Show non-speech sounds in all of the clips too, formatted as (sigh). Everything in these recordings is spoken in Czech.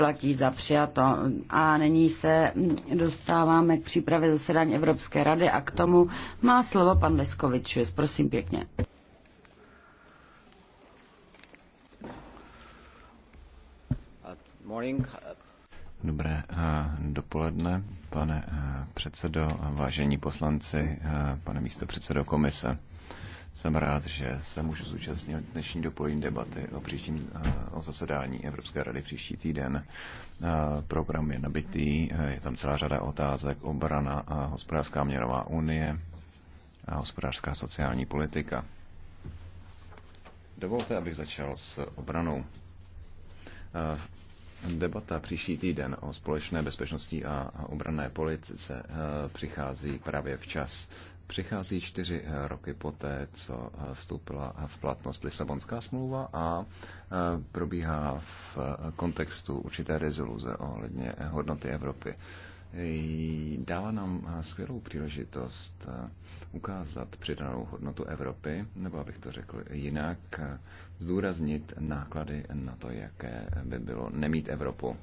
platí za přijato. A nyní se dostáváme k přípravě zasedání Evropské rady a k tomu má slovo pan Leskovič. Prosím pěkně. Dobré eh, dopoledne, pane eh, předsedo, vážení poslanci, eh, pane místo předsedo komise. Jsem rád, že se můžu zúčastnit dnešní dopolední debaty o příštím eh, o zasedání Evropské rady příští týden. Eh, program je nabitý, eh, je tam celá řada otázek, obrana, a hospodářská měrová unie a hospodářská sociální politika. Dovolte, abych začal s obranou. Debata příští týden o společné bezpečnosti a obrané politice přichází právě včas přichází čtyři eh, roky poté, co eh, vstoupila v platnost Lisabonská smlouva a eh, probíhá v kontextu určité rezoluze ohledně hodnoty Evropy. Dává nám skvělou příležitost ukázat přidanou hodnotu Evropy, nebo abych to řekl jinak, zdůraznit náklady na to, jaké by bylo nemít Evropu.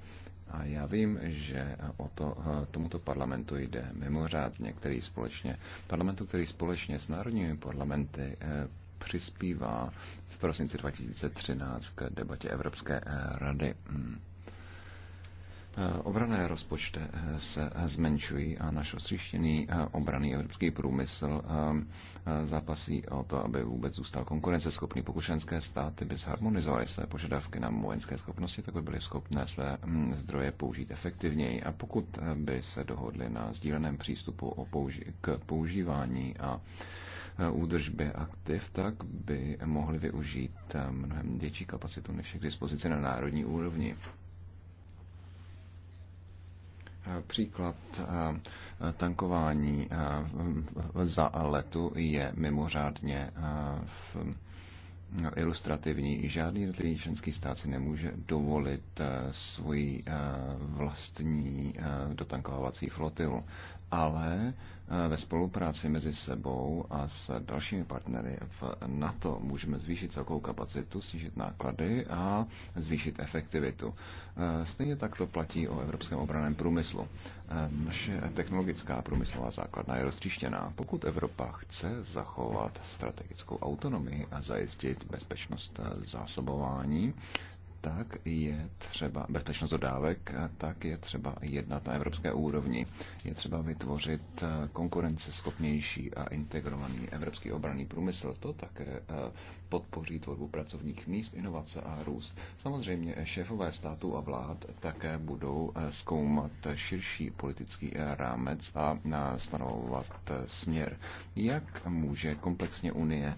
A já vím, že o to, eh, tomuto parlamentu jde mimořádně, který společně, parlamentu, který společně s národními parlamenty eh, přispívá v prosinci 2013 k debatě Evropské eh, rady. Hmm. Obrané rozpočty eh, se eh, zmenšují a náš ostříštěný eh, obraný evropský průmysl zápasí o to, aby vůbec zůstal konkurenceschopný. Pokud členské státy by zharmonizovaly své požadavky na vojenské schopnosti, tak by byly schopné své hm, zdroje použít efektivněji. A pokud by se dohodly na sdíleném přístupu o použi- k používání a údržbě aktiv, tak by mohly využít mnohem větší kapacitu než k dispozici na národní úrovni. Příklad eh, tankování eh, za letu je mimořádně eh, v no, ilustrativní. Žádný jednotlivý členský stát si nemůže dovolit svoji vlastní dotankovací flotilu ale eh, ve spolupráci mezi sebou a s dalšími partnery v NATO můžeme zvýšit celkovou kapacitu, snížit náklady a zvýšit efektivitu. Eh, stejně tak to platí o evropském obraném průmyslu. Eh, naše technologická průmyslová základna je roztříštěná. Pokud Evropa chce zachovat strategickou autonomii a zajistit bezpečnost zásobování, tak je třeba bezpečnost dodávek, tak je třeba jednat na evropské úrovni. Je třeba vytvořit eh, konkurenceschopnější a integrovaný evropský obranný průmysl. To také eh, podpoří tvorbu pracovních míst, inovace a růst. Samozřejmě šéfové států a vlád také budou eh, zkoumat širší politický rámec a stanovovat směr. Jak může komplexně Unie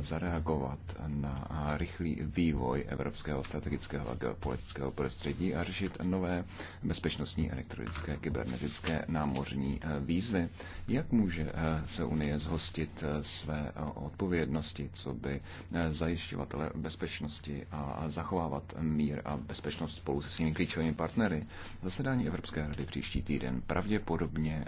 zareagovat na rychlý vývoj evropského strategického politického a geopolitického prostředí a řešit nové bezpečnostní elektronické kybernetické námořní eh, výzvy. Jak může eh, se Unie zhostit eh, své odpovědnosti, co by zajišťovatele bezpečnosti a zachovávat mír a bezpečnost spolu se svými klíčovými partnery? Zasedání Evropské rady příští týden pravděpodobně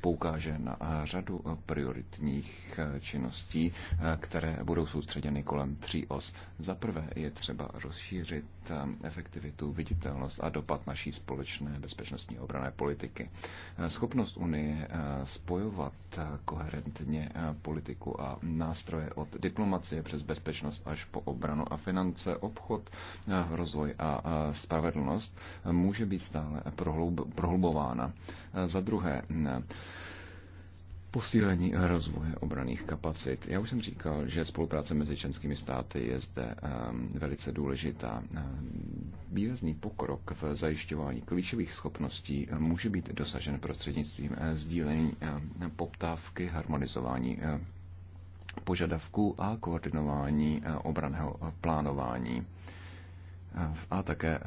poukáže na řadu prioritních činností, které budou soustředěny kolem tří os. Za prvé je třeba rozšířit rozšířit eh, efektivitu, viditelnost a dopad naší společné bezpečnostní obrané politiky. Eh, schopnost Unie eh, spojovat koherentně politiku a nástroje od diplomacie přes bezpečnost až po obranu a finance, obchod, rozvoj a spravedlnost může být stále prohlubována. Za druhé, posílení rozvoje obraných kapacit. Já už jsem říkal, že spolupráce mezi členskými státy je zde ehm, velice důležitá. Ehm, výrazný pokrok v zajišťování klíčových schopností může být dosažen prostřednictvím eh, sdílení ehm, poptávky, harmonizování požadavků a koordinování eh, obraného eh, plánování a také eh,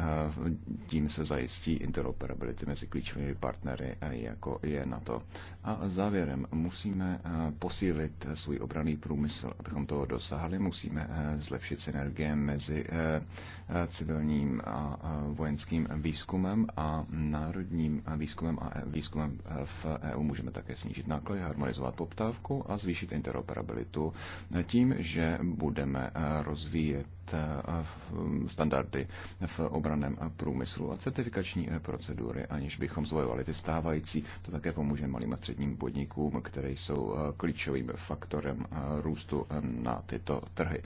tím se zajistí interoperability mezi klíčovými partnery, eh, jako je NATO. A závěrem musíme eh, posílit svůj obraný průmysl. Abychom toho dosáhli, musíme zlepšit synergie mezi civilním a vojenským výzkumem a národním výzkumem a výzkumem v EU. Můžeme také snížit náklady, harmonizovat poptávku a zvýšit interoperabilitu tím, že budeme rozvíjet Eh, mm, standardy v obraném průmyslu a certifikační eh, procedury, aniž bychom zvojovali ty stávající. To také pomůže malým a středním podnikům, které jsou eh, klíčovým faktorem růstu na tyto trhy.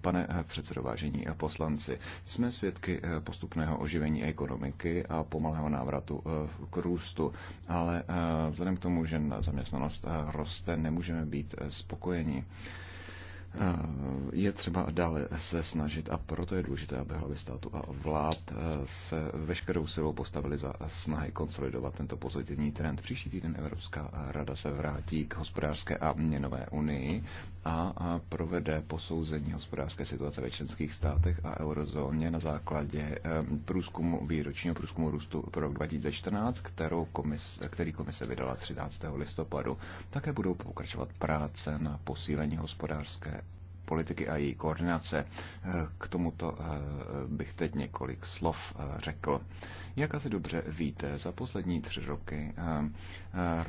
Pane předsedo, vážení poslanci, jsme svědky postupného oživení ekonomiky a pomalého návratu k růstu, ale vzhledem k tomu, že zaměstnanost roste, nemůžeme být spokojeni. Eh, je třeba dále se snažit a proto je důležité, aby hlavy státu a vlád eh, se veškerou silou postavili za snahy konsolidovat tento pozitivní trend. Příští týden Evropská rada se vrátí k hospodářské a měnové unii a provede posouzení hospodářské situace ve členských státech a eurozóně na základě průzkumu, výročního průzkumu růstu pro rok 2014, kterou komis, který komise vydala 13. listopadu. Také budou pokračovat práce na posílení hospodářské politiky a její koordinace. Eh, K tomuto eh, bych teď několik slov eh, řekl. Jak asi dobře víte, za poslední tři roky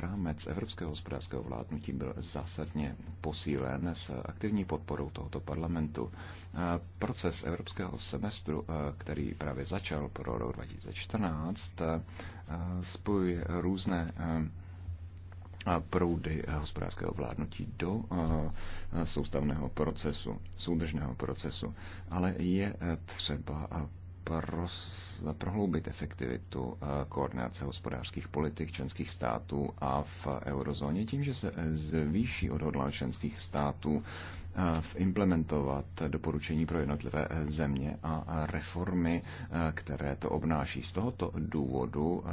rámec Evropského hospodářského vládnutí byl zásadně posílen s aktivní podporou tohoto parlamentu. Proces Evropského semestru, který právě začal pro rok 2014, spojuje různé proudy hospodářského vládnutí do eh, soustavného procesu, soudržného procesu. Ale je eh, třeba eh, prohloubit efektivitu koordinace hospodářských politik členských států a v eurozóně tím, že se zvýší odhodlání členských států Eh, implementovat doporučení pro jednotlivé eh, země a reformy, eh, které to obnáší. Z tohoto důvodu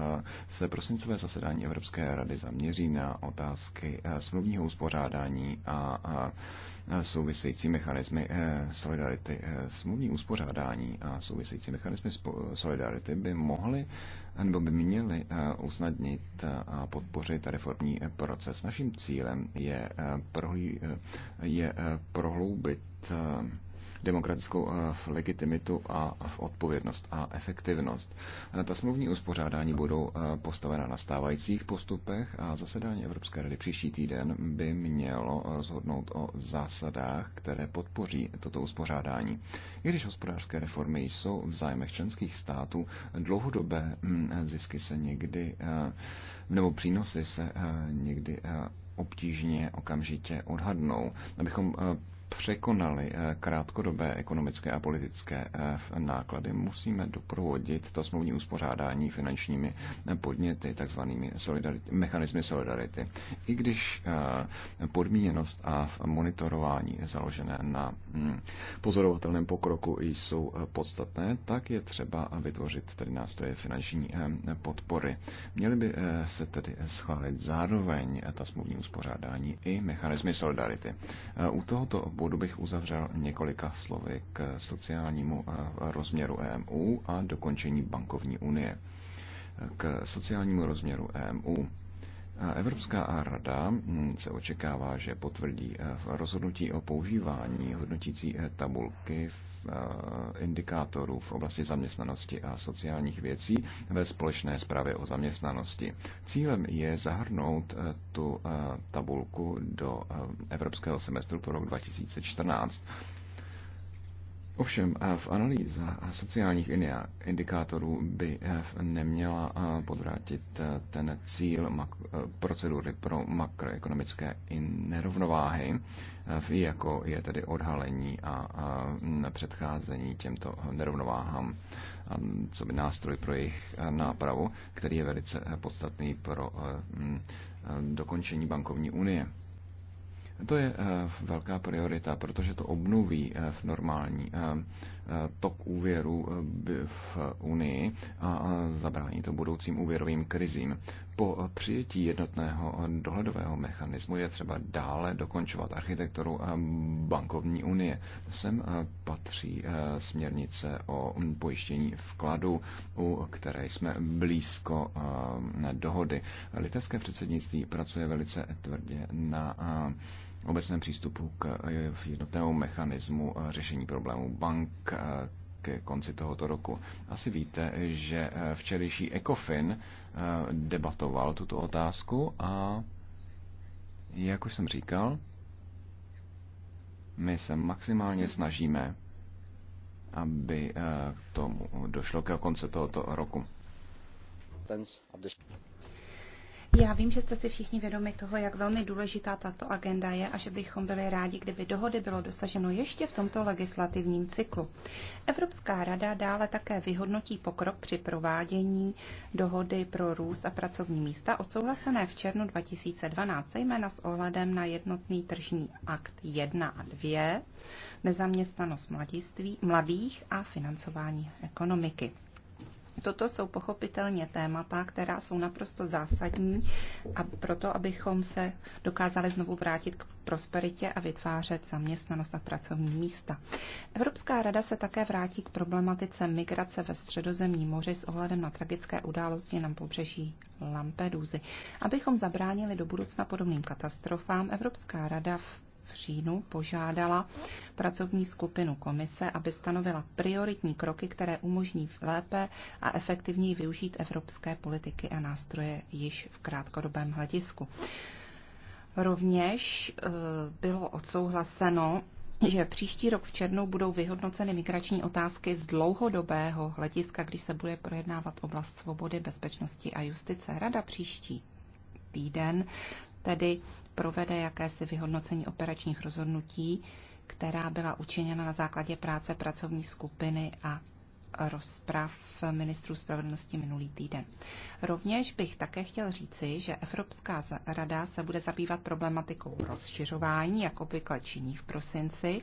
se prosincové zasedání Evropské rady zaměří na otázky smluvního uspořádání a související mechanismy solidarity. Smluvní uspořádání a související mechanismy solidarity by mohly nebo by měli eh, usnadnit eh, a podpořit reformní eh, proces. Naším cílem je, prohlí, je prohloubit demokratickou eh, legitimitu a v odpovědnost a efektivnost. Eh, ta smluvní uspořádání budou eh, postavena na stávajících postupech a zasedání Evropské rady příští týden by mělo zhodnout o zásadách, které podpoří toto uspořádání. I když hospodářské reformy jsou v zájmech členských států, dlouhodobé hm, zisky se někdy, nebo přínosy se někdy obtížně okamžitě odhadnou. Abychom překonali eh, krátkodobé ekonomické a politické eh, náklady, musíme doprovodit to smluvní uspořádání finančními eh, podněty, takzvanými solidarity, mechanizmy solidarity. I když podmíněnost a monitorování založené na hm, pozorovatelném pokroku jsou podstatné, tak je třeba vytvořit tedy nástroje finanční podpory. Měly by se tedy schválit zároveň ta smluvní uspořádání i mechanizmy solidarity. U tohoto bodu bych uzavřel několika slovy k sociálnímu eh, rozměru EMU a dokončení bankovní unie. K sociálnímu rozměru EMU. Eh, Evropská rada hm, se očekává, že potvrdí eh, rozhodnutí o používání hodnotící tabulky v Eh, indikátorů v oblasti zaměstnanosti a sociálních věcí ve společné zprávě o zaměstnanosti. Cílem je zahrnout eh, tu eh, tabulku do evropského semestru pro rok 2014. Ovšem v analýze sociálních indikátorů by eh, neměla eh, podvrátit eh, ten cíl procedury pro makroekonomické nerovnováhy, jako je tedy odhalení a předcházení těmto nerovnováhám, co by nástroj pro jejich nápravu, který je velice podstatný pro mm, dokončení bankovní unie. To je eh, velká priorita, protože to obnoví eh, v normální eh, tok úvěru v Unii a zabrání to budoucím úvěrovým krizím. Po přijetí jednotného dohledového mechanismu je třeba dále dokončovat architekturu bankovní unie. Sem patří směrnice o pojištění vkladu, u které jsme blízko dohody. Litevské předsednictví pracuje velice tvrdě na obecném přístupu k eh, jednotnému mechanismu eh, řešení problémů bank eh, ke konci tohoto roku. Asi víte, že včerejší ECOFIN debatoval tuto otázku a, jak už jsem říkal, my se maximálně snažíme, aby k tomu došlo ke konci tohoto roku. Já vím, že jste si všichni vědomi toho, jak velmi důležitá tato agenda je a že bychom byli rádi, kdyby dohody bylo dosaženo ještě v tomto legislativním cyklu. Evropská rada dále také vyhodnotí pokrok při provádění dohody pro růst a pracovní místa odsouhlasené v červnu 2012, zejména s ohledem na jednotný tržní akt 1 a 2, nezaměstnanost mladiství, mladých a financování ekonomiky. Toto jsou pochopitelně témata, která jsou naprosto zásadní a proto, abychom se dokázali znovu vrátit k prosperitě a vytvářet zaměstnanost a pracovní místa. Evropská rada se také vrátí k problematice migrace ve středozemní moři s ohledem na tragické události na pobřeží Lampedusy. Abychom zabránili do budoucna podobným katastrofám, Evropská rada v v říjnu požádala pracovní skupinu komise, aby stanovila prioritní kroky, které umožní lépe a efektivněji využít evropské politiky a nástroje již v krátkodobém hledisku. Rovněž eh, bylo odsouhlaseno, že příští rok v černu budou vyhodnoceny migrační otázky z dlouhodobého hlediska, když se bude projednávat oblast svobody, bezpečnosti a justice. Rada příští týden tedy provede jakési vyhodnocení operačních rozhodnutí, která byla učiněna na základě práce pracovní skupiny a rozprav ministrů spravedlnosti minulý týden. Rovněž bych také chtěl říci, že Evropská rada se bude zabývat problematikou rozšiřování, jako obvykle činí v prosinci,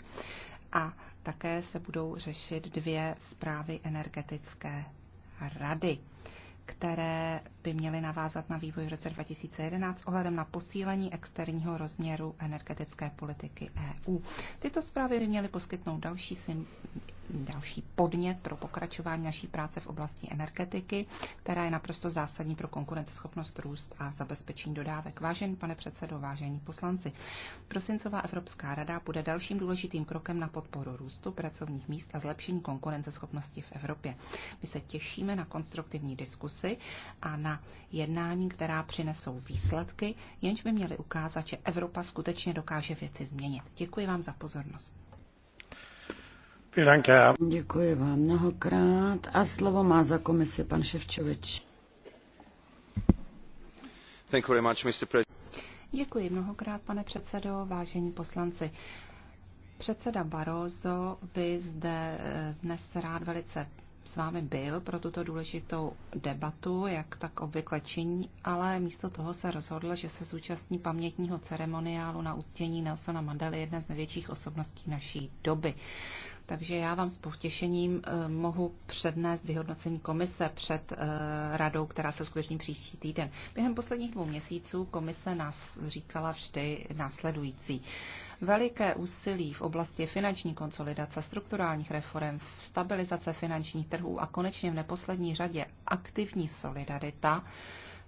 a také se budou řešit dvě zprávy energetické rady které by měly navázat na vývoj v roce 2011 ohledem na posílení externího rozměru energetické politiky EU. Tyto zprávy by měly poskytnout další, sim, další podnět pro pokračování naší práce v oblasti energetiky, která je naprosto zásadní pro konkurenceschopnost růst a zabezpečení dodávek. Vážený pane předsedo, vážení poslanci, prosincová Evropská rada bude dalším důležitým krokem na podporu růstu pracovních míst a zlepšení konkurenceschopnosti v Evropě. My se těšíme na konstruktivní diskusi diskusy a na jednání, která přinesou výsledky, jenž by měly ukázat, že Evropa skutečně dokáže věci změnit. Děkuji vám za pozornost. Děkuji vám mnohokrát a slovo má za komisi pan Ševčovič. Thank you very much, Mr. President. Děkuji mnohokrát, pane předsedo, vážení poslanci. Předseda Barroso by zde eh, dnes rád velice s vámi byl pro tuto důležitou debatu, jak tak obvykle činí, ale místo toho se rozhodl, že se zúčastní pamětního ceremoniálu na uctění Nelsona Mandely, jedné z největších osobností naší doby. Takže já vám s potěšením eh, mohu přednést vyhodnocení komise před eh, radou, která se skutečně příští týden. Během posledních dvou měsíců komise nás říkala vždy následující veliké úsilí v oblasti finanční konsolidace, strukturálních reform, stabilizace finančních trhů a konečně v neposlední řadě aktivní solidarita,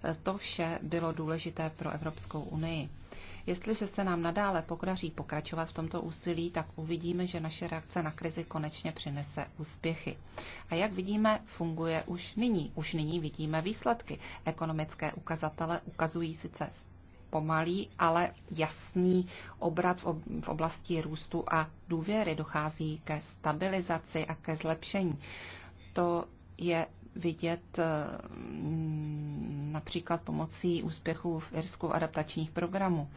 e, to vše bylo důležité pro Evropskou unii. Jestliže se nám nadále pokraří pokračovat v tomto úsilí, tak uvidíme, že naše reakce na krizi konečně přinese úspěchy. A jak vidíme, funguje už nyní. Už nyní vidíme výsledky. Ekonomické ukazatele ukazují sice pomalý, ale jasný obrat v oblasti růstu a důvěry. Dochází ke stabilizaci a ke zlepšení. To je vidět eh, například pomocí úspěchu v Irsku adaptačních programů.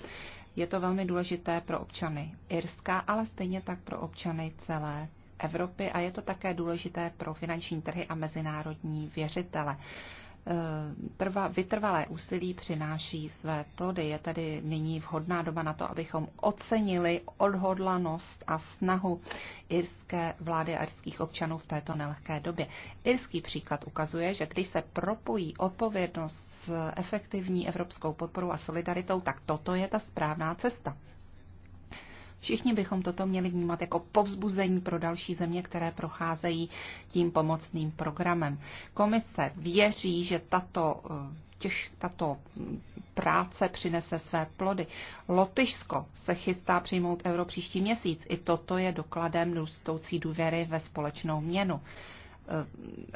Je to velmi důležité pro občany Irska, ale stejně tak pro občany celé Evropy a je to také důležité pro finanční trhy a mezinárodní věřitele. Eh, trva, vytrvalé úsilí přináší své plody. Je tedy nyní vhodná doba na to, abychom ocenili odhodlanost a snahu irské vlády a irských občanů v této nelehké době. Irský příklad ukazuje, že když se propojí odpovědnost s efektivní evropskou podporou a solidaritou, tak toto je ta správná cesta. Všichni bychom toto měli vnímat jako povzbuzení pro další země, které procházejí tím pomocným programem. Komise věří, že tato, eh, těž, tato práce přinese své plody. Lotyšsko se chystá přijmout euro příští měsíc. I toto je dokladem růstoucí důvěry ve společnou měnu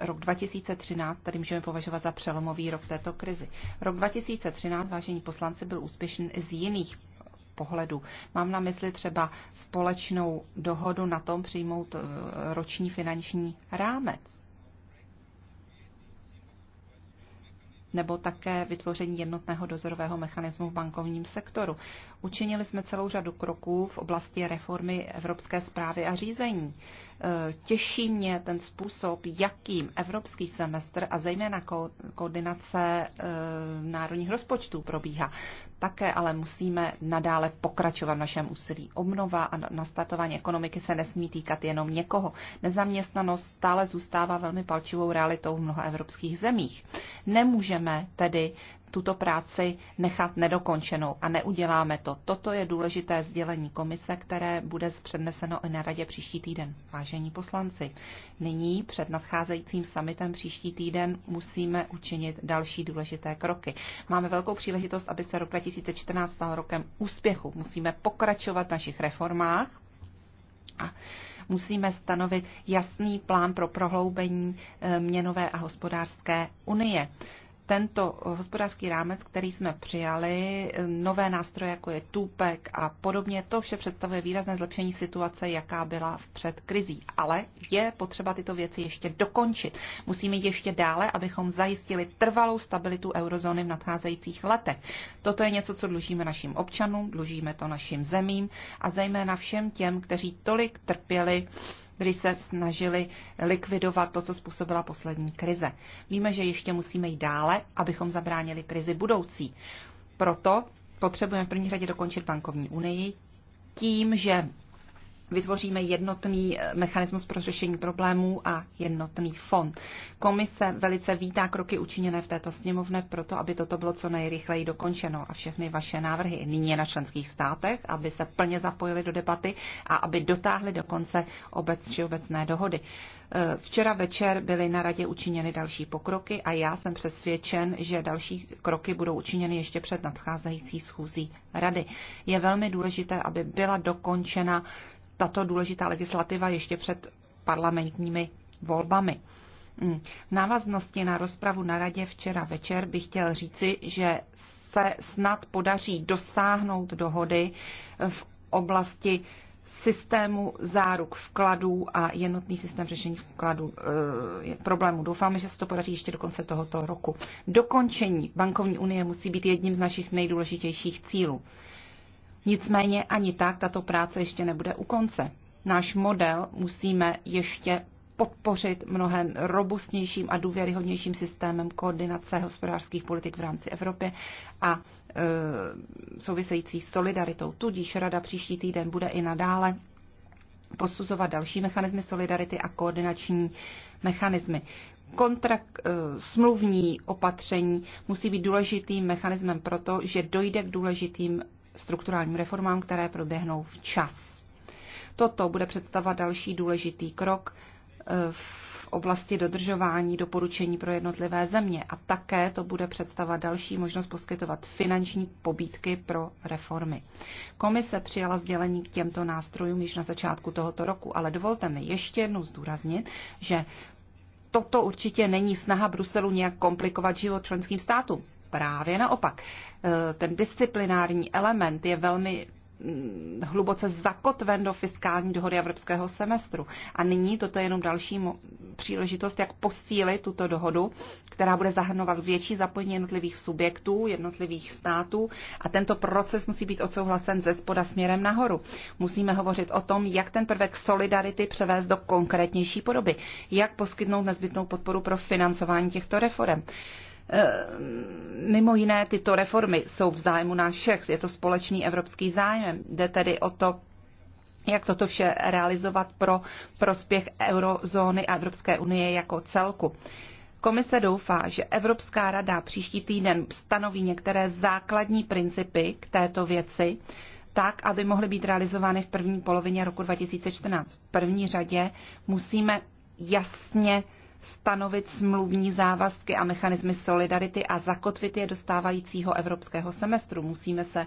eh, rok 2013 tady můžeme považovat za přelomový rok této krizi. Rok 2013, vážení poslanci, byl úspěšný i z jiných Pohledu. Mám na mysli třeba společnou dohodu na tom přijmout e, roční finanční rámec. nebo také vytvoření jednotného dozorového mechanismu v bankovním sektoru. Učinili jsme celou řadu kroků v oblasti reformy evropské zprávy a řízení. E, těší mě ten způsob, jakým evropský semestr a zejména ko- koordinace e, národních rozpočtů probíhá. Také ale musíme nadále pokračovat v našem úsilí. Obnova a nastartování ekonomiky se nesmí týkat jenom někoho. Nezaměstnanost stále zůstává velmi palčivou realitou v mnoha evropských zemích. Nemůžeme tedy tuto práci nechat nedokončenou a neuděláme to. Toto je důležité sdělení komise, které bude předneseno i na radě příští týden. Vážení poslanci, nyní před nadcházejícím summitem příští týden musíme učinit další důležité kroky. Máme velkou příležitost, aby se rok 2014 stal rokem úspěchu. Musíme pokračovat v našich reformách a musíme stanovit jasný plán pro prohloubení eh, měnové a hospodářské unie tento hospodářský rámec, který jsme přijali, nové nástroje, jako je tůpek a podobně, to vše představuje výrazné zlepšení situace, jaká byla před krizí. Ale je potřeba tyto věci ještě dokončit. Musíme jít ještě dále, abychom zajistili trvalou stabilitu eurozóny v nadcházejících letech. Toto je něco, co dlužíme našim občanům, dlužíme to našim zemím a zejména všem těm, kteří tolik trpěli když se snažili likvidovat to, co způsobila poslední krize. Víme, že ještě musíme jít dále, abychom zabránili krizi budoucí. Proto potřebujeme v první řadě dokončit bankovní unii tím, že vytvoříme jednotný eh, mechanismus pro řešení problémů a jednotný fond. Komise velice vítá kroky učiněné v této sněmovně proto, aby toto bylo co nejrychleji dokončeno a všechny vaše návrhy nyní je na členských státech, aby se plně zapojili do debaty a aby dotáhli do konce obec obecné dohody. Eh, včera večer byly na radě učiněny další pokroky a já jsem přesvědčen, že další kroky budou učiněny ještě před nadcházející schůzí rady. Je velmi důležité, aby byla dokončena tato důležitá legislativa ještě před parlamentními volbami. Mm. V návaznosti na rozpravu na radě včera večer bych chtěl říci, že se snad podaří dosáhnout dohody v oblasti systému záruk vkladů a jednotný systém řešení vkladů eh, e, problémů. Doufáme, že se to podaří ještě do konce tohoto roku. Dokončení bankovní unie musí být jedním z našich nejdůležitějších cílů. Nicméně ani tak tato práce ještě nebude u konce. Náš model musíme ještě podpořit mnohem robustnějším a důvěryhodnějším systémem koordinace hospodářských politik v rámci Evropy a e, související solidaritou. Tudíž Rada příští týden bude i nadále posuzovat další mechanismy solidarity a koordinační mechanismy. Kontrakt, e, smluvní opatření musí být důležitým mechanismem proto, že dojde k důležitým strukturálním reformám, které proběhnou včas. Toto bude představovat další důležitý krok eh, v oblasti dodržování doporučení pro jednotlivé země a také to bude představovat další možnost poskytovat finanční pobídky pro reformy. Komise přijala sdělení k těmto nástrojům již na začátku tohoto roku, ale dovolte mi ještě jednou zdůraznit, že toto určitě není snaha Bruselu nějak komplikovat život členským státům právě naopak. Eh, ten disciplinární element je velmi mm, hluboce zakotven do fiskální dohody evropského semestru. A nyní toto je jenom další příležitost, jak posílit tuto dohodu, která bude zahrnovat větší zapojení jednotlivých subjektů, jednotlivých států a tento proces musí být odsouhlasen ze spoda směrem nahoru. Musíme hovořit o tom, jak ten prvek solidarity převést do konkrétnější podoby, jak poskytnout nezbytnou podporu pro financování těchto reform. Eh, mimo jiné tyto reformy jsou v zájmu nás všech, je to společný evropský zájem. Jde tedy o to, jak toto vše realizovat pro prospěch eurozóny a Evropské unie jako celku. Komise doufá, že Evropská rada příští týden stanoví některé základní principy k této věci, tak, aby mohly být realizovány v první polovině roku 2014. V první řadě musíme jasně stanovit smluvní závazky a mechanismy solidarity a zakotvit je do stávajícího evropského semestru. Musíme se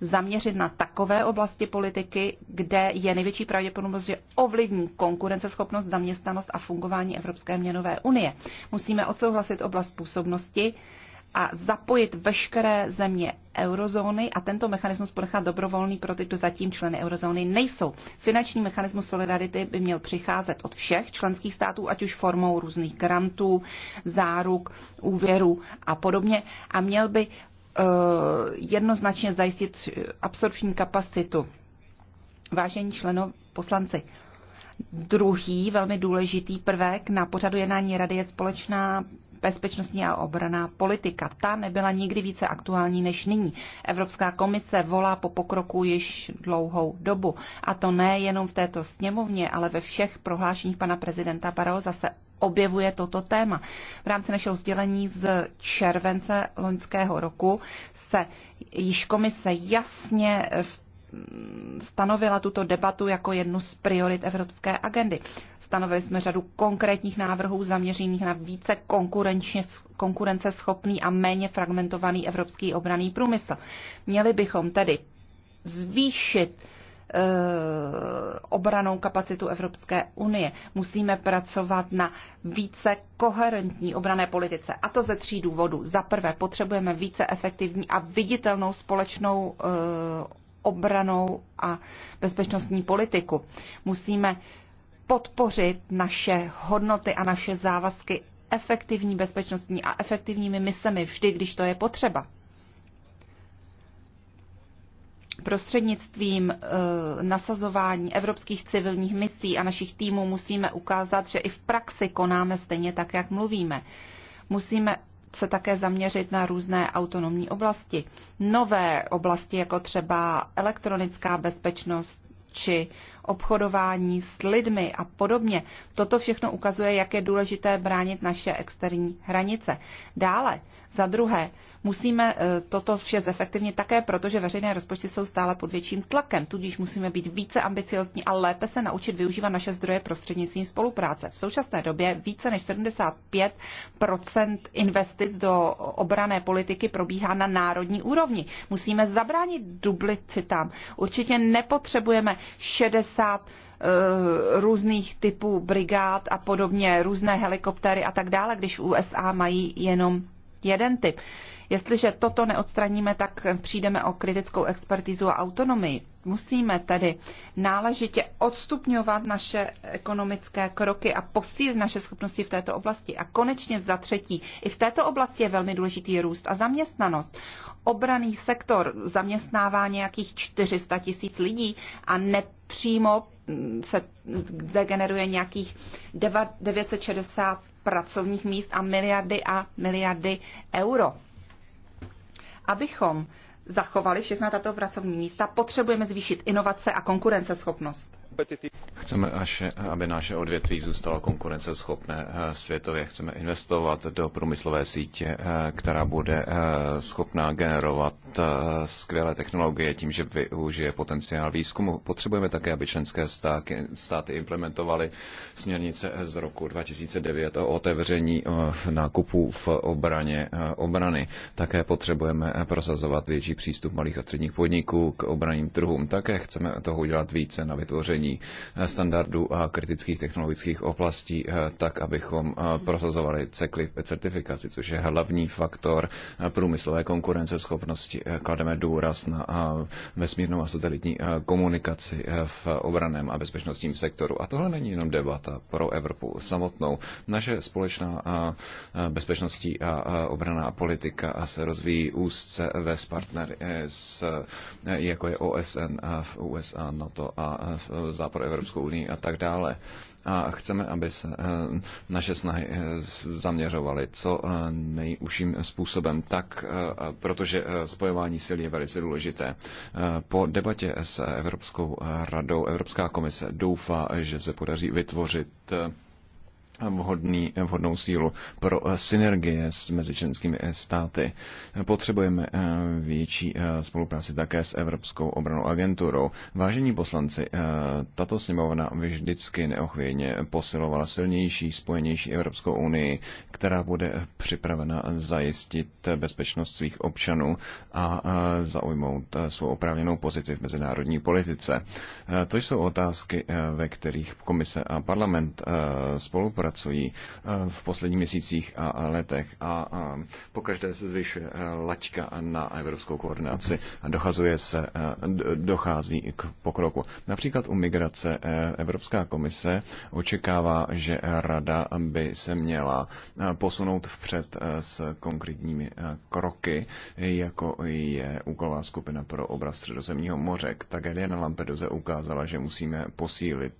zaměřit na takové oblasti politiky, kde je největší pravděpodobnost, že ovlivní konkurenceschopnost, zaměstnanost a fungování Evropské měnové unie. Musíme odsouhlasit oblast působnosti, a zapojit veškeré země eurozóny a tento mechanismus ponechat dobrovolný pro ty, kdo zatím členy eurozóny nejsou. Finanční mechanismus solidarity by měl přicházet od všech členských států, ať už formou různých grantů, záruk, úvěrů a podobně a měl by uh, jednoznačně zajistit absorpční kapacitu. Vážení členov, poslanci, Druhý velmi důležitý prvek na pořadu jednání rady je společná bezpečnostní a obraná politika. Ta nebyla nikdy více aktuální než nyní. Evropská komise volá po pokroku již dlouhou dobu. A to ne jenom v této sněmovně, ale ve všech prohlášeních pana prezidenta Barroza se objevuje toto téma. V rámci našeho sdělení z července loňského roku se již komise jasně v Mm, stanovila tuto debatu jako jednu z priorit evropské agendy. Stanovili jsme řadu konkrétních návrhů zaměřených na více konkurenčně, konkurenceschopný a méně fragmentovaný evropský obraný průmysl. Měli bychom tedy zvýšit eh, obranou kapacitu Evropské unie. Musíme pracovat na více koherentní obrané politice. A to ze tří důvodů. Za prvé, potřebujeme více efektivní a viditelnou společnou eh, obranou a bezpečnostní politiku. Musíme podpořit naše hodnoty a naše závazky efektivní bezpečnostní a efektivními misemi vždy, když to je potřeba. Prostřednictvím e, nasazování evropských civilních misí a našich týmů musíme ukázat, že i v praxi konáme stejně tak, jak mluvíme. Musíme se také zaměřit na různé autonomní oblasti. Nové oblasti, jako třeba elektronická bezpečnost či obchodování s lidmi a podobně. Toto všechno ukazuje, jak je důležité bránit naše externí hranice. Dále, za druhé, Musíme eh, toto vše zefektivnit také, protože veřejné rozpočty jsou stále pod větším tlakem, tudíž musíme být více ambiciozní a lépe se naučit využívat naše zdroje prostřednictvím spolupráce. V současné době více než 75 investic do obrané politiky probíhá na národní úrovni. Musíme zabránit duplicitám. Určitě nepotřebujeme 60 eh, různých typů brigád a podobně, různé helikoptéry a tak dále, když USA mají jenom jeden typ. Jestliže toto neodstraníme, tak přijdeme o kritickou expertizu a autonomii. Musíme tedy náležitě odstupňovat naše ekonomické kroky a posílit naše schopnosti v této oblasti. A konečně za třetí, i v této oblasti je velmi důležitý růst a zaměstnanost. Obraný sektor zaměstnává nějakých 400 tisíc lidí a nepřímo se degeneruje nějakých 960 pracovních míst a miliardy a miliardy euro. Abychom zachovali všechna tato pracovní místa, potřebujeme zvýšit inovace a konkurenceschopnost. Chceme, až, aby naše odvětví zůstalo konkurenceschopné eh, světově. Chceme investovat do průmyslové sítě, eh, která bude eh, schopná generovat skvělé technologie tím, že využije potenciál výzkumu. Potřebujeme také, aby členské státy, implementovaly směrnice z roku 2009 o otevření nákupů v obraně obrany. Také potřebujeme prosazovat větší přístup malých a středních podniků k obranným trhům. Také chceme toho udělat více na vytvoření dodržování eh, standardů a kritických technologických oblastí, eh, tak abychom eh, prosazovali certifikaci, což je hlavní faktor průmyslové konkurenceschopnosti. Klademe důraz na vesmírnou a satelitní komunikaci v obraném a bezpečnostním sektoru. A tohle není jenom debata pro Evropu samotnou. Naše společná bezpečnostní a obraná politika se rozvíjí úzce ve partnery, s, jako je OSN, v USA, NATO a západ Evropskou unii a tak dále. A chceme, aby se eh, naše snahy eh, zaměřovaly co eh, nejužším způsobem, tak, protože spojování sil je velice důležité. Po debatě s Evropskou radou Evropská komise doufá, že se podaří vytvořit vhodný, vhodnou sílu pro eh, synergie mezi členskými eh, státy. Potřebujeme eh, větší spolupráci také s Evropskou obranou agenturou. Vážení poslanci, tato sněmovna vždycky neochvějně posilovala silnější, spojenější Evropskou unii, která bude připravena zajistit bezpečnost svých občanů a zaujmout svou oprávněnou pozici v mezinárodní politice. To jsou otázky, ve kterých komise a parlament spolupracují pracují eh, v posledních měsících a letech a pokaždé se zvyšuje eh, laťka na evropskou koordinaci a dochazuje se, eh, dochází k pokroku. Například u migrace Evropská komise očekává, že rada by se měla posunout vpřed s konkrétními kroky, jako je úkolová skupina pro oblast Středozemního moře. Tragédie na Lampedoze ukázala, že musíme posílit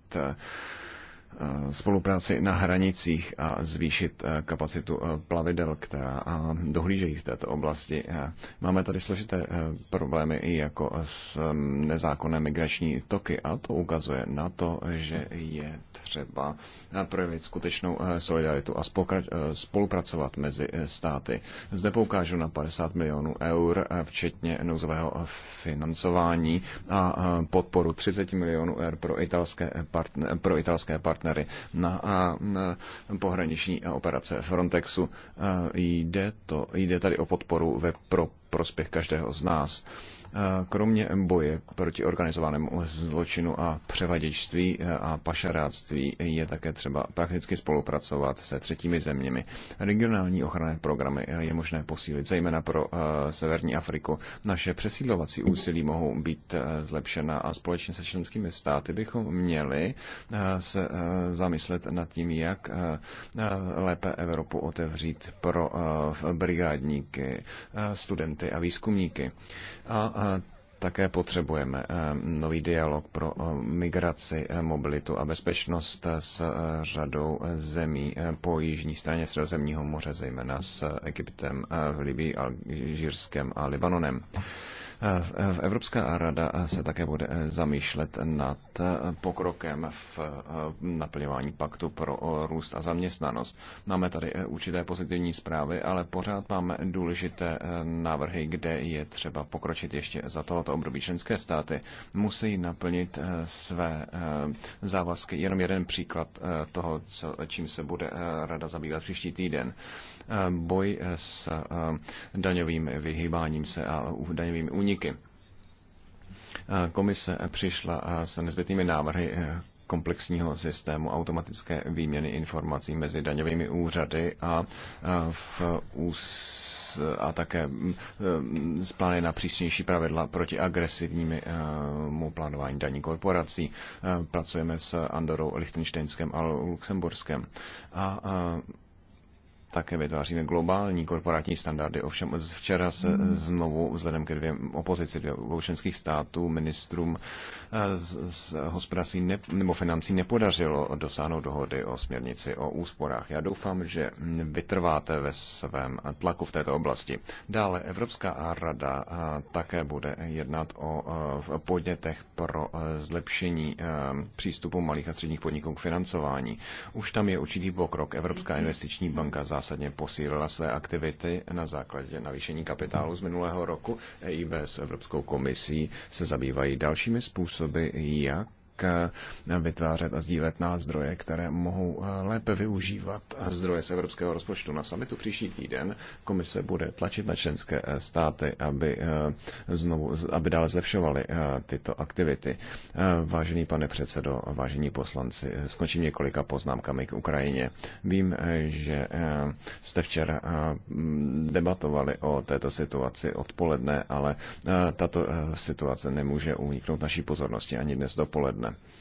Eh, spolupráci na hranicích a zvýšit eh, kapacitu eh, plavidel, která dohlížejí v této oblasti. Máme tady složité problémy i jako s mm, nezákonné migrační toky a to ukazuje na to, že je třeba projevit skutečnou solidaritu a spolupracovat mezi státy. Zde poukážu na 50 milionů eur, včetně nouzového financování a podporu 30 milionů eur pro italské, partner, pro italské partnery partnery na, na pohraniční operace Frontexu. Jde, to, jde tady o podporu ve pro prospěch každého z nás. Eh, kromě boje proti organizovanému zločinu a převaděčství eh, a pašaráctví je také třeba prakticky spolupracovat se třetími zeměmi. Regionální ochranné programy eh, je možné posílit, zejména pro severní Afriku. Naše přesídlovací úsilí mohou být zlepšena a společně se členskými státy bychom měli se zamyslet nad tím, jak lépe Evropu otevřít pro brigádníky, studenty a výzkumníky. A také potřebujeme eh, nový dialog pro eh, migraci, eh, mobilitu a bezpečnost s řadou zemí po jižní straně Středozemního moře, zejména s Egyptem, v Libii, Alžírskem a Libanonem. Evropská rada se také bude eh, zamýšlet nad eh, pokrokem v eh, naplňování paktu pro růst a zaměstnanost. Máme tady určité pozitivní zprávy, ale pořád máme důležité návrhy, kde je třeba pokročit ještě za tohoto období. Členské státy musí naplnit své závazky. Jenom jeden příklad toho, čím se bude rada zabývat příští týden. Eh, boj eh, s eh, daňovým vyhýbáním se a daňovými úniky. Komise přišla s nezbytnými návrhy komplexního systému automatické výměny informací mezi daňovými úřady a v ús a také z mm, plány na přísnější pravidla proti agresivnímu plánování daní korporací. Pracujeme s Andorou, Lichtensteinskem a Luxemburskem. A také vytváříme globální korporátní standardy. Ovšem včera se znovu vzhledem ke dvě opozici dvou členských států ministrům eh, z, z hospodářství ne, nebo financí nepodařilo dosáhnout dohody o směrnici o úsporách. Já doufám, že vytrváte ve svém tlaku v této oblasti. Dále Evropská rada eh, také bude jednat o eh, podnětech pro zlepšení přístupu malých a středních podniků k financování. Už tam je určitý pokrok. Evropská investiční banka za zásadně posílila své aktivity na základě navýšení kapitálu z minulého roku. EIB s Evropskou komisí se zabývají dalšími způsoby, jak Eh, vytvářet a sdílet nástroje, které mohou eh, lépe využívat zdroje z evropského rozpočtu. Na samitu příští týden komise bude tlačit na členské eh, státy, aby, znovu, aby dále zlepšovaly tyto aktivity. Vážený pane předsedo, vážení poslanci, skončím několika poznámkami k Ukrajině. Vím, že jste včera debatovali o této situaci odpoledne, ale tato situace nemůže uniknout naší pozornosti ani dnes dopoledne problém.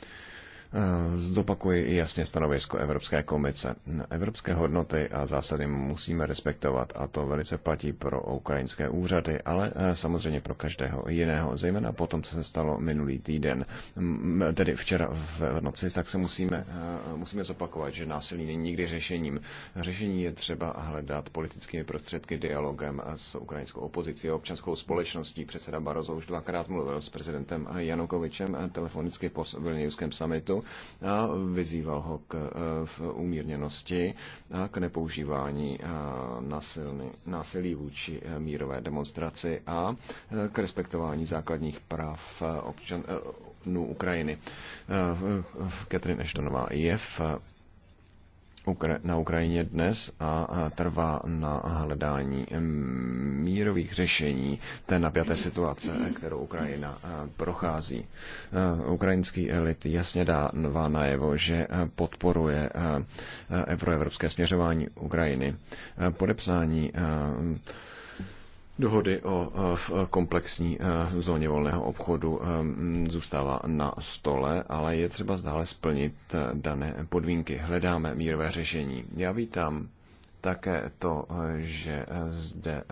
Eh, zopakuji jasně stanovisko Evropské komise. Evropské hodnoty a zásady musíme respektovat a to velice platí pro ukrajinské úřady, ale eh, samozřejmě pro každého jiného, zejména po tom, co se stalo minulý týden, tedy včera v noci, tak se musíme, eh, musíme zopakovat, že násilí není nikdy řešením. Řešení je třeba hledat politickými prostředky, dialogem s ukrajinskou opozicí a občanskou společností. Předseda Barozo už dvakrát mluvil s prezidentem Janukovičem telefonicky po Vilniuském summitu a vyzýval ho k e, umírněnosti a k nepoužívání e, násilí, násilí vůči e, mírové demonstraci a k respektování základních práv občanů Ukrajiny. Katrin Eštonová je v na Ukrajině dnes a trvá na hledání mírových řešení té napjaté situace, kterou Ukrajina prochází. Ukrajinský elit jasně dává najevo, že podporuje evroevropské směřování Ukrajiny. Podepsání dohody o e, v komplexní e, zóně volného obchodu e, zůstává na stole, ale je třeba zdále splnit dané podmínky. Hledáme mírové řešení. Já vítám také to, že zde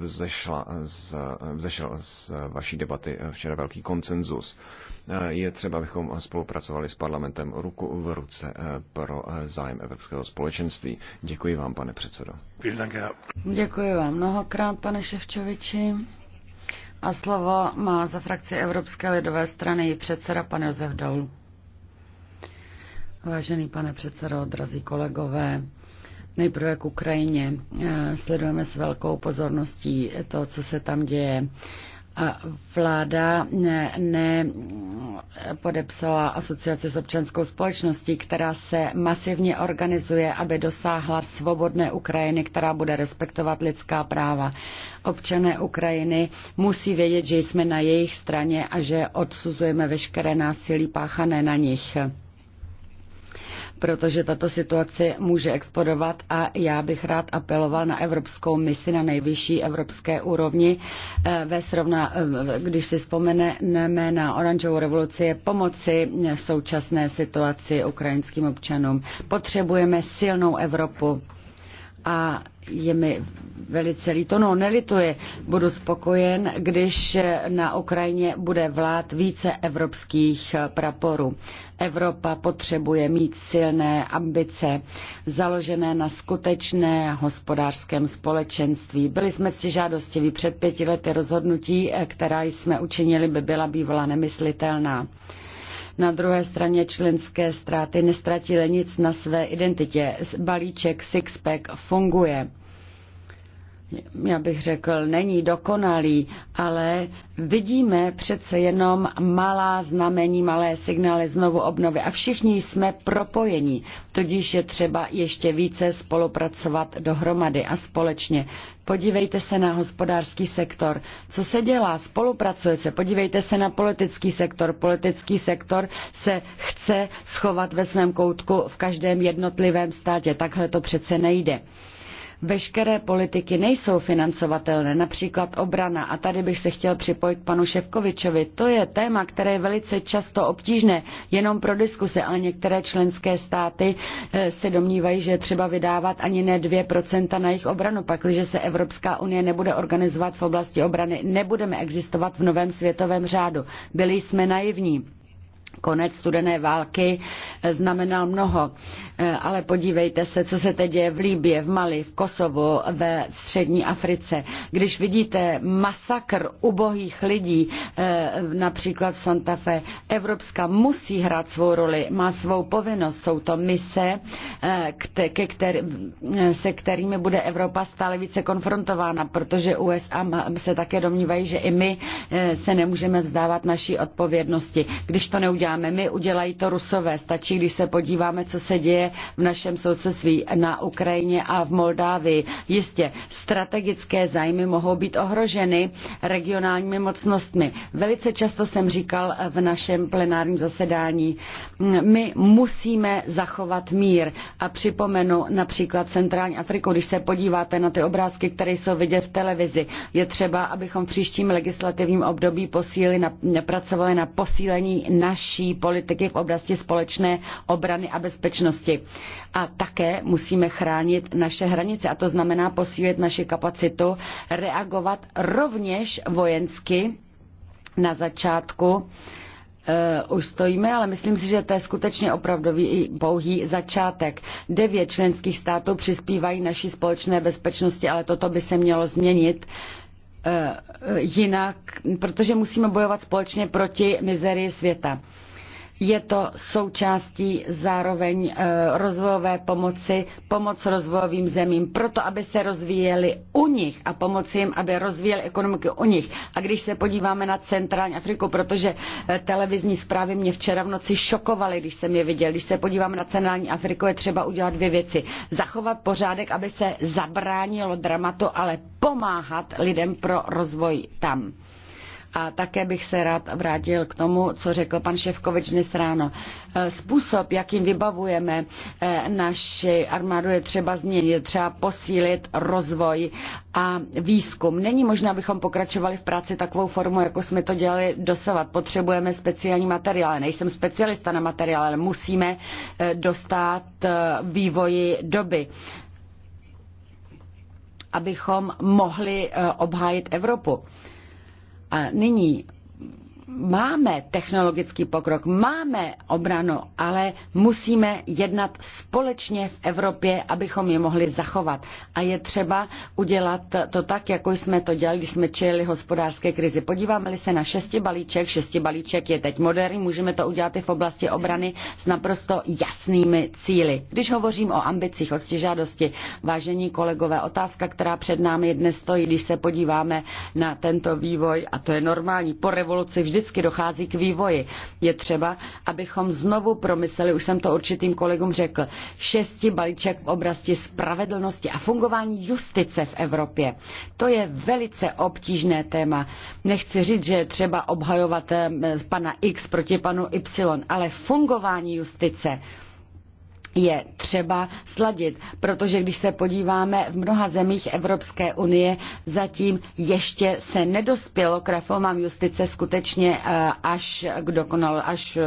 vzešla z, vzešel z vaší debaty včera velký koncenzus. Eh, je třeba, abychom spolupracovali s parlamentem ruku v ruce eh, pro eh, zájem Evropského společenství. Děkuji vám, pane předsedo. Děkuji vám mnohokrát, pane Ševčoviči. A slovo má za frakci Evropské lidové strany i předseda pan Josef Daul. Vážený pane předsedo, drazí kolegové, nejprve k Ukrajině. Sledujeme s velkou pozorností to, co se tam děje vláda ne, ne podepsala asociace s občanskou společností, která se masivně organizuje, aby dosáhla svobodné Ukrajiny, která bude respektovat lidská práva. Občané Ukrajiny musí vědět, že jsme na jejich straně a že odsuzujeme veškeré násilí páchané na nich protože tato situace může explodovat a já bych rád apeloval na Evropskou misi na nejvyšší evropské úrovni. Eh, ve srovna, eh, když si vzpomeneme na oranžovou revoluci, pomoci současné situaci ukrajinským občanům. Potřebujeme silnou Evropu a je mi velice líto, no nelituje. Budu spokojen, když na Ukrajině bude vlád více evropských praporů. Evropa potřebuje mít silné ambice, založené na skutečné hospodářském společenství. Byli jsme si žádostiví před pěti lety rozhodnutí, která jsme učinili, by byla bývala nemyslitelná. Na druhé straně členské ztráty nestratily nic na své identitě. Balíček Sixpack funguje já bych řekl, není dokonalý, ale vidíme přece jenom malá znamení, malé signály znovu obnovy a všichni jsme propojeni. Tudíž je třeba ještě více spolupracovat dohromady a společně. Podívejte se na hospodářský sektor. Co se dělá? Spolupracuje se. Podívejte se na politický sektor. Politický sektor se chce schovat ve svém koutku v každém jednotlivém státě. Takhle to přece nejde. Veškeré politiky nejsou financovatelné, například obrana. A tady bych se chtěl připojit k panu Ševkovičovi. To je téma, které je velice často obtížné jenom pro diskuse, ale některé členské státy eh, se domnívají, že třeba vydávat ani ne 2% na jejich obranu. Pakliže se Evropská unie nebude organizovat v oblasti obrany, nebudeme existovat v novém světovém řádu. Byli jsme naivní konec studené války eh, znamenal mnoho. Eh, ale podívejte se, co se teď děje v Líbě, v Mali, v Kosovu, ve střední Africe. Když vidíte masakr ubohých lidí, eh, například v Santa Fe, Evropská musí hrát svou roli, má svou povinnost. Jsou to mise, se kterými bude Evropa stále více konfrontována, protože USA se také domnívají, že i my se nemůžeme vzdávat naší odpovědnosti. Když to neudělá neuděláme my, udělají to rusové. Stačí, když se podíváme, co se děje v našem sousedství na Ukrajině a v Moldávii. Jistě, strategické zájmy mohou být ohroženy regionálními mocnostmi. Velice často jsem říkal v našem plenárním zasedání, my musíme zachovat mír. A připomenu například Centrální Afriku, když se podíváte na ty obrázky, které jsou vidět v televizi, je třeba, abychom v příštím legislativním období posíli, na, pracovali na posílení naší naší politiky v oblasti společné obrany a bezpečnosti. A také musíme chránit naše hranice a to znamená posílit naši kapacitu reagovat rovněž vojensky na začátku uh, už stojíme, ale myslím si, že to je skutečně opravdový i pouhý začátek. Devět členských států přispívají naší společné bezpečnosti, ale toto by se mělo změnit uh, jinak, protože musíme bojovat společně proti mizerii světa. Je to součástí zároveň eh, rozvojové pomoci, pomoc rozvojovým zemím, proto aby se rozvíjeli u nich a pomoci jim, aby rozvíjeli ekonomiku u nich. A když se podíváme na centrální Afriku, protože eh, televizní zprávy mě včera v noci šokovaly, když jsem je viděl, když se podíváme na centrální Afriku, je třeba udělat dvě věci. Zachovat pořádek, aby se zabránilo dramatu, ale pomáhat lidem pro rozvoj tam. A také bych se rád vrátil k tomu, co řekl pan Ševkovič dnes ráno. E, způsob, jakým vybavujeme e, naši armádu, je třeba změnit, je třeba posílit rozvoj a výzkum. Není možné, abychom pokračovali v práci takovou formou, jako jsme to dělali dosavat. Potřebujeme speciální materiály. Nejsem specialista na materiály, ale musíme e, dostat vývoji doby abychom mohli obhájit Evropu. A nyní máme technologický pokrok, máme obranu, ale musíme jednat společně v Evropě, abychom je mohli zachovat. A je třeba udělat to tak, jako jsme to dělali, když jsme čelili hospodářské krizi. Podíváme-li se na šesti balíček, šesti balíček je teď moderní, můžeme to udělat i v oblasti obrany s naprosto jasnými cíly. Když hovořím o ambicích, o stěžádosti, vážení kolegové, otázka, která před námi dnes stojí, když se podíváme na tento vývoj, a to je normální, po revoluci vždy vždycky dochází k vývoji. Je třeba, abychom znovu promysleli, už jsem to určitým kolegům řekl, šesti balíček v oblasti spravedlnosti a fungování justice v Evropě. To je velice obtížné téma. Nechci říct, že je třeba obhajovat eh, pana X proti panu Y, ale fungování justice je třeba sladit, protože když se podíváme v mnoha zemích Evropské unie, zatím ještě se nedospělo k reformám justice skutečně eh, až k dokonal, až eh,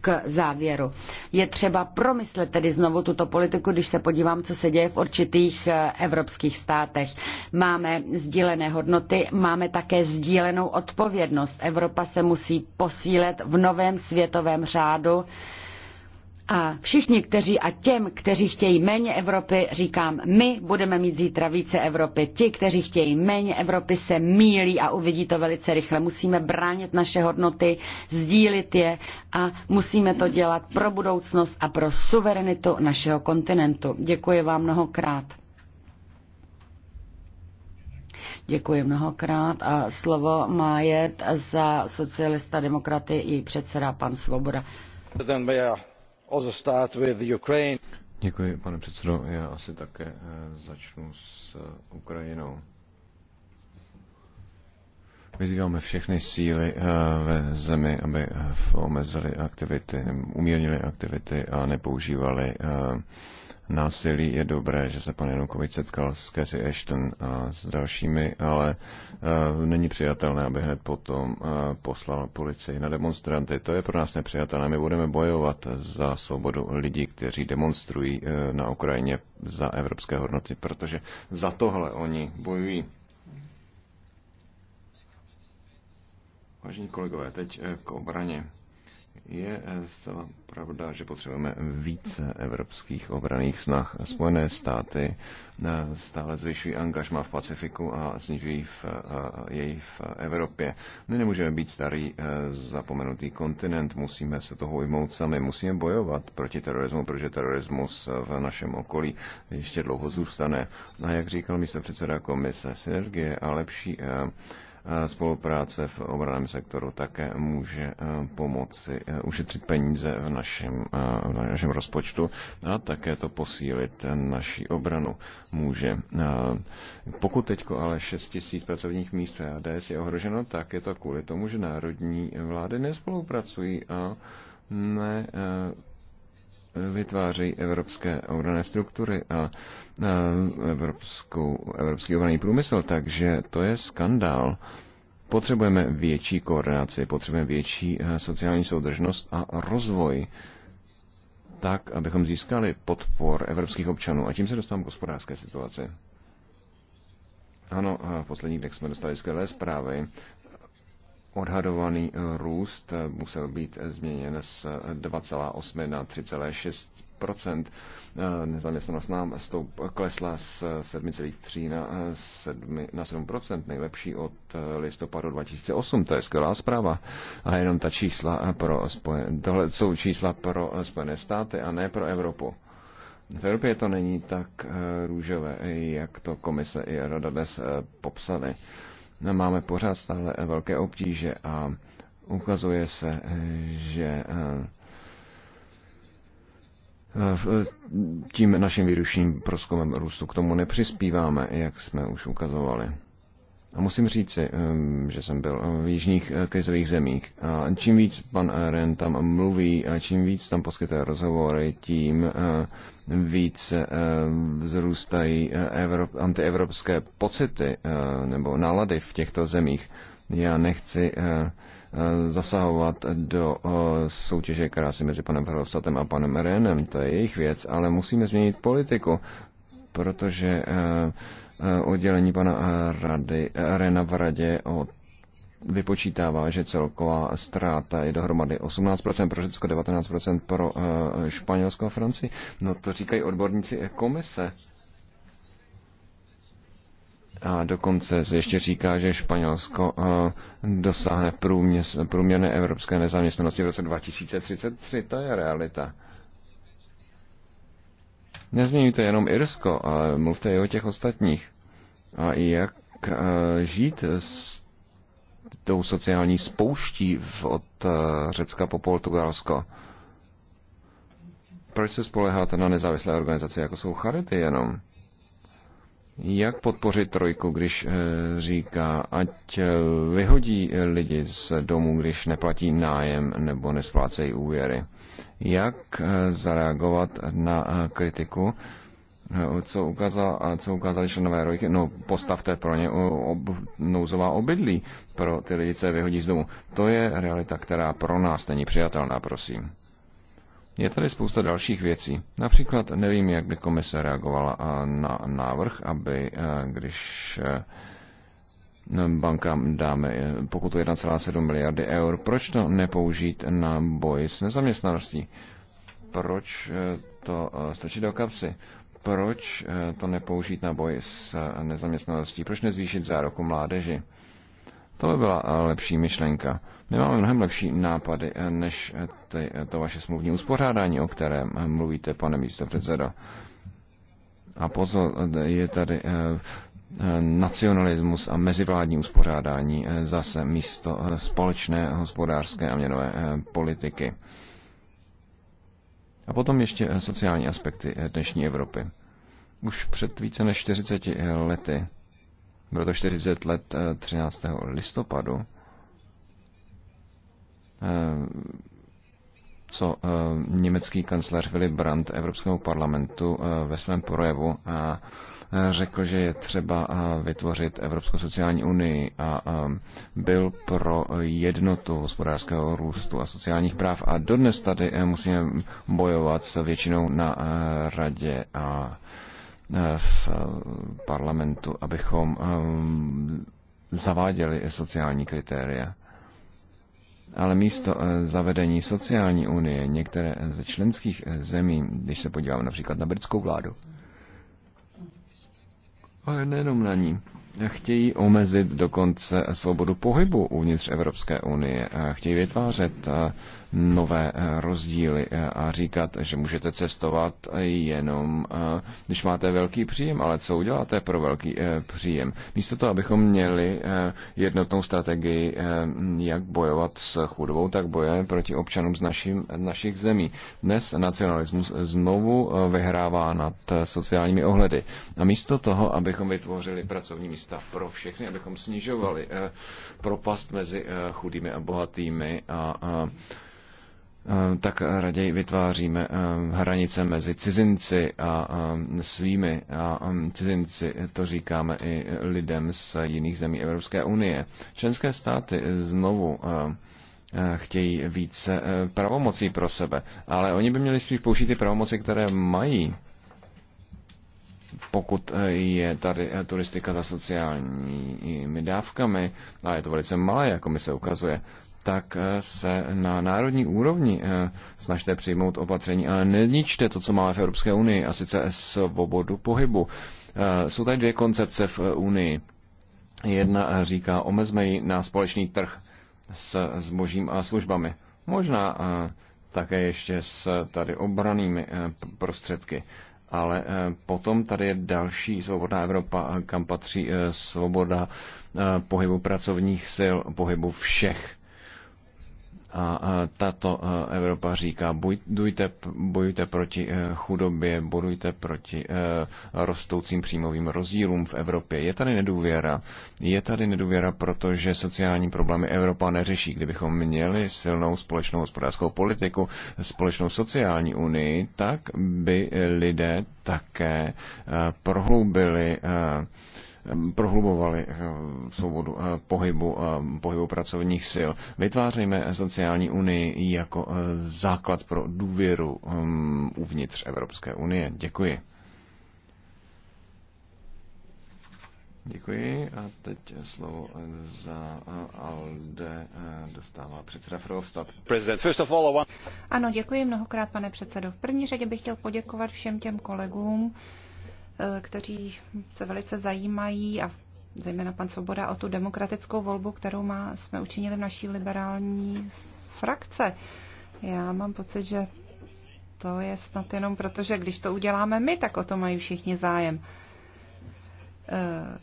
k závěru. Je třeba promyslet tedy znovu tuto politiku, když se podívám, co se děje v určitých eh, evropských státech. Máme sdílené hodnoty, máme také sdílenou odpovědnost. Evropa se musí posílet v novém světovém řádu, a všichni, kteří a těm, kteří chtějí méně Evropy, říkám, my budeme mít zítra více Evropy. Ti, kteří chtějí méně Evropy, se mílí a uvidí to velice rychle. Musíme bránit naše hodnoty, sdílit je a musíme to dělat pro budoucnost a pro suverenitu našeho kontinentu. Děkuji vám mnohokrát. Děkuji mnohokrát a slovo má jet za socialista demokraty její předseda pan Svoboda. Děkuji, pane předsedo. Já asi také eh, začnu s eh, Ukrajinou. Vyzýváme všechny síly eh, ve zemi, aby omezili aktivity, umírnili aktivity a nepoužívali násilí. Je dobré, že se pan Janukovič setkal s Cathy Ashton a s dalšími, ale eh, není přijatelné, aby hned potom eh, poslal policii na demonstranty. To je pro nás nepřijatelné. My budeme bojovat za svobodu lidí, kteří demonstrují eh, na Ukrajině za evropské hodnoty, protože za tohle oni bojují. Vážení kolegové, teď k obraně. Je eh, zcela pravda, že potřebujeme více evropských obraných snah. Spojené státy eh, stále zvyšují angažma v Pacifiku a snižují v, eh, jej v Evropě. My nemůžeme být starý zapomenutý kontinent, musíme se toho ujmout sami, musíme bojovat proti terorismu, protože terorismus v našem okolí ještě dlouho zůstane. A jak říkal se předseda komise, synergie a lepší spolupráce v obraném sektoru také může e, pomoci e, ušetřit peníze v našem, e, v našem rozpočtu a také to posílit naší obranu může. Pokud teď ale 6 tisíc pracovních míst v ADS je ohroženo, tak je to kvůli tomu, že národní vlády nespolupracují a ne vytvářejí evropské obrané struktury a evropskou, evropský obraný průmysl, takže to je skandál. Potřebujeme větší koordinaci, potřebujeme větší eh, sociální soudržnost a rozvoj tak, abychom získali podpor evropských občanů. A tím se dostávám k hospodářské situaci. Ano, v posledních dnech jsme dostali skvělé zprávy odhadovaný eh, růst eh, musel být eh, změněn z 2,8 na 3,6 Nezaměstnanost nám stoup, klesla z 7,3 na, 7, na 7 nejlepší od listopadu 2008. To je skvělá zpráva. A jenom ta čísla pro spojen, tohle jsou čísla pro Spojené státy a ne pro Evropu. V Evropě to není tak růžové, jak to komise i rada dnes popsaly máme pořád stále velké obtíže a ukazuje se, že eh, tím naším výručním proskumem růstu k tomu nepřispíváme, jak jsme už ukazovali. A musím říci, eh, že jsem byl v jižních eh, krizových zemích. A čím víc pan Ren tam mluví a čím víc tam poskytuje rozhovory, tím Víc eh, vzrůstají eh, antievropské pocity eh, nebo nálady v těchto zemích. Já nechci zasahovat do soutěže, která si mezi panem Verhofstadtem a panem Renem, to je jejich věc, ale musíme změnit politiku, protože oddělení pana Rady, Rena v radě od vypočítává, že celková ztráta je dohromady 18%, pro Řecko 19%, pro eh, Španělsko a Francii. No to říkají odborníci komise. A dokonce se ještě říká, že Španělsko eh, dosáhne průměrné evropské nezaměstnanosti v roce 2033. To je realita. Nezměňujte jenom Irsko, ale mluvte i o těch ostatních. A jak eh, žít s tou sociální spouští od eh, Řecka po Portugalsko. Proč se spoleháte na nezávislé organizace, jako jsou Charity jenom? Jak podpořit trojku, když eh, říká, ať eh, vyhodí lidi z domu, když neplatí nájem nebo nesplácejí úvěry? Jak zareagovat na kritiku, Eh, co, ukázal, co ukázali členové rojky, no postavte pro ně ob, nouzová obydlí pro ty lidi, co je vyhodí z domu. To je realita, která pro nás není přijatelná, prosím. Je tady spousta dalších věcí. Například nevím, jak by komise reagovala eh, na návrh, aby eh, když bankám dáme pokud to 1,7 miliardy eur, proč to nepoužít na boj s nezaměstnaností? Proč to stačí do kapsy? proč eh, to nepoužít na boj s eh, nezaměstnaností, proč nezvýšit zároku mládeži. To by byla eh, lepší myšlenka. My máme mnohem lepší nápady, než ty, to vaše smluvní uspořádání, o kterém mluvíte, pane místo předseda. A pozor, je tady nacionalismus a mezivládní uspořádání zase místo společné hospodářské a měnové politiky. A potom ještě eh, sociální aspekty eh, dnešní Evropy. Už před více než 40 eh, lety, bylo to 40 let 13. listopadu, co německý kancléř Willy Brandt Evropskému parlamentu ve svém projevu a řekl, že je třeba vytvořit Evropskou sociální unii a byl pro jednotu hospodářského růstu a sociálních práv. A dodnes tady e, musíme bojovat s většinou na e, radě a e, v parlamentu, abychom zaváděli sociální kritéria. Ale místo zavedení sociální unie některé ze členských zemí, když se podívám například na britskou vládu, ale nejenom na ní. Chtějí omezit dokonce svobodu pohybu uvnitř Evropské unie, chtějí vytvářet eh, nové eh, rozdíly eh, a říkat, že můžete cestovat jenom, eh, když máte velký příjem, ale co uděláte pro velký příjem? Místo toho, abychom měli jednotnou strategii, jak bojovat s chudobou, tak bojujeme proti občanům z našim, našich zemí. Dnes nacionalismus znovu vyhrává nad sociálními ohledy. A místo toho, abychom vytvořili pracovní místa pro všechny, abychom snižovali propast mezi chudými a bohatými a Ehm, tak raději vytváříme ehm, hranice mezi cizinci a ehm, svými a cizinci, eh, to říkáme i eh, lidem z jiných zemí Evropské unie. Členské státy eh, znovu chtějí více pravomocí pro sebe, ale oni by měli spíš použít ty pravomoci, které mají pokud je tady turistika za sociálními dávkami, a je to velice malé, jako mi se ukazuje, tak eh, se na národní úrovni eh, snažte přijmout opatření, ale neníčte to, co máme v Evropské unii, a sice svobodu pohybu. Eh, jsou tady dvě koncepce v unii. Jedna říká, omezme ji na společný trh s zbožím a službami. Možná také ještě s tady obranými prostředky. Ale potom tady je další svobodná Evropa, kam patří svoboda pohybu pracovních sil, pohybu všech a tato Evropa říká, bojujte, bojujte proti e, chudobě, bojujte proti e, rostoucím příjmovým rozdílům v Evropě. Je tady nedůvěra. Je tady nedůvěra, protože sociální problémy Evropa neřeší. Kdybychom měli silnou společnou hospodářskou politiku, společnou sociální unii, tak by lidé také e, prohloubili prohlubovali eh, svobodu eh, pohybu, eh, pohybu pracovních sil. Vytvářejme sociální unii jako základ pro důvěru uvnitř Evropské unie. Děkuji. Děkuji a teď slovo za ALDE dostává předseda Frohovstad. Ano, děkuji mnohokrát, pane předsedo. V první řadě bych chtěl poděkovat všem těm kolegům, Eh, kteří se velice zajímají a zejména pan Svoboda o tu demokratickou volbu, kterou má, jsme učinili v naší liberální frakce. Já mám pocit, že to je snad jenom proto, že když to uděláme my, tak o to mají všichni zájem. Eh,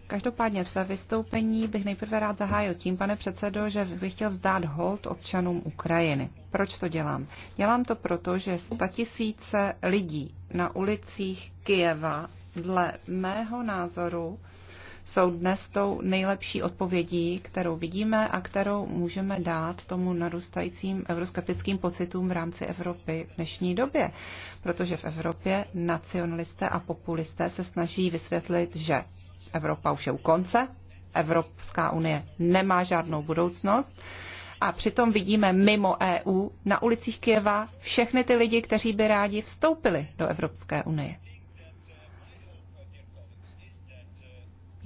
každopádně své vystoupení bych nejprve rád zahájil tím, pane předsedo, že bych chtěl vzdát hold občanům Ukrajiny. Proč to dělám? Dělám to proto, že statisíce lidí na ulicích Kijeva dle mého názoru jsou dnes tou nejlepší odpovědí, kterou vidíme a kterou můžeme dát tomu narůstajícím euroskeptickým pocitům v rámci Evropy v dnešní době. Protože v Evropě nacionalisté a populisté se snaží vysvětlit, že Evropa už je u konce, Evropská unie nemá žádnou budoucnost. A přitom vidíme mimo EU na ulicích Kieva všechny ty lidi, kteří by rádi vstoupili do Evropské unie.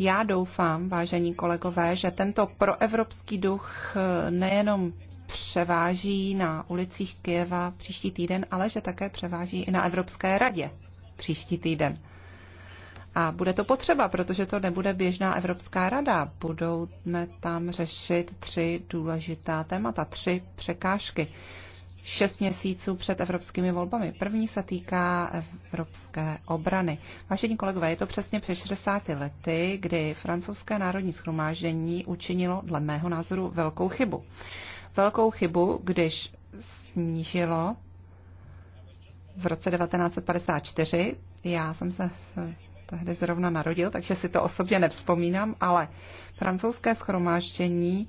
Já doufám, vážení kolegové, že tento proevropský duch eh, nejenom převáží na ulicích Kyjeva příští týden, ale že také převáží i na Evropské radě příští týden. A bude to potřeba, protože to nebude běžná Evropská rada. Budou tam řešit tři důležitá témata, tři překážky šest měsíců před evropskými volbami. První se týká evropské obrany. Vážení kolegové, je to přesně přes 60 lety, kdy francouzské národní schromáždění učinilo dle mého názoru velkou chybu. Velkou chybu, když snížilo v roce 1954, já jsem se tehdy zrovna narodil, takže si to osobně nevzpomínám, ale francouzské schromáždění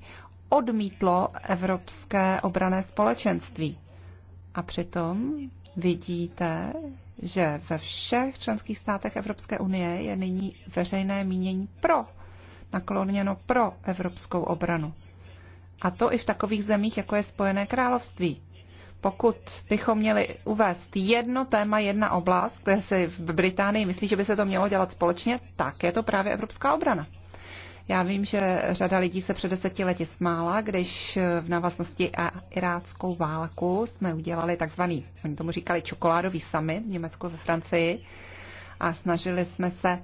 odmítlo Evropské obrané společenství. A přitom vidíte, že ve všech členských státech Evropské unie je nyní veřejné mínění pro, nakloněno pro evropskou obranu. A to i v takových zemích, jako je Spojené království. Pokud bychom měli uvést jedno téma, jedna oblast, kde si v Británii myslí, že by se to mělo dělat společně, tak je to právě evropská obrana. Já vím, že řada lidí se před deseti lety smála, když v návaznosti a iráckou válku jsme udělali takzvaný, oni tomu říkali čokoládový sami v Německu ve Francii a snažili jsme se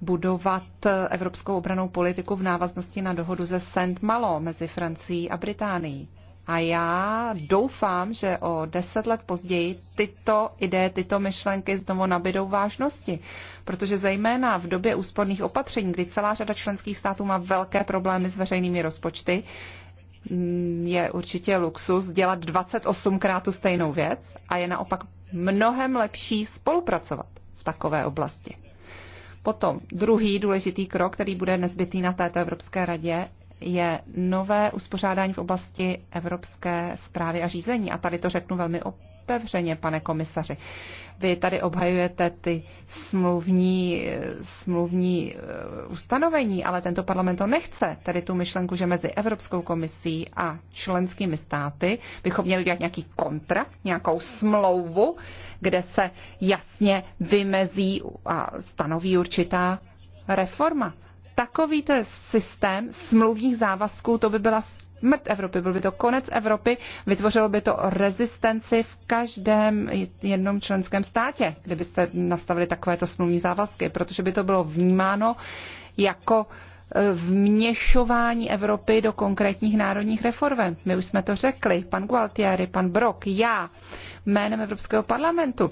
budovat evropskou obranou politiku v návaznosti na dohodu ze Saint-Malo mezi Francií a Británií. A já doufám, že o deset let později tyto ideje, tyto myšlenky znovu nabidou vážnosti. Protože zejména v době úsporných opatření, kdy celá řada členských států má velké problémy s veřejnými rozpočty, mm, je určitě luxus dělat 28krát tu stejnou věc a je naopak mnohem lepší spolupracovat v takové oblasti. Potom druhý důležitý krok, který bude nezbytný na této Evropské radě, je nové uspořádání v oblasti evropské zprávy a řízení. A tady to řeknu velmi otevřeně, pane komisaři. Vy tady obhajujete ty smluvní, smluvní eh, ustanovení, ale tento parlament to nechce. Tady tu myšlenku, že mezi Evropskou komisí a členskými státy bychom měli dělat nějaký kontrakt, nějakou smlouvu, kde se jasně vymezí a stanoví určitá reforma takový systém smluvních závazků, to by byla smrt Evropy, byl by to konec Evropy, vytvořilo by to rezistenci v každém jednom členském státě, kdybyste nastavili takovéto smluvní závazky, protože by to bylo vnímáno jako e, vměšování Evropy do konkrétních národních reform. My už jsme to řekli, pan Gualtieri, pan Brok, já, jménem Evropského parlamentu.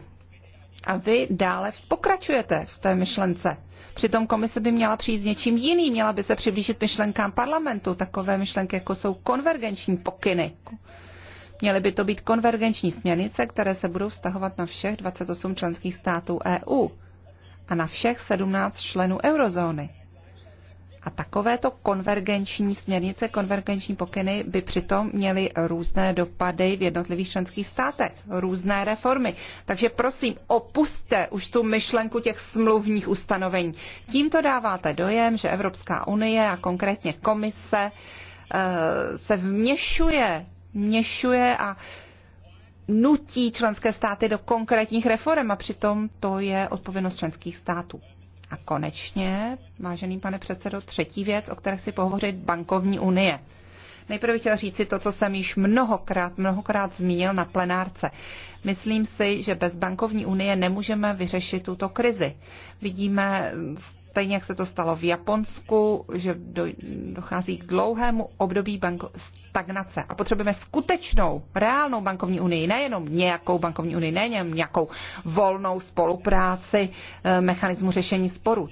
A vy dále pokračujete v té myšlence. Přitom komise by měla přijít s něčím jiným, měla by se přiblížit myšlenkám parlamentu, takové myšlenky, jako jsou konvergenční pokyny. Měly by to být konvergenční směrnice, které se budou vztahovat na všech 28 členských států EU a na všech 17 členů eurozóny. A takovéto konvergenční směrnice, konvergenční pokyny by přitom měly různé dopady v jednotlivých členských státech, různé reformy. Takže prosím, opuste už tu myšlenku těch smluvních ustanovení. Tímto dáváte dojem, že Evropská unie a konkrétně komise eh, se vměšuje, vměšuje a nutí členské státy do konkrétních reform a přitom to je odpovědnost členských států. A konečně, vážený pane předsedo, třetí věc, o které chci pohovořit, bankovní unie. Nejprve chtěl říci to, co jsem již mnohokrát, mnohokrát zmínil na plenárce. Myslím si, že bez bankovní unie nemůžeme vyřešit tuto krizi. Vidíme stejně jak se to stalo v Japonsku, že do, dochází k dlouhému období banko- stagnace. A potřebujeme skutečnou, reálnou bankovní unii, nejenom nějakou bankovní unii, nejenom nějakou volnou spolupráci, eh, mechanismu řešení sporu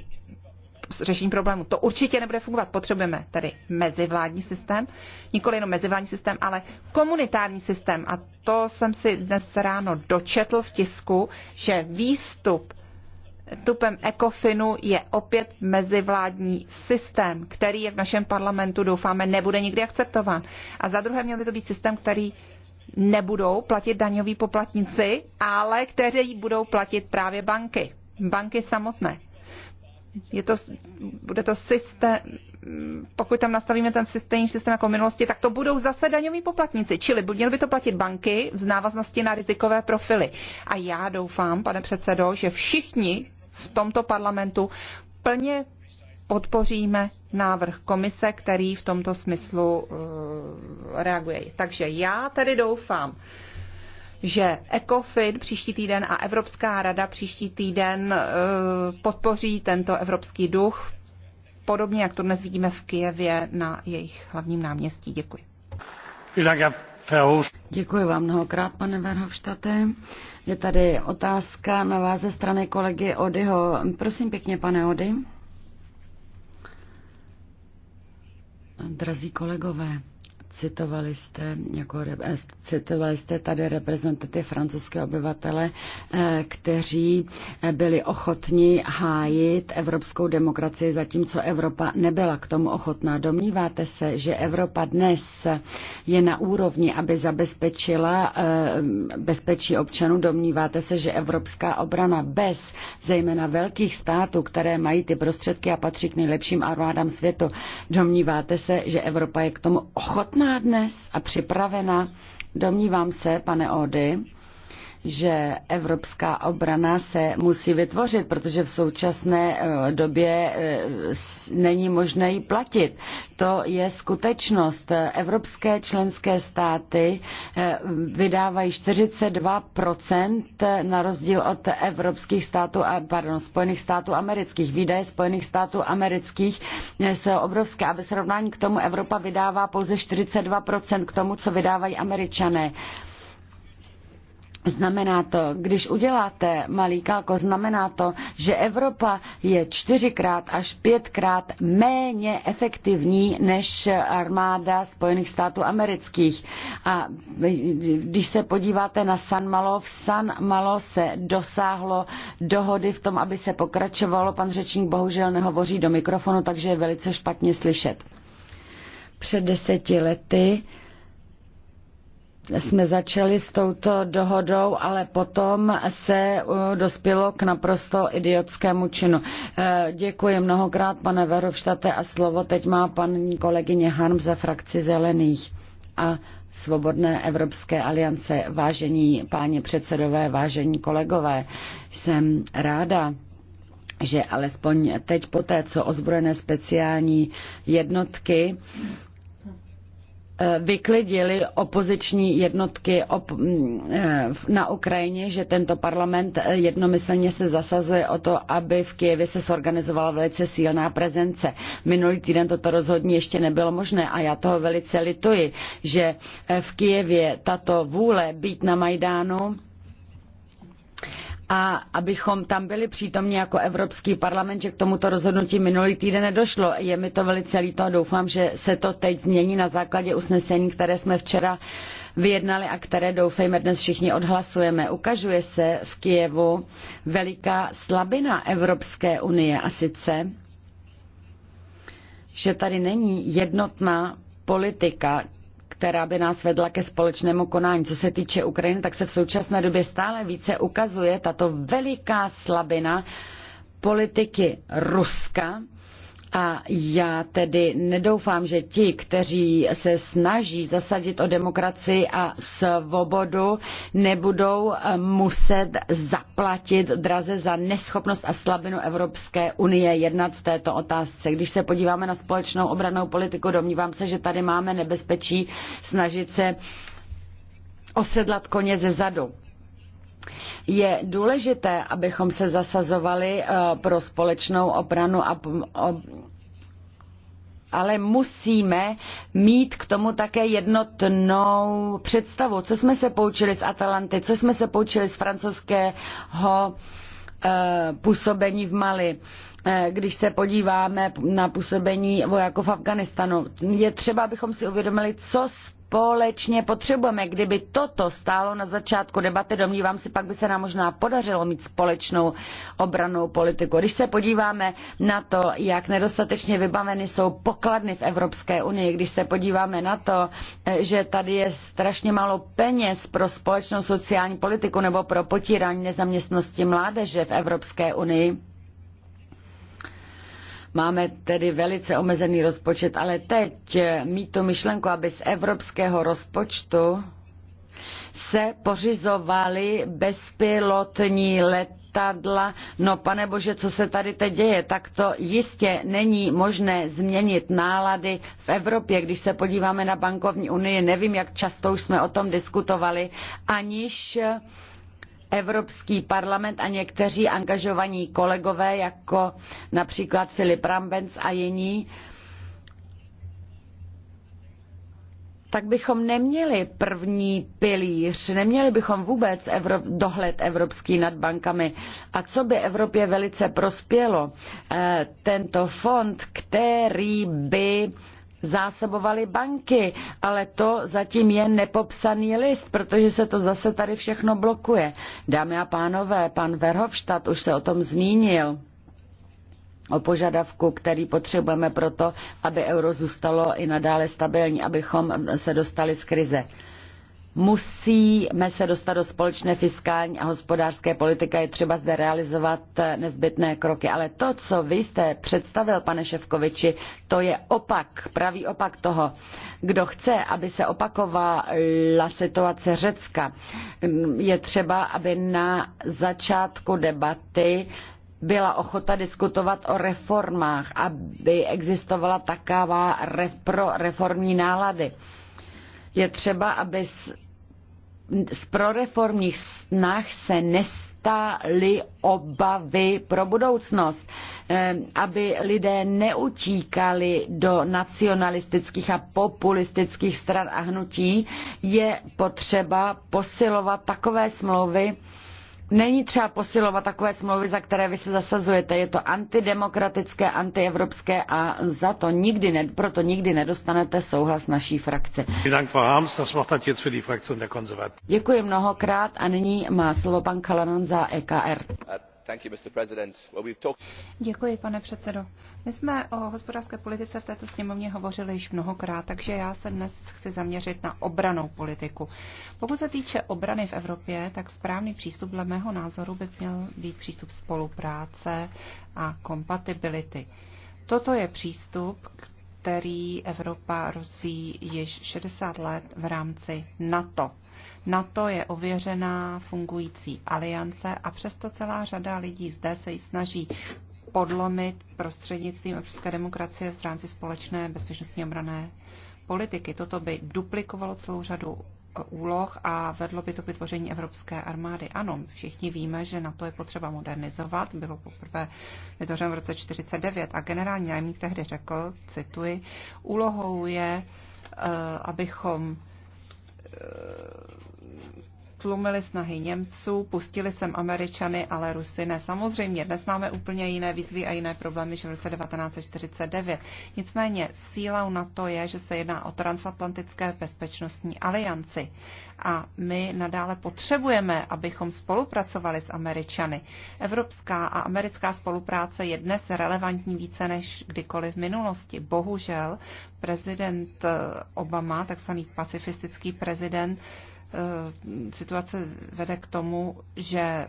řešení problému. To určitě nebude fungovat. Potřebujeme tedy mezivládní systém, nikoli jenom mezivládní systém, ale komunitární systém. A to jsem si dnes ráno dočetl v tisku, že výstup tupem ECOFINu je opět mezivládní systém, který, je v našem parlamentu doufáme, nebude nikdy akceptován. A za druhé měl by to být systém, který nebudou platit daňoví poplatníci, ale kteří budou platit právě banky. Banky samotné. Je to, bude to systém, pokud tam nastavíme ten systém, systém jako minulosti, tak to budou zase daňoví poplatníci. Čili měly by to platit banky v návaznosti na rizikové profily. A já doufám, pane předsedo, že všichni v tomto parlamentu plně podpoříme návrh komise, který v tomto smyslu eh, reaguje. Takže já tedy doufám, že ECOFIN příští týden a Evropská rada příští týden eh, podpoří tento evropský duch, podobně jak to dnes vidíme v Kijevě na jejich hlavním náměstí. Děkuji. Děkuji. Děkuji vám mnohokrát, pane Verhofštate. Je tady otázka na vás ze strany kolegy Odyho. Prosím pěkně, pane Ody. Drazí kolegové, Citovali jste, jako, eh, citovali jste tady reprezentanty francouzské obyvatele, eh, kteří eh, byli ochotni hájit evropskou demokracii, zatímco Evropa nebyla k tomu ochotná. Domníváte se, že Evropa dnes je na úrovni, aby zabezpečila bezpečí občanů? Domníváte se, že evropská obrana bez zejména velkých států, které mají ty prostředky a patří k nejlepším armádám světu, domníváte se, že Evropa je k tomu ochotná? schopná dnes a připravena. Domnívám se, pane Ody, že evropská obrana se musí vytvořit, protože v současné eh, době eh, není možné ji platit. To je skutečnost. Evropské členské státy eh, vydávají 42% na rozdíl od evropských států, pardon, Spojených států amerických. Výdaje Spojených států amerických jsou obrovské. A ve srovnání k tomu Evropa vydává pouze 42% k tomu, co vydávají američané. Znamená to, když uděláte malý kalko, znamená to, že Evropa je čtyřikrát až pětkrát méně efektivní než armáda Spojených států amerických. A když se podíváte na San Malo, v San Malo se dosáhlo dohody v tom, aby se pokračovalo. Pan řečník bohužel nehovoří do mikrofonu, takže je velice špatně slyšet. Před deseti lety jsme začali s touto dohodou, ale potom se uh, dospělo k naprosto idiotskému činu. Eh, děkuji mnohokrát, pane Verhofštate, a slovo teď má paní kolegyně Harm za frakci Zelených a Svobodné Evropské aliance. Vážení páni předsedové, vážení kolegové, jsem ráda, že alespoň teď po té, co ozbrojené speciální jednotky vyklidili opoziční jednotky eh, na Ukrajině, že tento parlament eh, jednomyslně se zasazuje o to, aby v Kijevě se sorganizovala velice silná prezence. Minulý týden toto rozhodně ještě nebylo možné a já toho velice lituji, že eh, v Kijevě tato vůle být na Majdánu a abychom tam byli přítomni jako Evropský parlament, že k tomuto rozhodnutí minulý týden nedošlo. Je mi to velice líto a doufám, že se to teď změní na základě usnesení, které jsme včera vyjednali a které doufejme dnes všichni odhlasujeme. Ukazuje se v Kijevu veliká slabina Evropské unie a sice, že tady není jednotná politika která by nás vedla ke společnému konání. Co se týče Ukrajiny, tak se v současné době stále více ukazuje tato veliká slabina politiky Ruska, a já tedy nedoufám, že ti, kteří se snaží zasadit o demokracii a svobodu, nebudou eh, muset zaplatit draze za neschopnost a slabinu Evropské unie jednat v této otázce. Když se podíváme na společnou obranou politiku, domnívám se, že tady máme nebezpečí snažit se osedlat koně ze zadu. Je důležité, abychom se zasazovali eh, pro společnou obranu a ale musíme mít k tomu také jednotnou představu. Co jsme se poučili z Atalanty, co jsme se poučili z francouzského eh, působení v Mali eh, když se podíváme na působení vojáků v Afganistanu. Je třeba, abychom si uvědomili, co společně potřebujeme. Kdyby toto stálo na začátku debaty, domnívám se, pak by se nám možná podařilo mít společnou obranou politiku. Když se podíváme na to, jak nedostatečně vybaveny jsou pokladny v Evropské unii, když se podíváme na to, že tady je strašně málo peněz pro společnou sociální politiku nebo pro potírání nezaměstnosti mládeže v Evropské unii, Máme tedy velice omezený rozpočet, ale teď eh, mít tu myšlenku, aby z evropského rozpočtu se pořizovaly bezpilotní letadla. No pane bože, co se tady teď děje, tak to jistě není možné změnit nálady v Evropě. Když se podíváme na bankovní unii, nevím, jak často už jsme o tom diskutovali, aniž Evropský parlament a někteří angažovaní kolegové, jako například Filip Rambens a jiní, tak bychom neměli první pilíř, neměli bychom vůbec Evrop, dohled evropský nad bankami. A co by Evropě velice prospělo? Eh, tento fond, který by zásobovaly banky, ale to zatím je nepopsaný list, protože se to zase tady všechno blokuje. Dámy a pánové, pan Verhofstadt už se o tom zmínil o požadavku, který potřebujeme proto, aby euro zůstalo i nadále stabilní, abychom se dostali z krize. Musíme se dostat do společné fiskální a hospodářské politiky, je třeba zde realizovat nezbytné kroky. Ale to, co vy jste představil, pane Ševkoviči, to je opak, pravý opak toho. Kdo chce, aby se opakovala situace Řecka, je třeba, aby na začátku debaty byla ochota diskutovat o reformách, aby existovala taková pro reformní nálady. Je třeba, aby z proreformních snah se nestály obavy pro budoucnost, eh, aby lidé neutíkali do nacionalistických a populistických stran a hnutí, je potřeba posilovat takové smlouvy, Není třeba posilovat takové smlouvy, za které vy se zasazujete. Je to antidemokratické, antievropské a za to nikdy ne, proto nikdy nedostanete souhlas naší frakce. Děkuji mnohokrát a nyní má slovo pan Kalanon za EKR. Děkuji, pane předsedo. My jsme o hospodářské politice v této sněmovně hovořili již mnohokrát, takže já se dnes chci zaměřit na obranou politiku. Pokud se týče obrany v Evropě, tak správný přístup dle mého názoru by měl být přístup spolupráce a kompatibility. Toto je přístup, který Evropa rozvíjí již 60 let v rámci NATO. NATO je ověřená fungující aliance a přesto celá řada lidí zde se ji snaží podlomit prostřednictvím evropské demokracie v rámci společné bezpečnostní obrané politiky. Toto by duplikovalo celou řadu e, úloh a vedlo by to k vytvoření Evropské armády. Ano, všichni víme, že na to je potřeba modernizovat. Bylo poprvé vytvořeno v roce 49 a generální nájemník tehdy řekl, cituji, úlohou je, e, abychom e, tlumili snahy Němců, pustili sem Američany, ale Rusy ne. Samozřejmě, dnes máme úplně jiné výzvy a jiné problémy, než v roce 1949. Nicméně sílou na to je, že se jedná o transatlantické bezpečnostní alianci. A my nadále potřebujeme, abychom spolupracovali s Američany. Evropská a americká spolupráce je dnes relevantní více než kdykoliv v minulosti. Bohužel prezident eh, Obama, takzvaný pacifistický prezident, Eh, situace vede k tomu, že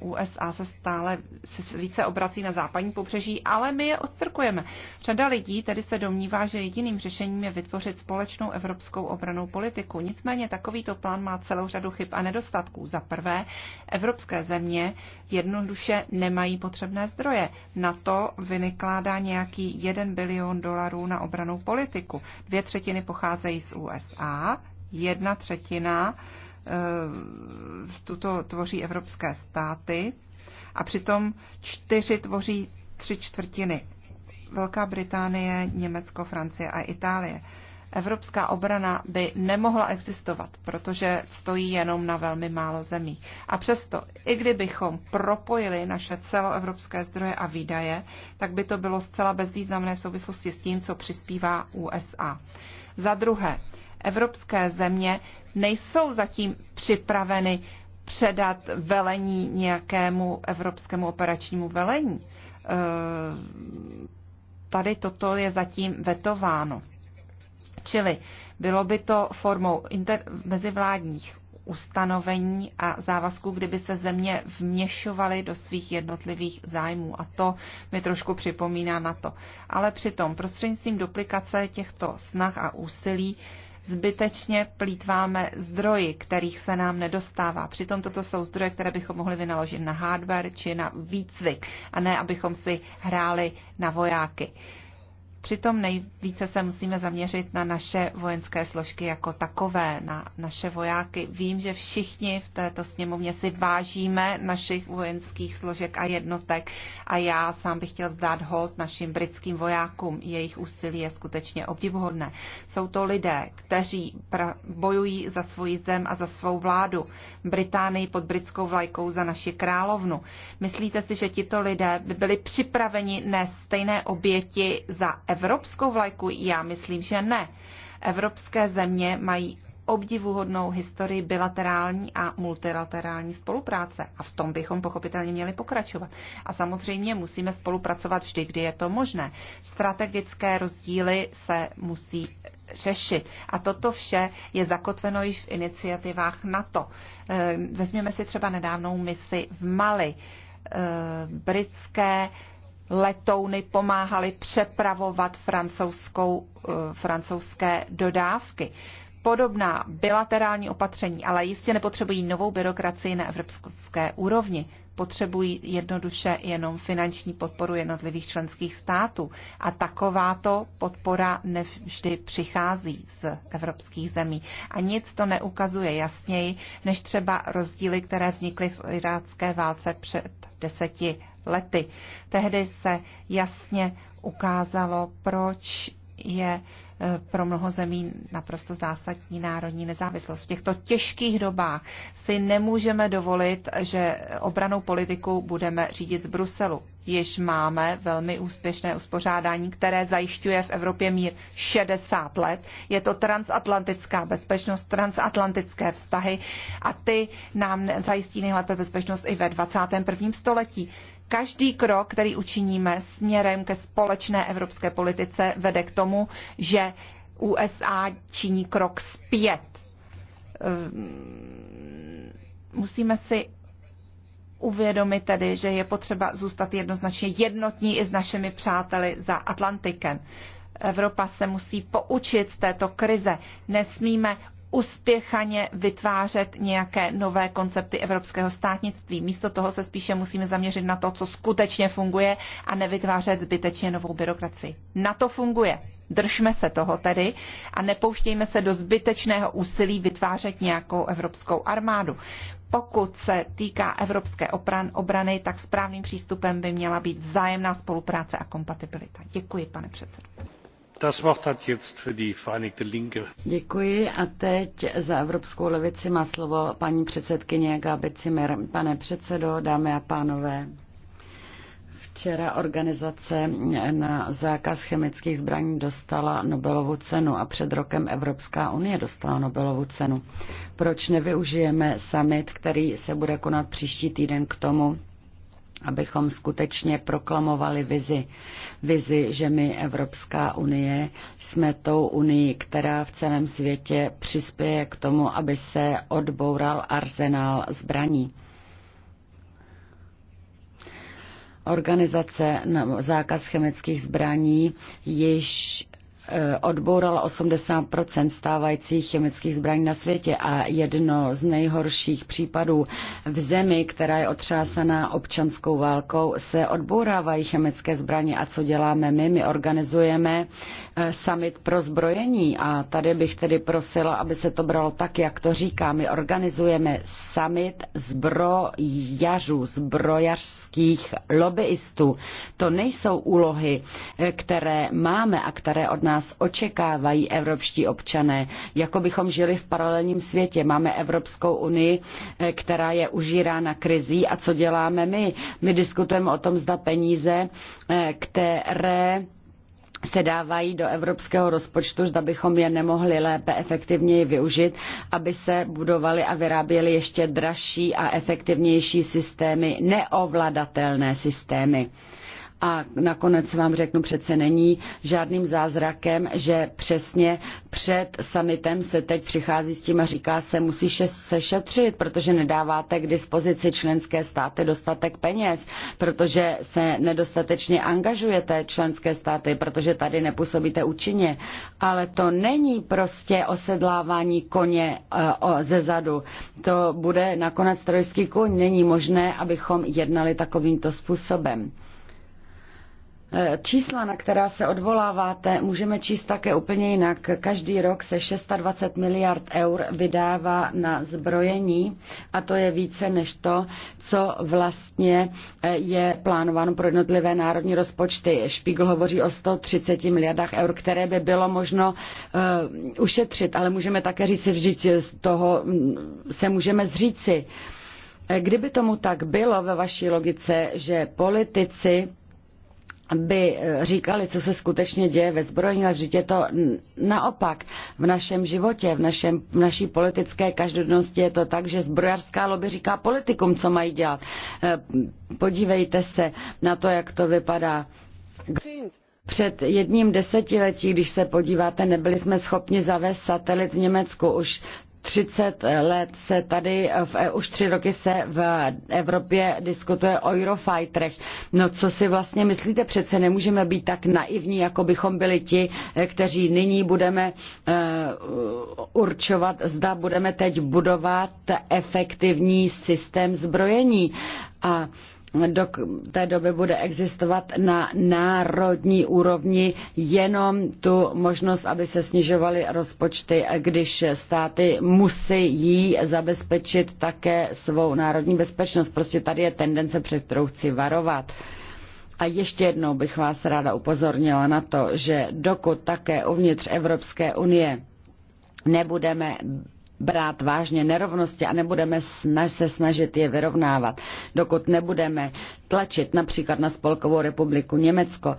USA se stále se více obrací na západní pobřeží, ale my je odstrkujeme. Řada lidí tedy se domnívá, že jediným řešením je vytvořit společnou evropskou obranou politiku. Nicméně takovýto plán má celou řadu chyb a nedostatků. Za prvé, evropské země jednoduše nemají potřebné zdroje. Na to vynikládá nějaký 1 bilion dolarů na obranou politiku. Dvě třetiny pocházejí z USA, jedna třetina eh, tuto tvoří evropské státy a přitom čtyři tvoří tři čtvrtiny. Velká Británie, Německo, Francie a Itálie. Evropská obrana by nemohla existovat, protože stojí jenom na velmi málo zemí. A přesto, i kdybychom propojili naše celoevropské zdroje a výdaje, tak by to bylo zcela bezvýznamné v souvislosti s tím, co přispívá USA. Za druhé, evropské země nejsou zatím připraveny předat velení nějakému evropskému operačnímu velení. E, tady toto je zatím vetováno. Čili bylo by to formou inter- mezivládních ustanovení a závazků, kdyby se země vměšovaly do svých jednotlivých zájmů. A to mi trošku připomíná na to. Ale přitom prostřednictvím duplikace těchto snah a úsilí zbytečně plítváme zdroji, kterých se nám nedostává. Přitom toto jsou zdroje, které bychom mohli vynaložit na hardware či na výcvik, a ne abychom si hráli na vojáky. Přitom nejvíce se musíme zaměřit na naše vojenské složky jako takové, na naše vojáky. Vím, že všichni v této sněmovně si vážíme našich vojenských složek a jednotek a já sám bych chtěl zdát hold našim britským vojákům. Jejich úsilí je skutečně obdivuhodné. Jsou to lidé, kteří bojují za svoji zem a za svou vládu. Británii pod britskou vlajkou za naši královnu. Myslíte si, že tito lidé by byli připraveni nést stejné oběti za Evropu? evropskou vlajku? Já myslím, že ne. Evropské země mají obdivuhodnou historii bilaterální a multilaterální spolupráce. A v tom bychom pochopitelně měli pokračovat. A samozřejmě musíme spolupracovat vždy, kdy je to možné. Strategické rozdíly se musí řešit. A toto vše je zakotveno již v iniciativách NATO. Eh, vezměme si třeba nedávnou misi v Mali. Eh, britské letouny pomáhaly přepravovat francouzskou, eh, francouzské dodávky podobná bilaterální opatření, ale jistě nepotřebují novou byrokracii na evropské úrovni. Potřebují jednoduše jenom finanční podporu jednotlivých členských států. A takováto podpora nevždy přichází z evropských zemí. A nic to neukazuje jasněji, než třeba rozdíly, které vznikly v irácké válce před deseti lety. Tehdy se jasně ukázalo, proč je pro mnoho zemí naprosto zásadní národní nezávislost. V těchto těžkých dobách si nemůžeme dovolit, že obranou politiku budeme řídit z Bruselu. Již máme velmi úspěšné uspořádání, které zajišťuje v Evropě mír 60 let. Je to transatlantická bezpečnost, transatlantické vztahy a ty nám zajistí nejlépe bezpečnost i ve 21. století. Každý krok, který učiníme směrem ke společné evropské politice, vede k tomu, že USA činí krok zpět. Ehm, musíme si uvědomit tedy, že je potřeba zůstat jednoznačně jednotní i s našimi přáteli za Atlantikem. Evropa se musí poučit z této krize. Nesmíme uspěchaně vytvářet nějaké nové koncepty evropského státnictví. Místo toho se spíše musíme zaměřit na to, co skutečně funguje a nevytvářet zbytečně novou byrokracii. Na to funguje. Držme se toho tedy a nepouštějme se do zbytečného úsilí vytvářet nějakou evropskou armádu. Pokud se týká evropské obrany, tak správným přístupem by měla být vzájemná spolupráce a kompatibilita. Děkuji, pane předsedo. Děkuji a teď za Evropskou levici má slovo paní předsedkyně Gabi Cimer. Pane předsedo, dámy a pánové, včera organizace na zákaz chemických zbraní dostala Nobelovu cenu a před rokem Evropská unie dostala Nobelovu cenu. Proč nevyužijeme summit, který se bude konat příští týden k tomu, abychom skutečně proklamovali vizi. Vizi, že my Evropská unie jsme tou unii, která v celém světě přispěje k tomu, aby se odboural arzenál zbraní. Organizace na no, zákaz chemických zbraní již Eh, odbourala 80 stávajících chemických zbraní na světě a jedno z nejhorších případů v zemi, která je otřásaná občanskou válkou, se odbourávají chemické zbraně. A co děláme my? My organizujeme eh, summit pro zbrojení a tady bych tedy prosila, aby se to bralo tak, jak to říká. My organizujeme summit zbrojařů, zbrojařských lobbyistů. To nejsou úlohy, eh, které máme a které od nás nás očekávají evropští občané, jako bychom žili v paralelním světě. Máme Evropskou unii, eh, která je užírána krizí a co děláme my? My diskutujeme o tom, zda peníze, eh, které se dávají do evropského rozpočtu, zda bychom je nemohli lépe efektivněji využít, aby se budovaly a vyráběly ještě dražší a efektivnější systémy, neovladatelné systémy. A nakonec vám řeknu, přece není žádným zázrakem, že přesně před summitem se teď přichází s tím a říká se, musí se šetřit, protože nedáváte k dispozici členské státy dostatek peněz, protože se nedostatečně angažujete členské státy, protože tady nepůsobíte účinně. Ale to není prostě osedlávání koně eh, ze zadu. To bude nakonec trojský kůň. Není možné, abychom jednali takovýmto způsobem. Eh, čísla, na která se odvoláváte, můžeme číst také úplně jinak. Každý rok se 620 miliard eur vydává na zbrojení a to je více než to, co vlastně eh, je plánováno pro jednotlivé národní rozpočty. Špígl hovoří o 130 miliardách eur, které by bylo možno eh, ušetřit, ale můžeme také říci, že z toho mm, se můžeme zříci. Kdyby tomu tak bylo ve vaší logice, že politici by eh, říkali, co se skutečně děje ve zbrojní, ale vždyť je to naopak. V našem životě, v, našem, v naší politické každodennosti je to tak, že zbrojařská lobby říká politikům, co mají dělat. Eh, podívejte se na to, jak to vypadá. Před jedním desetiletí, když se podíváte, nebyli jsme schopni zavést satelit v Německu. Už 30 let se tady, v, e, už tři roky se v Evropě diskutuje o Eurofighterech. No co si vlastně myslíte? Přece nemůžeme být tak naivní, jako bychom byli ti, eh, kteří nyní budeme uh, určovat, zda budeme teď budovat efektivní systém zbrojení. A uh, do té doby bude existovat na národní úrovni jenom tu možnost, aby se snižovaly rozpočty, když státy musí zabezpečit také svou národní bezpečnost. Prostě tady je tendence, před kterou chci varovat. A ještě jednou bych vás ráda upozornila na to, že dokud také uvnitř Evropské unie nebudeme brát vážně nerovnosti a nebudeme snaž, se snažit je vyrovnávat, dokud nebudeme tlačit například na Spolkovou republiku Německo,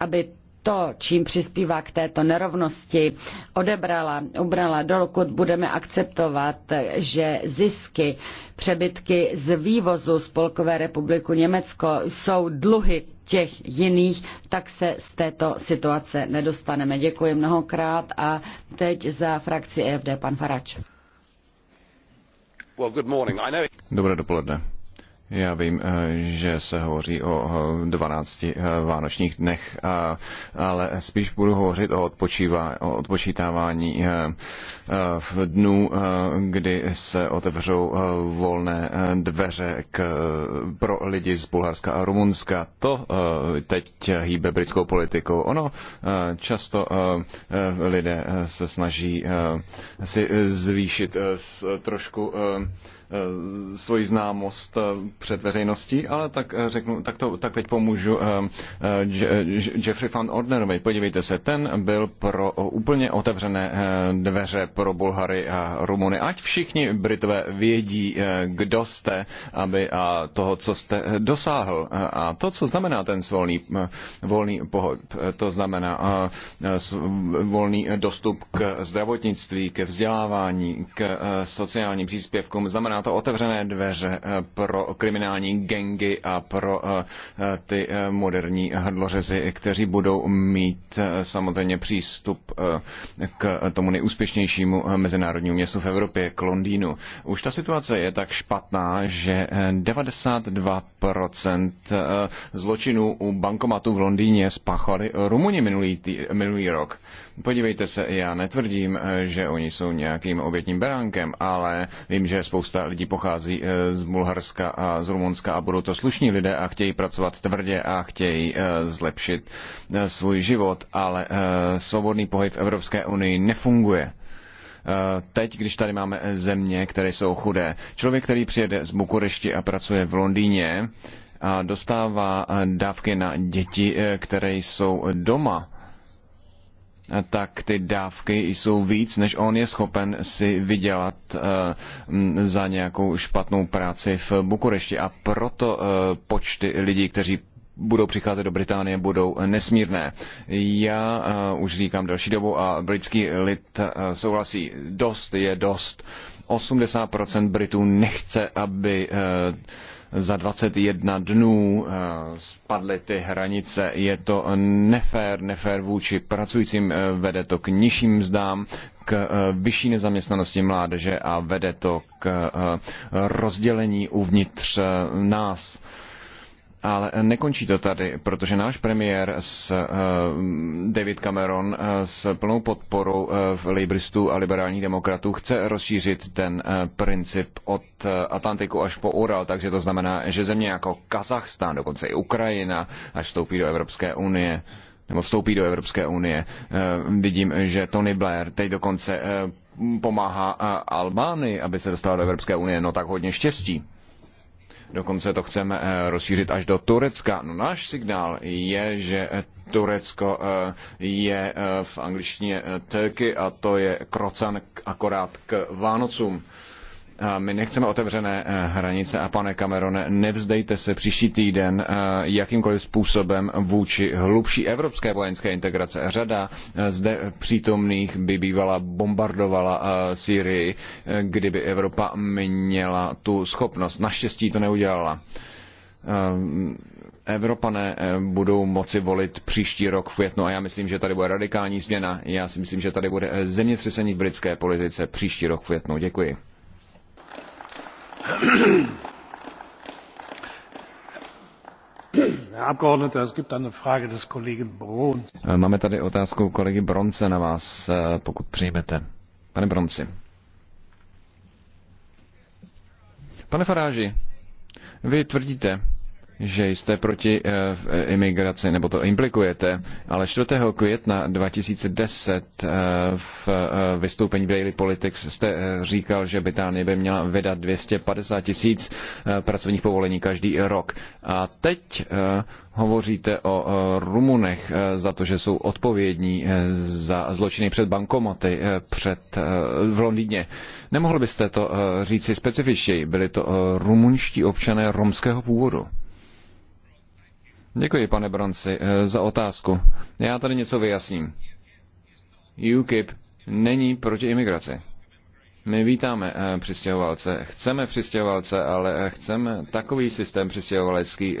aby to, čím přispívá k této nerovnosti, odebrala, ubrala, dokud budeme akceptovat, že zisky, přebytky z vývozu Spolkové republiku Německo jsou dluhy těch jiných, tak se z této situace nedostaneme. Děkuji mnohokrát a teď za frakci EFD pan Farač. Dobré dopoledne. Já vím, eh, že se hovoří o 12 eh, eh, vánočních dnech, ale spíš budu hovořit o, odpočíva, o odpočítávání v dnu, kdy se otevřou volné dveře k, pro lidi z Bulharska a Rumunska. To teď hýbe britskou politikou. Ono často lidé se snaží si zvýšit trošku Eh, svoji známost eh, před veřejností, ale tak eh, řeknu, tak, to, tak teď pomůžu Jeffrey van Ordnerovi. Podívejte se, ten byl pro úplně otevřené dveře pro Bulhary a Rumuny. Ať všichni Britové vědí, kdo jste, aby a toho, co jste dosáhl. A to, co znamená ten volný, volný pohyb, to znamená volný dostup k zdravotnictví, ke vzdělávání, k sociálním příspěvkům, znamená to otevřené dveře eh, pro kriminální gengy a pro eh, eh, ty moderní hrdlořezy, kteří budou mít samozřejmě přístup k tomu nejúspěšnějšímu mezinárodnímu městu v Evropě, k Londýnu. Už ta situace je tak špatná, že 92% zločinů u bankomatu v Londýně spáchali Rumuni minulý, tý, minulý rok. Podívejte se, já netvrdím, eh, že oni jsou nějakým obětním beránkem, ale vím, že spousta lidí pochází eh, z Bulharska a z Rumunska a budou to slušní lidé a chtějí pracovat tvrdě a chtějí eh, zlepšit svůj život, ale svobodný pohyb v Evropské unii nefunguje teď, když tady máme země, které jsou chudé. Člověk, který přijede z Bukurešti a pracuje v Londýně, a dostává dávky na děti, které jsou doma tak ty dávky jsou víc, než on je schopen si vydělat eh, za nějakou špatnou práci v Bukurešti. A proto eh, počty lidí, kteří budou přicházet do Británie, budou nesmírné. Já eh, už říkám další dobu a britský lid souhlasí, dost je dost. 80% Britů nechce, aby za 21 dnů eh, spadly ty hranice. Je to nefér, nefér vůči pracujícím, eh, vede to k nižším mzdám, k eh, vyšší nezaměstnanosti mládeže a vede to k rozdělení uvnitř nás ale nekončí to tady, protože náš premiér s eh, David Cameron eh, s plnou podporou eh, v Labouristů a liberálních demokratů chce rozšířit ten princip od Atlantiku až po Ural, takže to znamená, že země jako Kazachstán, dokonce i Ukrajina, až vstoupí do Evropské unie, nebo vstoupí do Evropské unie. Vidím, že Tony Blair teď dokonce pomáhá Albánii, aby se dostala do Evropské unie. No tak hodně štěstí. Dokonce to chceme eh, rozšířit až do Turecka. No, náš signál je, že eh, Turecko eh, je v angličtině Turkey a to je krocan akorát k Vánocům my nechceme otevřené eh, hranice a pane Camerone, nevzdejte se příští týden eh, jakýmkoliv způsobem vůči hlubší evropské vojenské integrace. Řada eh, zde přítomných by bývala bombardovala Sýrii, kdyby Evropa měla tu schopnost. Naštěstí to neudělala. Evropané budou moci volit příští rok v květnu a já myslím, že tady bude radikální změna. Já si myslím, že tady bude zemětřesení v britské politice příští rok v květnu. Děkuji. Eh, máme tady otázku kolegy Bronce na vás, eh, pokud přijmete. Pane Bronci. Pane Faráži, vy tvrdíte, že jste proti eh, eh, imigraci, nebo to implikujete, ale 4. května 2010 eh, v vystoupení Daily Politics jste říkal, že Británie by měla vydat 250 tisíc pracovních povolení každý rok. A teď hovoříte o Rumunech za to, že jsou odpovědní za zločiny před bankomaty před, v Londýně. Nemohli byste to říci specifičtěji? Byli to rumunští občané romského původu? Děkuji, pane Bronci, eh, za otázku. Já tady něco vyjasním. UKIP není proti imigraci. My vítáme eh, přistěhovalce, chceme přistěhovalce, ale eh, chceme takový systém přistěhovalecký,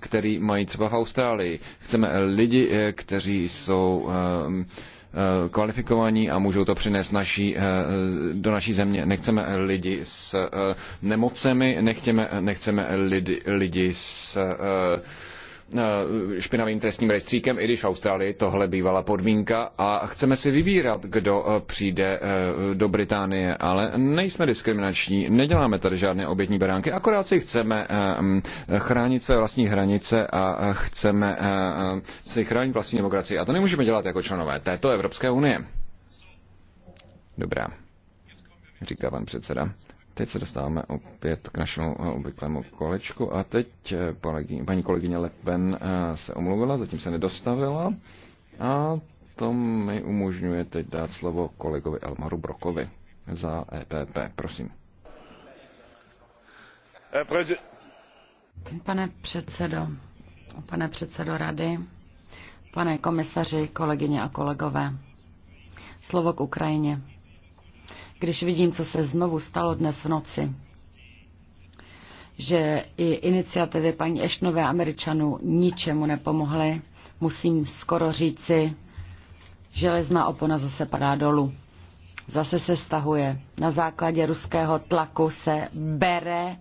který mají třeba v Austrálii. Chceme lidi, kteří jsou kvalifikovaní a můžou to přinést naší, do naší země. Nechceme lidi s nemocemi, nechceme, nechceme lidi, lidi s Eh, špinavým trestním rejstříkem, i když v Austrálii tohle bývala podmínka a chceme si vybírat, kdo eh, přijde eh, do Británie, ale nejsme diskriminační, neděláme tady žádné obětní beránky, akorát si chceme mm, chránit své vlastní hranice a chceme si chránit vlastní demokracii a to nemůžeme dělat jako členové této Evropské unie. Dobrá, říká pan předseda. Teď se dostáváme opět k našemu eh, obvyklému kolečku a teď eh, paní kolegyně Lepen eh, se omluvila, zatím se nedostavila a to mi umožňuje teď dát slovo kolegovi Elmaru Brokovi za EPP. Prosím. Pane předsedo, pane předsedo rady, pane komisaři, kolegyně a kolegové, slovo k Ukrajině když vidím, co se znovu stalo dnes v noci, že i iniciativy paní Ešnové Američanů ničemu nepomohly, musím skoro říci, železná opona zase padá dolů. Zase se stahuje. Na základě ruského tlaku se bere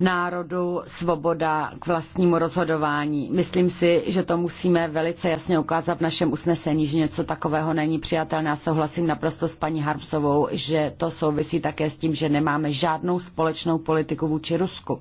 národu svoboda k vlastnímu rozhodování. Myslím si, že to musíme velice jasně ukázat v našem usnesení, že něco takového není přijatelné. Já souhlasím naprosto s paní Harmsovou, že to souvisí také s tím, že nemáme žádnou společnou politiku vůči Rusku.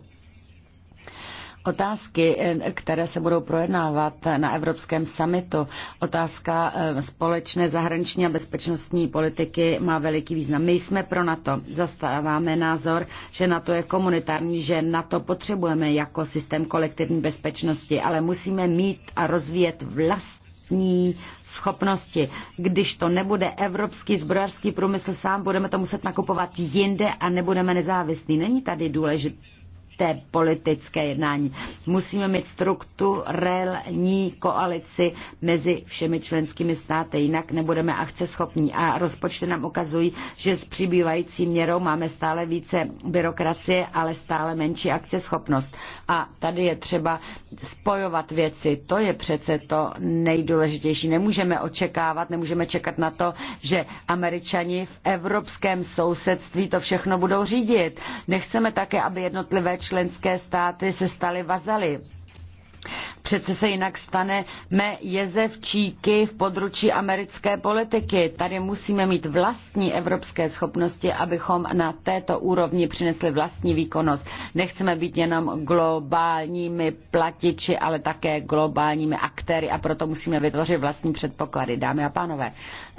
Otázky, které se budou projednávat na Evropském summitu, otázka eh, společné zahraniční a bezpečnostní politiky má veliký význam. My jsme pro NATO. Zastáváme názor, že NATO je komunitární, že NATO potřebujeme jako systém kolektivní bezpečnosti, ale musíme mít a rozvíjet vlastní schopnosti. Když to nebude evropský zbrojařský průmysl sám, budeme to muset nakupovat jinde a nebudeme nezávislí. Není tady důležité té politické jednání. Musíme mít strukturelní koalici mezi všemi členskými státy, jinak nebudeme akce schopní. A rozpočty nám ukazují, že s přibývající měrou máme stále více byrokracie, ale stále menší akce schopnost. A tady je třeba spojovat věci. To je přece to nejdůležitější. Nemůžeme očekávat, nemůžeme čekat na to, že američani v evropském sousedství to všechno budou řídit. Nechceme také, aby jednotlivé členské státy se staly vazaly Přece se jinak staneme jezevčíky v područí americké politiky. Tady musíme mít vlastní evropské schopnosti, abychom na této úrovni přinesli vlastní výkonnost. Nechceme být jenom globálními platiči, ale také globálními aktéry a proto musíme vytvořit vlastní předpoklady. Dámy a pánové,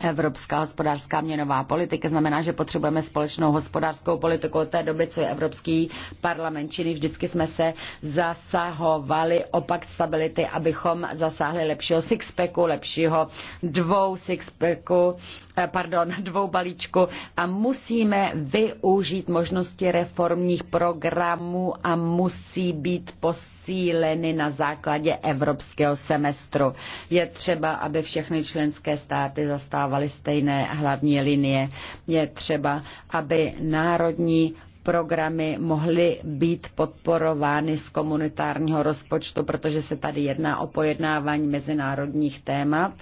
evropská hospodářská měnová politika znamená, že potřebujeme společnou hospodářskou politiku od té doby, co je Evropský parlament činný. Vždycky jsme se zasahovali opak stability mobility, abychom zasáhli lepšího sixpacku, lepšího dvou sixpacku, eh, pardon, (laughs) dvou balíčku a musíme využít možnosti reformních programů a musí být posíleny na základě evropského semestru. Je třeba, aby všechny členské státy zastávaly stejné hlavní linie. Je třeba, aby národní programy mohly být podporovány z komunitárního rozpočtu, protože se tady jedná o pojednávání mezinárodních témat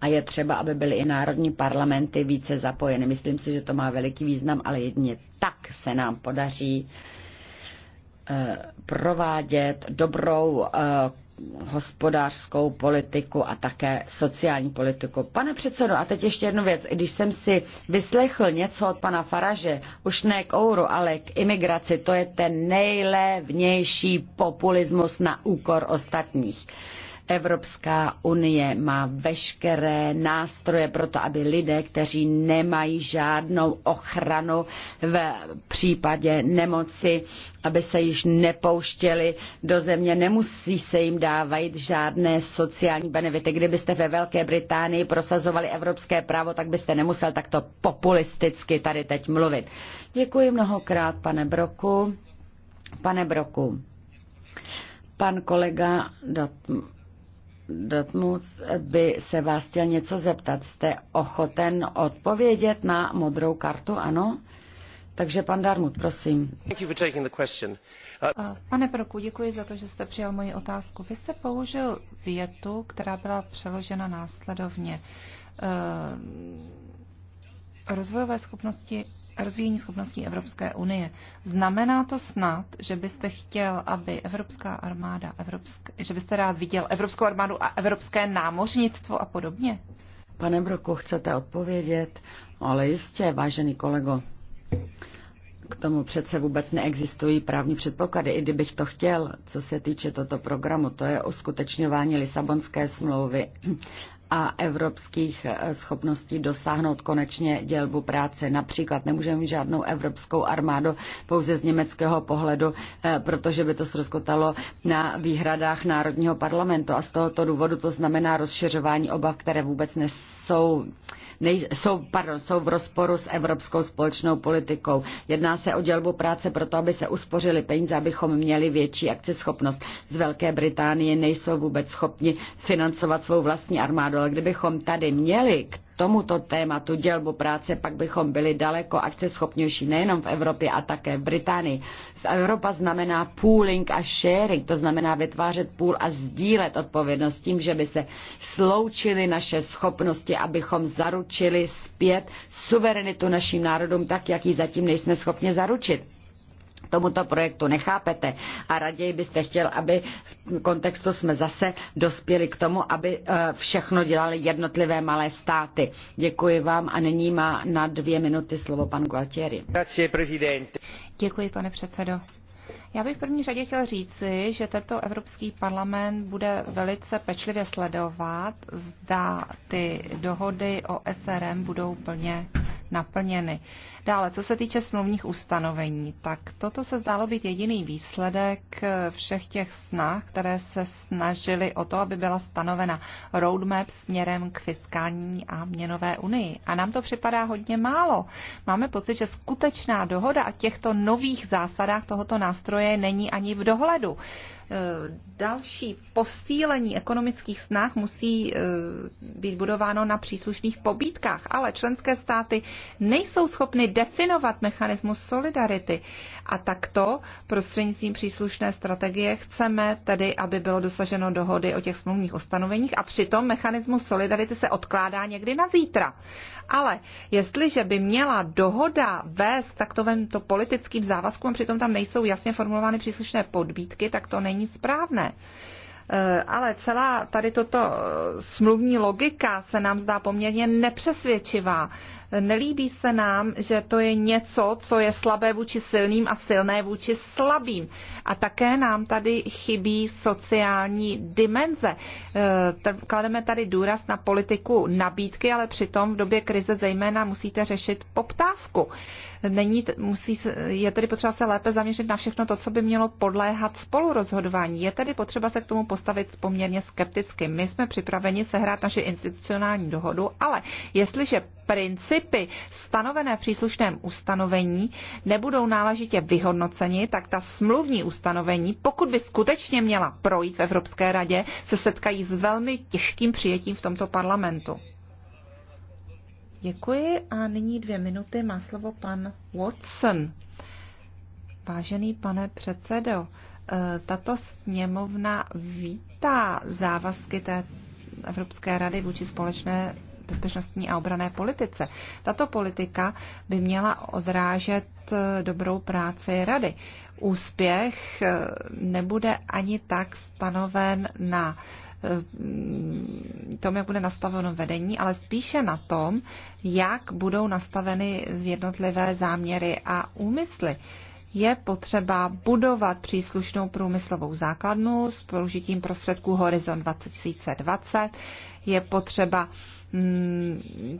a je třeba, aby byly i národní parlamenty více zapojeny. Myslím si, že to má veliký význam, ale jedině tak se nám podaří eh, provádět dobrou eh, hospodářskou politiku a také sociální politiku. Pane předsedo, a teď ještě jednu věc. Když jsem si vyslechl něco od pana Faraže, už ne k ouru, ale k imigraci, to je ten nejlevnější populismus na úkor ostatních. Evropská unie má veškeré nástroje pro to, aby lidé, kteří nemají žádnou ochranu v případě nemoci, aby se již nepouštěli do země, nemusí se jim dávat žádné sociální benefity. Kdybyste ve Velké Británii prosazovali evropské právo, tak byste nemusel takto populisticky tady teď mluvit. Děkuji mnohokrát, pane Broku. Pane Broku, pan kolega Dartmouth by se vás chtěl něco zeptat. Jste ochoten odpovědět na modrou kartu, ano? Takže pan Darmut, prosím. Pane Proku, děkuji za to, že jste přijal moji otázku. Vy jste použil větu, která byla přeložena následovně. Uh, rozvojové schopnosti, rozvíjení schopností Evropské unie. Znamená to snad, že byste chtěl, aby Evropská armáda, Evropsk, že byste rád viděl Evropskou armádu a Evropské námořnictvo a podobně? Pane Broku, chcete odpovědět, ale jistě, vážený kolego, k tomu přece vůbec neexistují právní předpoklady, i kdybych to chtěl, co se týče toto programu, to je uskutečňování Lisabonské smlouvy a evropských eh, schopností dosáhnout konečně dělbu práce. Například nemůžeme mít žádnou evropskou armádu pouze z německého pohledu, eh, protože by to srozkotalo na výhradách Národního parlamentu a z tohoto důvodu to znamená rozšiřování obav, které vůbec nesou nej, jsou, pardon, jsou v rozporu s evropskou společnou politikou. Jedná se o dělbu práce proto, aby se uspořili peníze, abychom měli větší akceschopnost. Z Velké Británie nejsou vůbec schopni financovat svou vlastní armádu, ale kdybychom tady měli k tomuto tématu dělbu práce, pak bychom byli daleko akceschopnější nejenom v Evropě a také v Británii. V Evropa znamená pooling a sharing, to znamená vytvářet půl a sdílet odpovědnost tím, že by se sloučily naše schopnosti, abychom zaručili zpět suverenitu našim národům tak, jak ji zatím nejsme schopni zaručit tomuto projektu nechápete a raději byste chtěl, aby v kontextu jsme zase dospěli k tomu, aby eh, všechno dělali jednotlivé malé státy. Děkuji vám a nyní má na dvě minuty slovo pan Gualtieri. Děkuji, pane předsedo. Já bych v první řadě chtěl říci, že tento Evropský parlament bude velice pečlivě sledovat, zda ty dohody o SRM budou plně naplněny. Dále, co se týče smluvních ustanovení, tak toto se zdálo být jediný výsledek eh, všech těch snah, které se snažily o to, aby byla stanovena roadmap směrem k fiskální a měnové unii. A nám to připadá hodně málo. Máme pocit, že skutečná dohoda a těchto nových zásadách tohoto nástroje není ani v dohledu. Eh, další posílení ekonomických snah musí eh, být budováno na příslušných pobídkách, ale členské státy nejsou schopny definovat mechanismus solidarity. A takto prostřednictvím příslušné strategie chceme tedy, aby bylo dosaženo dohody o těch smluvních ustanoveních a přitom mechanismus solidarity se odkládá někdy na zítra. Ale jestliže by měla dohoda vést takovýmto politickým závazkům a přitom tam nejsou jasně formulovány příslušné podbítky, tak to není správné. Eh, ale celá tady toto eh, smluvní logika se nám zdá poměrně nepřesvědčivá. Nelíbí se nám, že to je něco, co je slabé vůči silným a silné vůči slabým. A také nám tady chybí sociální dimenze. Eh, klademe tady důraz na politiku nabídky, ale přitom v době krize zejména musíte řešit poptávku. Není, musí, je tedy potřeba se lépe zaměřit na všechno to, co by mělo podléhat spolurozhodování. Je tedy potřeba se k tomu postavit poměrně skepticky. My jsme připraveni sehrát naši institucionální dohodu, ale jestliže principy stanovené v příslušném ustanovení nebudou náležitě vyhodnoceni, tak ta smluvní ustanovení, pokud by skutečně měla projít v Evropské radě, se setkají s velmi těžkým přijetím v tomto parlamentu. Děkuji a nyní dvě minuty má slovo pan Watson. Vážený pane předsedo, eh, tato sněmovna vítá závazky té Evropské rady vůči společné bezpečnostní a obrané politice. Tato politika by měla odrážet eh, dobrou práci rady. Úspěch eh, nebude ani tak stanoven na eh, tom, jak bude nastaveno vedení, ale spíše na tom, jak budou nastaveny jednotlivé záměry a úmysly je potřeba budovat příslušnou průmyslovou základnu s použitím prostředků Horizon 2020. Je potřeba Mm,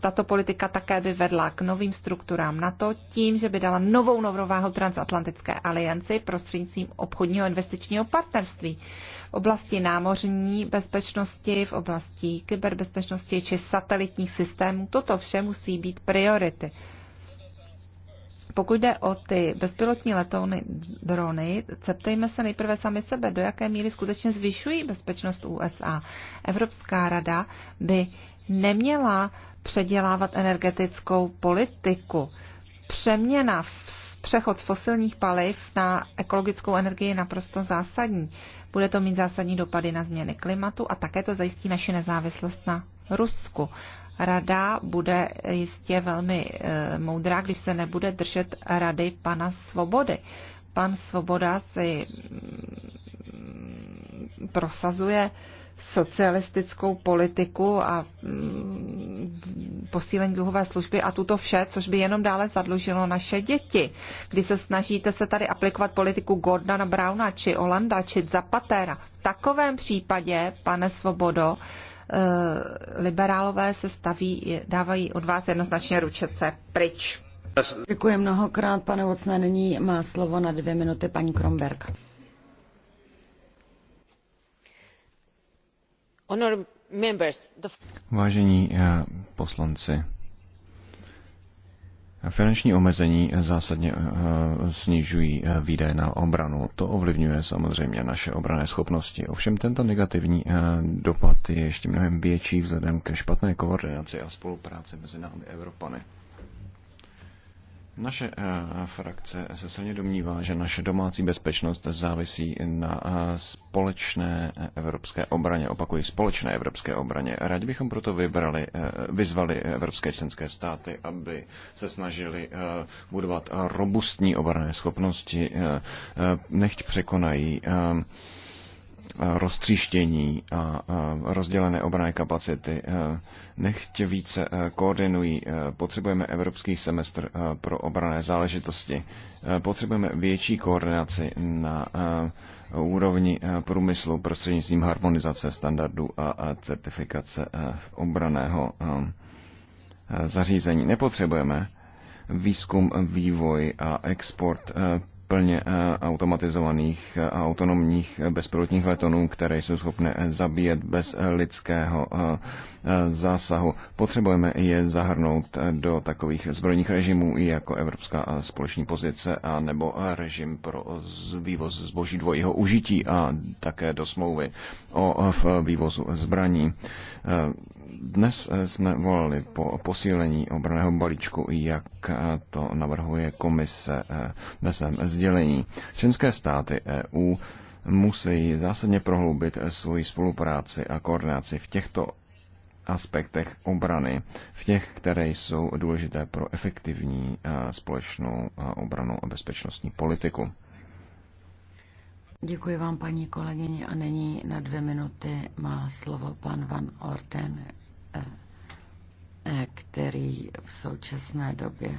tato politika také by vedla k novým strukturám NATO tím, že by dala novou novrováhu transatlantické alianci prostřednictvím obchodního investičního partnerství v oblasti námořní bezpečnosti, v oblasti kyberbezpečnosti či satelitních systémů. Toto vše musí být priority. Pokud jde o ty bezpilotní letouny, drony, ceptejme se nejprve sami sebe, do jaké míry skutečně zvyšují bezpečnost USA. Evropská rada by neměla předělávat energetickou politiku. Přeměna v přechod z fosilních paliv na ekologickou energii je naprosto zásadní. Bude to mít zásadní dopady na změny klimatu a také to zajistí naši nezávislost na Rusku. Rada bude jistě velmi e, moudrá, když se nebude držet rady pana Svobody. Pan Svoboda si mm, prosazuje e, socialistickou politiku a mm, posílení dluhové služby a tuto vše, což by jenom dále zadlužilo naše děti. Když se snažíte se tady aplikovat politiku Gordona Browna či Olanda či Zapatera, v takovém případě, pane Svobodo, eh, liberálové se staví, dávají od vás jednoznačně ručece pryč. Děkuji mnohokrát, pane Vocné. Nyní má slovo na dvě minuty paní Kromberg. Vážení eh, poslanci, Finanční omezení eh, zásadně eh, snižují výdaje na obranu. To ovlivňuje samozřejmě naše obrané schopnosti. Ovšem tento negativní dopad je ještě mnohem větší vzhledem ke špatné koordinaci a spolupráci mezi námi Evropany. Naše eh, frakce se silně domnívá, že naše domácí bezpečnost závisí na eh, společné evropské obraně, opakuji společné evropské obraně. Rádi bychom proto vybrali, eh, vyzvali evropské členské státy, aby se snažili budovat robustní obrané schopnosti, nechť překonají roztříštění a rozdělené obrané kapacity. E, nechť více e, koordinují. E, potřebujeme evropský semestr pro obrané záležitosti. Potřebujeme větší koordinaci na úrovni průmyslu prostřednictvím harmonizace standardů a certifikace obraného zařízení. Nepotřebujeme výzkum, vývoj a export plně eh, automatizovaných eh, a autonomních eh, bezpilotních letonů, které jsou schopné zabíjet bez lidského zásahu. Potřebujeme je zahrnout do takových zbrojních režimů, jako Evropská společní pozice a nebo režim pro vývoz zboží dvojího užití a také do smlouvy o vývozu zbraní. Dnes eh, jsme volali po posílení obraného balíčku, jak eh, to navrhuje komise eh, ve svém sdělení. Členské státy EU musí zásadně prohloubit svoji spolupráci a koordinaci v těchto aspektech obrany, v těch, které jsou důležité pro efektivní společnou obranu a bezpečnostní politiku. Děkuji vám, paní kolegyně, a nyní na dvě minuty má slovo pan Van Orden Eh, eh, který v současné době...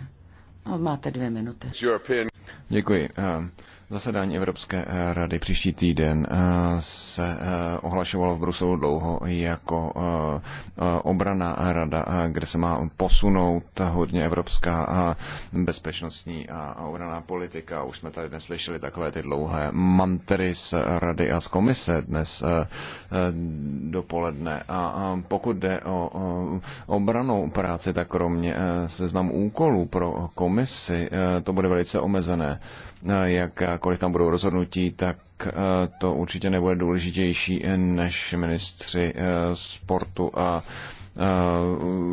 No, máte dvě minuty. Děkuji. Eh, Zasedání Evropské eh, rady příští týden eh, se eh, ohlašovalo v Bruselu dlouho jako obrana rada, kde se má posunout hodně evropská bezpečnostní a obraná politika. Už jsme tady dnes slyšeli takové ty dlouhé mantry z rady a z komise dnes dopoledne. A pokud jde o obranou práci, tak kromě seznam úkolů pro komisi, to bude velice omezené, jak kolik tam budou rozhodnutí, tak eh, to určitě nebude důležitější eh, než ministři eh, sportu a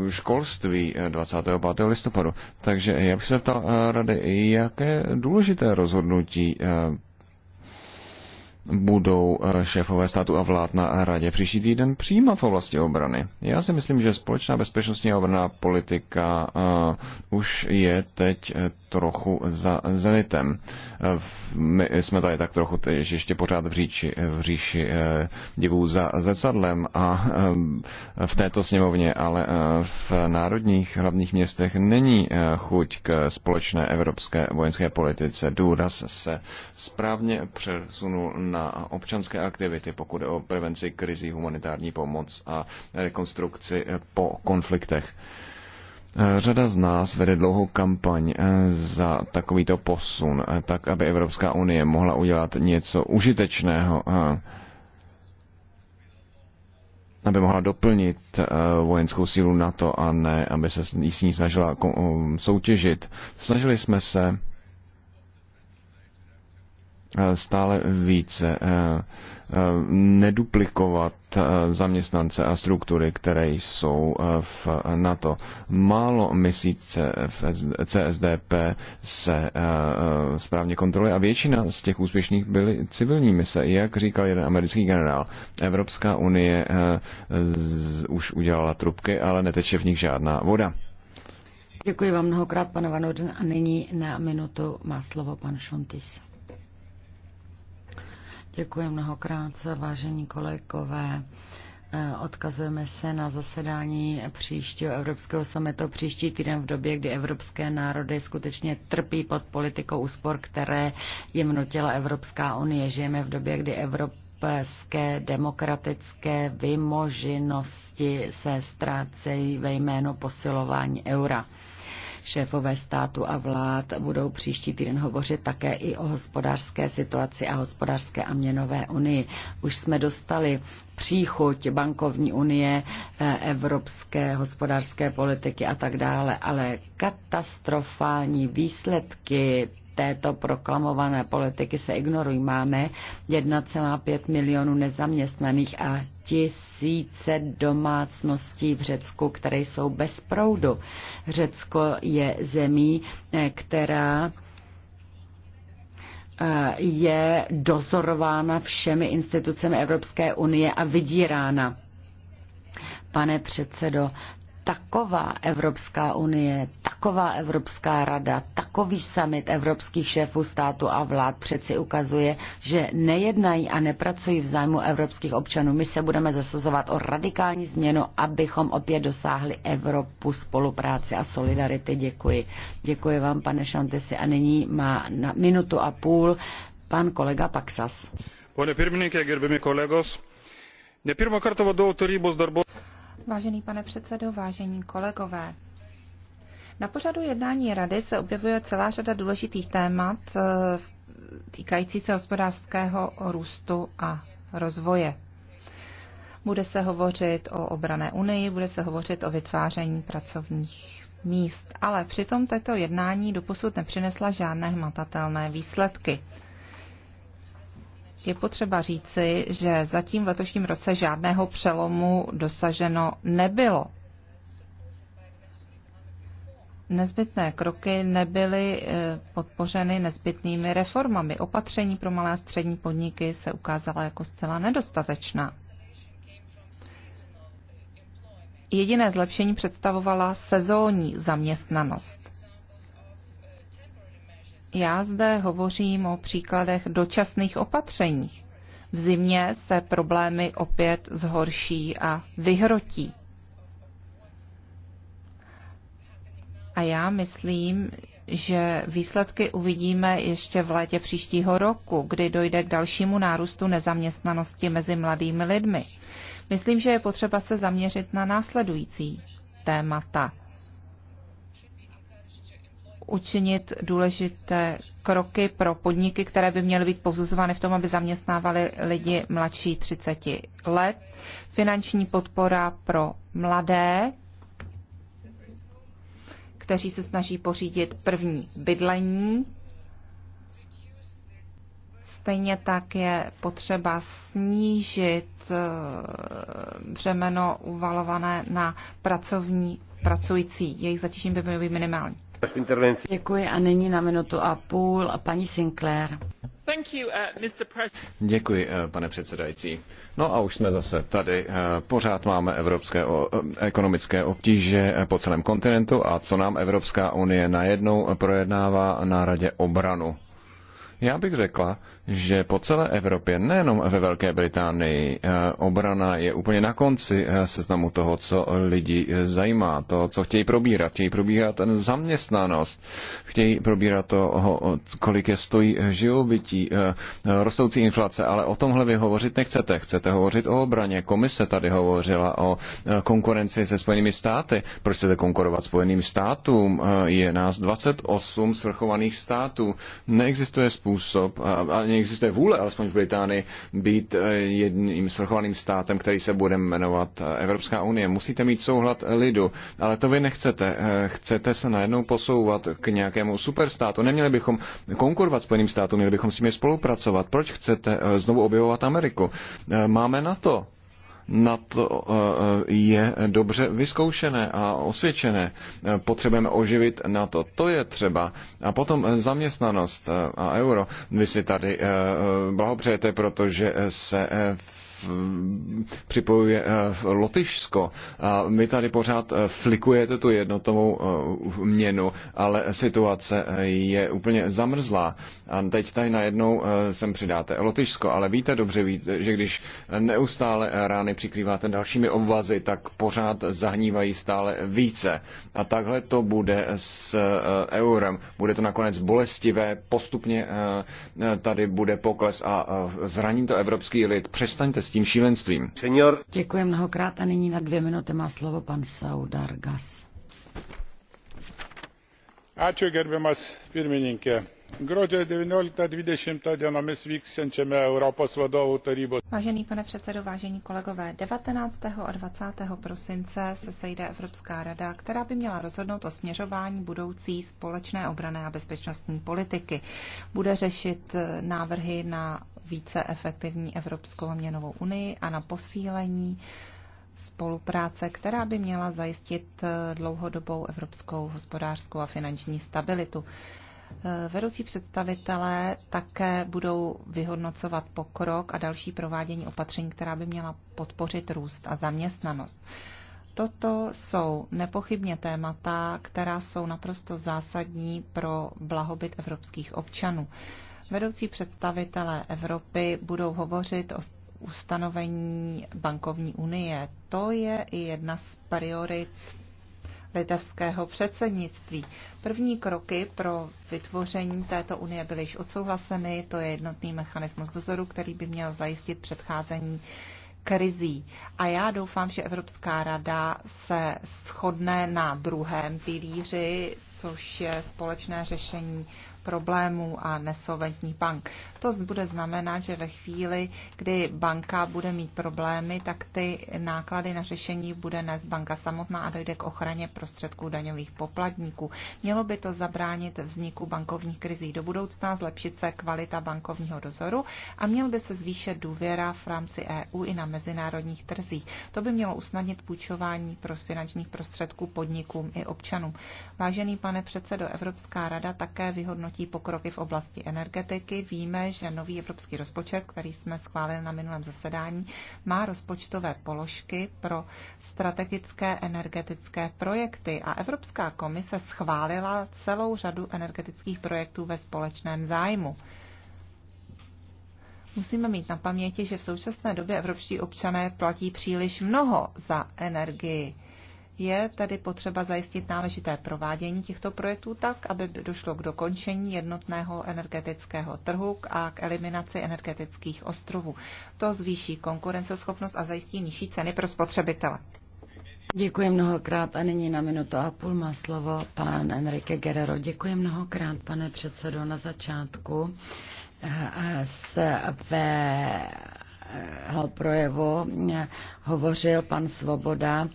školství 25. listopadu. Takže jak se ptal rady, jaké důležité rozhodnutí budou eh, šéfové státu a vlád na radě příští týden přijímat v oblasti obrany. Já si myslím, že společná bezpečnostní a obraná politika eh, už je teď eh, trochu za zenitem. My jsme tady tak trochu teď ještě pořád v, říči, v říši divů za zrcadlem a v této sněmovně, ale v národních hlavních městech není chuť k společné evropské vojenské politice. Důraz se správně přesunul na na občanské aktivity, pokud je o prevenci krizí, humanitární pomoc a rekonstrukci po konfliktech. Řada z nás vede dlouhou kampaň za takovýto posun, tak aby Evropská unie mohla udělat něco užitečného, aby mohla doplnit eh, vojenskou sílu NATO a ne, aby se s ní snažila soutěžit. Snažili jsme se Eh, stále více eh, eh, neduplikovat zaměstnance a struktury, které jsou v NATO. Málo misí CSDP se správně kontroluje a většina z těch úspěšných byly civilní mise. Jak říkal jeden americký generál, Evropská unie už udělala trubky, ale neteče v nich žádná voda. Děkuji vám mnohokrát, pane Vanoden. A nyní na minutu má slovo pan Šontis. Děkuji mnohokrát, vážení kolegové. E, odkazujeme se na zasedání příštího Evropského sametu příští týden v době, kdy evropské národy skutečně trpí pod politikou úspor, které jim nutila Evropská unie. Žijeme v době, kdy Evropa evropské demokratické vymoženosti se ztrácejí ve jménu posilování eura. Šéfové státu a vlád budou příští týden hovořit také i o hospodářské situaci a hospodářské a měnové unii. Už jsme dostali příchuť bankovní unie, eh, evropské hospodářské politiky a tak dále, ale katastrofální výsledky této proklamované politiky se ignorují. Máme 1,5 milionů nezaměstnaných a tisíce domácností v Řecku, které jsou bez proudu. Řecko je zemí, eh, která eh, je dozorována všemi institucemi Evropské unie a vydírána. Pane předsedo, taková Evropská unie, taková Evropská rada, takový summit evropských šéfů státu a vlád přeci ukazuje, že nejednají a nepracují v zájmu evropských občanů. My se budeme zasazovat o radikální změnu, abychom opět dosáhli Evropu spolupráce a solidarity. Děkuji. Děkuji vám, pane Šantesi. A nyní má na minutu a půl pan kolega Paksas. Pane pirmininke, gerbimi kolegos, ne pirmą kartą vadovų tarybos darbo... Vážený pane předsedo, vážení kolegové, na pořadu jednání Rady se objevuje celá řada důležitých témat eh, týkající se hospodářského růstu a rozvoje. Bude se hovořit o obrané unii, bude se hovořit o vytváření pracovních míst, ale přitom tato jednání doposud nepřinesla žádné hmatatelné výsledky. Je potřeba říci, že zatím v letošním roce žádného přelomu dosaženo nebylo. Nezbytné kroky nebyly e, podpořeny nezbytnými reformami. Opatření pro malé a střední podniky se ukázala jako zcela nedostatečná. Jediné zlepšení představovala sezónní zaměstnanost. Já zde hovořím o příkladech dočasných opatřeních. V zimě se problémy opět zhorší a vyhrotí. A já myslím, že výsledky uvidíme ještě v létě příštího roku, kdy dojde k dalšímu nárůstu nezaměstnanosti mezi mladými lidmi. Myslím, že je potřeba se zaměřit na následující témata učinit důležité kroky pro podniky, které by měly být povzuzovány v tom, aby zaměstnávali lidi mladší 30 let. Finanční podpora pro mladé, kteří se snaží pořídit první bydlení. Stejně tak je potřeba snížit eh, břemeno uvalované na pracovní pracující. Jejich zatížení by mělo být minimální. Děkuji a nyní na minutu a půl a paní Sinclair. Uh, Děkuji, uh, pane předsedající. No a už jsme zase tady. Uh, pořád máme evropské ekonomické obtíže po celém kontinentu a co nám Evropská unie najednou projednává na Radě obranu. Já bych řekla, že po celé Evropě, nejenom ve Velké Británii, eh, obrana je úplně na konci eh, seznamu toho, co lidi eh, zajímá, to, co chtějí probírat. Chtějí probírat zaměstnanost, chtějí probírat to, kolik je stojí živobytí, rostoucí inflace, ale o tomhle vy hovořit nechcete. Chcete hovořit o obraně. Komise tady hovořila o konkurenci se Spojenými státy. Proč chcete konkurovat Spojeným státům? Je nás 28 svrchovaných států. Neexistuje způsob, ani existuje vůle, alespoň v Británii, být eh, jedním svrchovaným státem, který se bude jmenovat eh, Evropská unie. Musíte mít souhlad lidu, ale to vy nechcete. Eh, chcete se najednou posouvat k nějakému superstátu. Neměli bychom konkurovat Spojeným státům, měli bychom s nimi spolupracovat. Proč chcete znovu objevovat Ameriku? Máme na to na to eh, eh, je dobře vyzkoušené a osvědčené. Eh, potřebujeme oživit na to. To je třeba. A potom zaměstnanost a euro. Vy si tady blahopřejete, protože se v připojuje eh, Lotyšsko. A my tady pořád eh, flikujete tu jednotovou eh, měnu, ale situace je úplně zamrzlá. A teď tady najednou sem přidáte Lotyšsko, ale víte dobře, víte, že když neustále rány přikrýváte dalšími obvazy, tak pořád zahnívají stále více. A takhle to bude s eurem. Bude to nakonec bolestivé, postupně tady bude pokles a zraní to evropský lid. Přestaňte s tím šílenstvím. Děkuji mnohokrát a nyní na dvě minuty má slovo pan Saudar Gas. Ačiū gerbiamas pirmininkė. Gruodžio 19-20 dienomis vyksiančiame Europos vadovų tarybos. Vážený pane předsedo, vážení kolegové, 19. a 20. prosince se sejde Evropská rada, která by měla rozhodnout o směřování budoucí společné obrané a bezpečnostní politiky. Bude řešit eh, návrhy na více efektivní Evropskou měnovou unii a na posílení spolupráce, která by měla zajistit eh, dlouhodobou evropskou hospodářskou a finanční stabilitu. Eh, vedoucí představitelé také budou vyhodnocovat pokrok a další provádění opatření, která by měla podpořit růst a zaměstnanost. Toto jsou nepochybně témata, která jsou naprosto zásadní pro blahobyt evropských občanů. Vedoucí představitelé Evropy budou hovořit o ustanovení bankovní unie. To je i jedna z priorit litevského předsednictví. První kroky pro vytvoření této unie byly již odsouhlaseny, to je jednotný mechanismus dozoru, který by měl zajistit předcházení krizí. A já doufám, že Evropská rada se shodne na druhém pilíři, což je společné řešení problémů a nesolventní bank. To bude znamenat, že ve chvíli, kdy banka bude mít problémy, tak ty náklady na řešení bude nes banka samotná a dojde k ochraně prostředků daňových poplatníků. Mělo by to zabránit vzniku bankovních krizí do budoucna, zlepšit se kvalita bankovního dozoru a měl by se zvýšit důvěra v rámci EU i na mezinárodních trzích. To by mělo usnadnit půjčování pro finančních prostředků podnikům i občanům. Vážený pane předsedo, Evropská rada také vyhodnotí platí pokroky v oblasti energetiky. Víme, že nový evropský rozpočet, který jsme schválili na minulém zasedání, má rozpočtové položky pro strategické energetické projekty a Evropská komise schválila celou řadu energetických projektů ve společném zájmu. Musíme mít na paměti, že v současné době evropští občané platí příliš mnoho za energii je tedy potřeba zajistit náležité provádění těchto projektů tak, aby došlo k dokončení jednotného energetického trhu a k eliminaci energetických ostrovů. To zvýší konkurenceschopnost a zajistí nižší ceny pro spotřebitele. Děkuji mnohokrát a nyní na minutu a půl má slovo pan Enrique Guerrero. Děkuji mnohokrát, pane předsedo, na začátku eh, ve projevu eh, hovořil pan Svoboda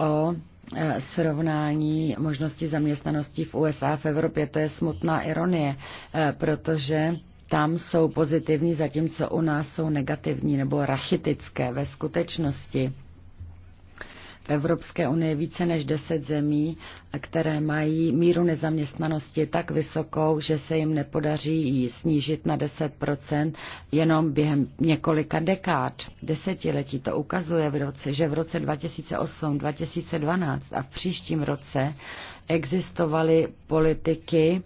o e, srovnání možnosti zaměstnanosti v USA a v Evropě. To je smutná ironie, e, protože tam jsou pozitivní, zatímco u nás jsou negativní nebo rachitické ve skutečnosti. Evropské unie více než 10 zemí, které mají míru nezaměstnanosti tak vysokou, že se jim nepodaří ji snížit na 10 jenom během několika dekád, desetiletí. To ukazuje, v roce, že v roce 2008, 2012 a v příštím roce existovaly politiky,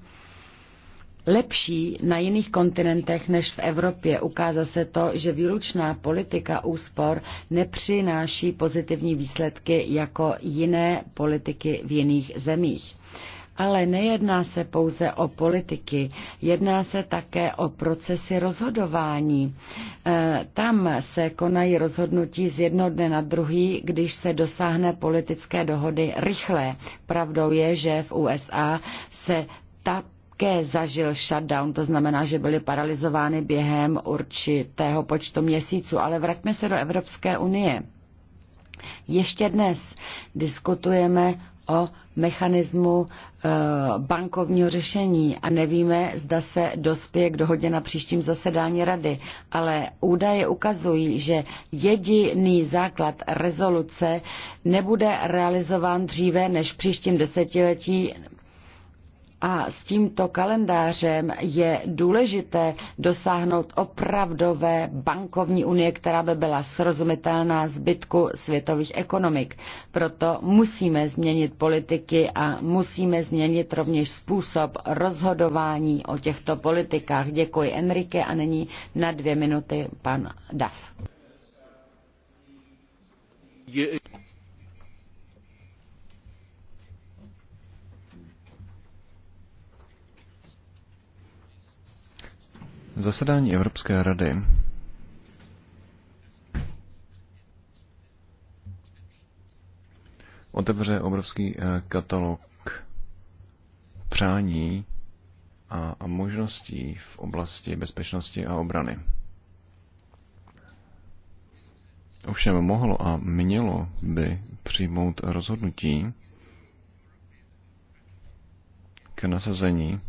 lepší na jiných kontinentech než v Evropě. Ukázá se to, že výlučná politika úspor nepřináší pozitivní výsledky jako jiné politiky v jiných zemích. Ale nejedná se pouze o politiky, jedná se také o procesy rozhodování. E, tam se konají rozhodnutí z jednoho dne na druhý, když se dosáhne politické dohody rychle. Pravdou je, že v USA se ta také zažil shutdown, to znamená, že byly paralizovány během určitého počtu měsíců. Ale vraťme se do Evropské unie. Ještě dnes diskutujeme o mechanismu eh, bankovního řešení a nevíme, zda se dospěje k dohodě na příštím zasedání rady. Ale údaje ukazují, že jediný základ rezoluce nebude realizován dříve než v příštím desetiletí a s tímto kalendářem je důležité dosáhnout opravdové bankovní unie, která by byla srozumitelná zbytku světových ekonomik. Proto musíme změnit politiky a musíme změnit rovněž způsob rozhodování o těchto politikách. Děkuji Enrique a nyní na dvě minuty pan Daf. Je... Zasedání Evropské rady otevře obrovský eh, katalog přání a možností v oblasti bezpečnosti a obrany. Ovšem mohlo a mělo by přijmout rozhodnutí k nasazení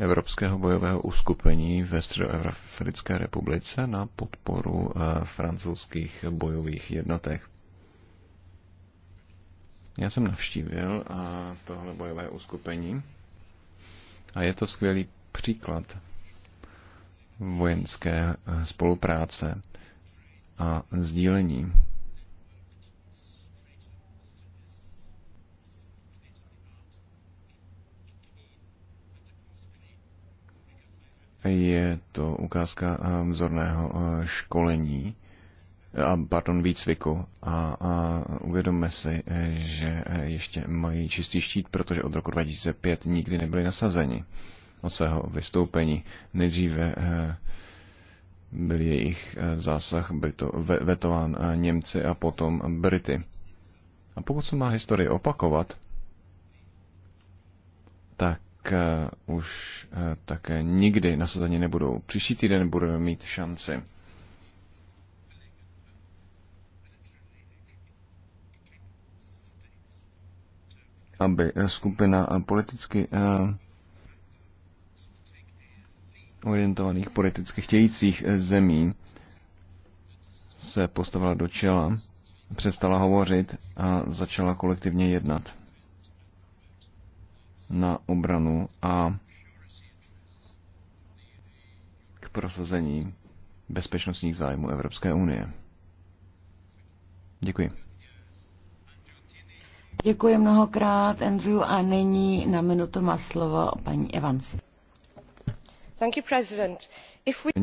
Evropského bojového uskupení ve Středoevropské republice na podporu eh, francouzských bojových jednotek. Já jsem navštívil eh, tohle bojové uskupení a je to skvělý příklad vojenské eh, spolupráce a sdílení je to ukázka eh, vzorného eh, školení, eh, pardon, výcviku a, a uvědomme si, že ještě mají čistý štít, protože od roku 2005 nikdy nebyli nasazeni od svého vystoupení. Nejdříve byl jejich zásah to vetován Němci a potom Brity. A pokud se má historie opakovat, Eh, už eh, také nikdy nasazeni nebudou. Příští týden budeme mít šanci. aby eh, skupina politicky orientovaných, politicky chtějících zemí se postavila do čela, přestala hovořit a začala kolektivně jednat na obranu a k prosazení bezpečnostních zájmů Evropské unie. Děkuji. Děkuji mnohokrát, Andrew, a nyní na minutu má slovo paní Evans. Thank you, President.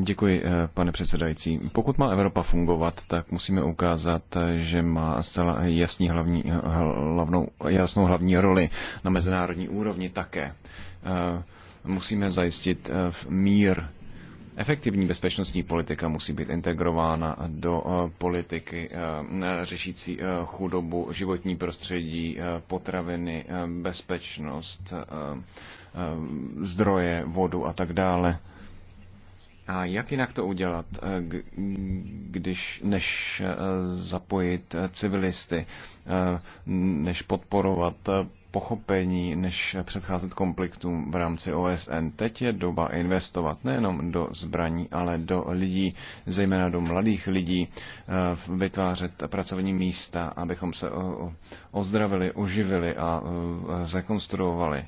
Děkuji, eh, pane předsedající. Pokud má Evropa fungovat, tak musíme ukázat, eh, že má zcela jasný hlavní, eh, hlavnou, jasnou hlavní roli na mezinárodní úrovni také. Musíme zajistit mír. Efektivní bezpečnostní politika musí být integrována do politiky řešící chudobu, životní prostředí, potraviny, bezpečnost, zdroje, vodu a tak dále a jak jinak to udělat, eh, když, než eh, zapojit eh, civilisty, než podporovat pochopení, než předcházet konfliktům v rámci OSN. Teď je doba investovat nejenom do zbraní, ale do lidí, zejména do mladých lidí, vytvářet pracovní místa, abychom se ozdravili, oživili a zrekonstruovali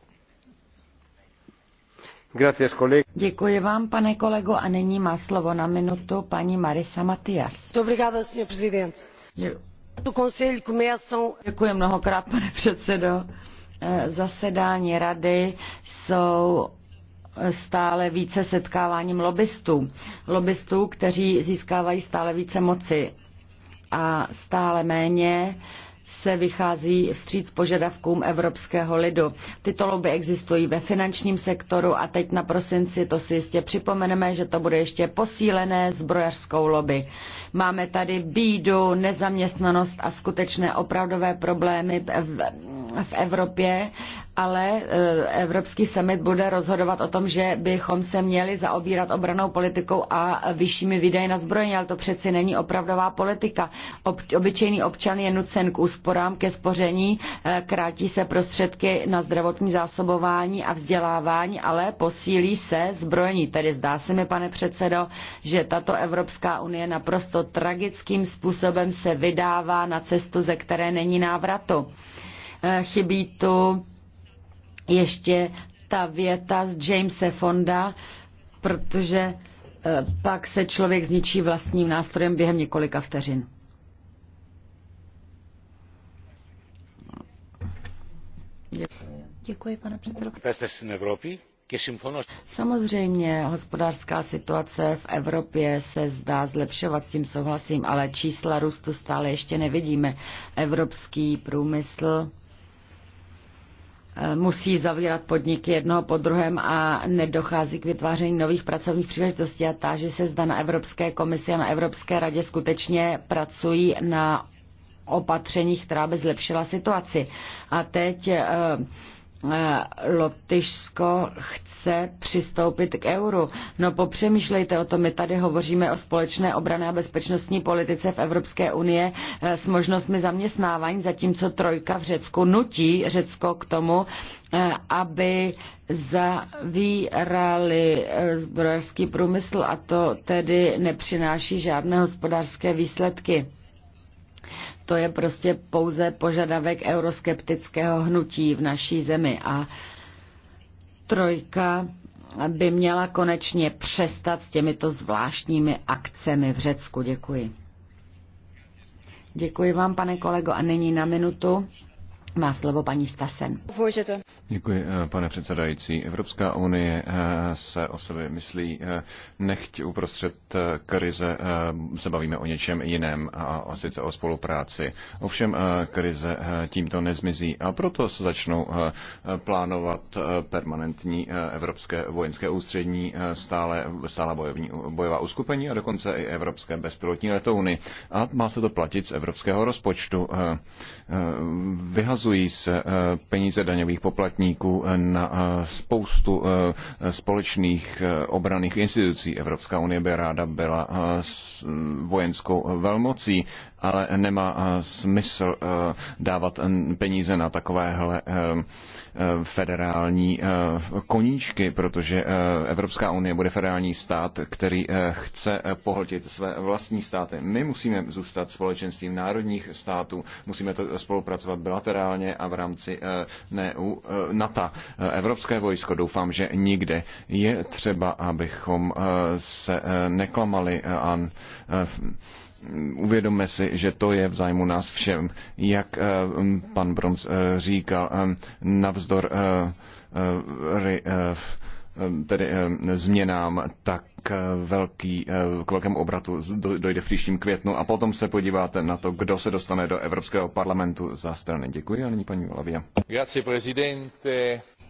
Děkuji vám, pane kolego, a nyní má slovo na minutu paní Marisa Matias. Um- Děkuji mnohokrát, pane předsedo. Eh, zasedání rady jsou stále více setkáváním lobbystů. Lobbystů, kteří získávají stále více moci a stále méně se vychází vstříc požadavkům evropského lidu. Tyto lobby existují ve finančním sektoru a teď na prosinci to si jistě připomeneme, že to bude ještě posílené zbrojařskou lobby. Máme tady bídu, nezaměstnanost a skutečné opravdové problémy v Evropě ale eh, Evropský summit bude rozhodovat o tom, že bychom se měli zaobírat obranou politikou a vyššími výdaji na zbrojení, ale to přeci není opravdová politika. Ob, obyčejný občan je nucen k úsporám, ke spoření, eh, krátí se prostředky na zdravotní zásobování a vzdělávání, ale posílí se zbrojení. Tedy zdá se mi, pane předsedo, že tato Evropská unie naprosto tragickým způsobem se vydává na cestu, ze které není návratu. Eh, chybí tu ještě ta věta z Jamese Fonda, protože eh, pak se člověk zničí vlastním nástrojem během několika vteřin. Děkuji, pane předsedo. Samozřejmě hospodářská situace v Evropě se zdá zlepšovat, s tím souhlasím, ale čísla růstu stále ještě nevidíme. Evropský průmysl musí zavírat podniky jednoho po druhém a nedochází k vytváření nových pracovních příležitostí a táží se zda na Evropské komisi a na Evropské radě skutečně pracují na opatřeních, která by zlepšila situaci. A teď eh, Eh, Lotyšsko chce přistoupit k euru. No popřemýšlejte o tom, my tady hovoříme o společné obrané a bezpečnostní politice v Evropské unie eh, s možnostmi zaměstnávání, zatímco trojka v Řecku nutí Řecko k tomu, eh, aby zavírali zbrojařský průmysl a to tedy nepřináší žádné hospodářské výsledky to je prostě pouze požadavek euroskeptického hnutí v naší zemi. A trojka by měla konečně přestat s těmito zvláštními akcemi v Řecku. Děkuji. Děkuji vám, pane kolego, a nyní na minutu má slovo paní Stasen. Děkuji, eh, pane předsedající. Evropská unie eh, se o sebe myslí, eh, nechť uprostřed krize se bavíme o něčem jiném, a sice o spolupráci. Ovšem krize tímto nezmizí a proto se začnou plánovat permanentní evropské vojenské ústřední stále, stále bojovní, bojová uskupení a dokonce i evropské bezpilotní letouny. A má se to platit z evropského rozpočtu. Vyhaz Vyhazují se eh, peníze daňových poplatníků eh, na eh, spoustu společných obraných institucí. Evropská unie by ráda byla mm, vojenskou velmocí ale nemá eh, smysl eh, dávat peníze na takovéhle eh, federální koníčky, protože Evropská unie bude federální stát, který chce pohltit své vlastní státy. My musíme zůstat společenstvím národních států, musíme to spolupracovat bilaterálně a v rámci NEU, NATO. Evropské vojsko doufám, že nikde je třeba, abychom se neklamali a uvědomme si, že to je v zájmu nás všem. Jak eh, pan Bronz eh, říkal, eh, navzdor tedy změnám, tak k, velký, k velkému obratu dojde v příštím květnu a potom se podíváte na to, kdo se dostane do Evropského parlamentu za strany. Děkuji a nyní paní Olavia.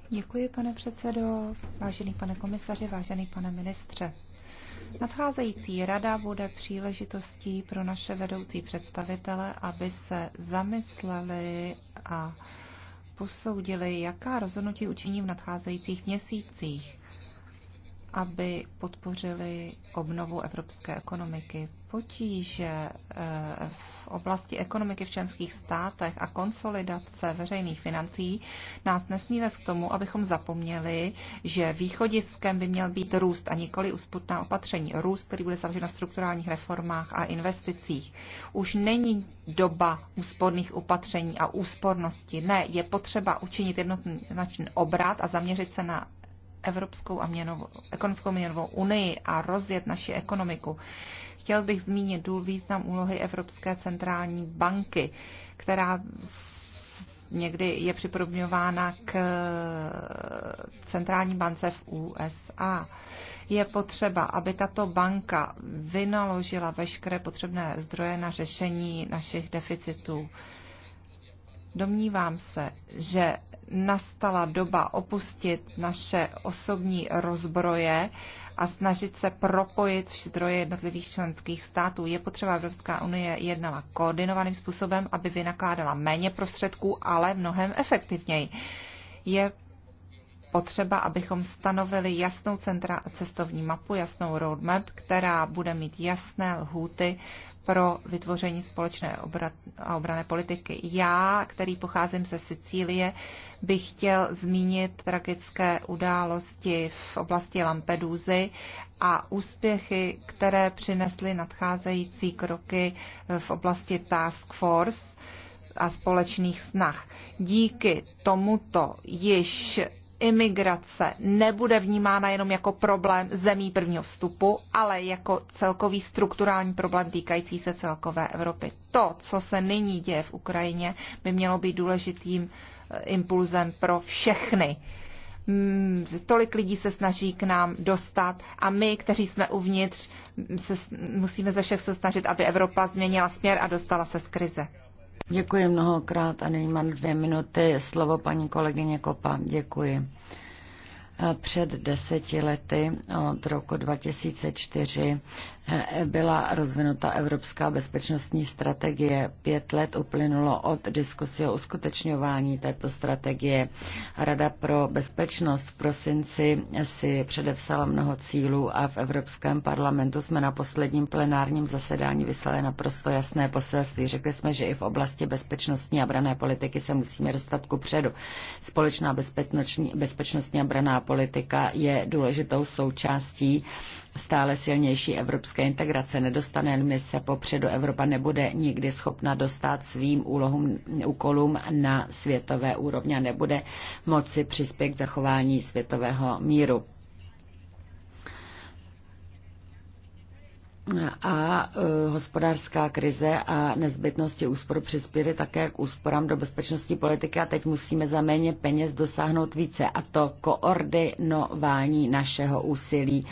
Děkuji, pane předsedo, vážený pane komisaři, vážený pane ministře. Nadcházející rada bude příležitostí pro naše vedoucí představitele, aby se zamysleli a posoudili, jaká rozhodnutí učiní v nadcházejících měsících aby podpořili obnovu evropské ekonomiky. Potíže eh, v oblasti ekonomiky v členských státech a konsolidace veřejných financí nás nesmí vést k tomu, abychom zapomněli, že východiskem by měl být růst a nikoli usputná opatření. Růst, který bude založen na strukturálních reformách a investicích. Už není doba úsporných opatření a úspornosti. Ne, je potřeba učinit jednoznačný obrat a zaměřit se na Evropskou a měnovou, ekonomickou měnovou unii a rozjet naši ekonomiku, chtěl bych zmínit důl význam úlohy Evropské centrální banky, která někdy je připodobňována k centrální bance v USA. Je potřeba, aby tato banka vynaložila veškeré potřebné zdroje na řešení našich deficitů. Domnívám se, že nastala doba opustit naše osobní rozbroje a snažit se propojit zdroje jednotlivých členských států. Je potřeba Evropská unie jednala koordinovaným způsobem, aby vynakládala méně prostředků, ale mnohem efektivněji. Je potřeba, abychom stanovili jasnou centra, cestovní mapu, jasnou roadmap, která bude mít jasné lhůty pro vytvoření společné obrat a obrané politiky. Já, který pocházím ze Sicílie, bych chtěl zmínit tragické události v oblasti Lampedusy a úspěchy, které přinesly nadcházející kroky v oblasti Task Force a společných snah. Díky tomuto již imigrace nebude vnímána jenom jako problém zemí prvního vstupu, ale jako celkový strukturální problém týkající se celkové Evropy. To, co se nyní děje v Ukrajině, by mělo být důležitým eh, impulzem pro všechny mm, tolik lidí se snaží k nám dostat a my, kteří jsme uvnitř, se, musíme ze všech se snažit, aby Evropa změnila směr a dostala se z krize. Děkuji mnohokrát a nyní mám dvě minuty. Slovo paní kolegyně Kopa. Děkuji. Před deseti lety od roku 2004 Eh, byla rozvinuta evropská bezpečnostní strategie. Pět let uplynulo od diskusi o uskutečňování této strategie. Rada pro bezpečnost v prosinci si předepsala mnoho cílů a v Evropském parlamentu jsme na posledním plenárním zasedání vyslali naprosto jasné poselství. Řekli jsme, že i v oblasti bezpečnostní a brané politiky se musíme dostat ku předu. Společná bezpečnostní a braná politika je důležitou součástí stále silnější evropské integrace. Nedostaneme se popředu, Evropa nebude nikdy schopna dostat svým úlohům, úkolům na světové úrovni a nebude moci přispět k zachování světového míru. a e, hospodářská krize a nezbytnosti úspor přispěly také k úsporám do bezpečnostní politiky a teď musíme za méně peněz dosáhnout více a to koordinování našeho úsilí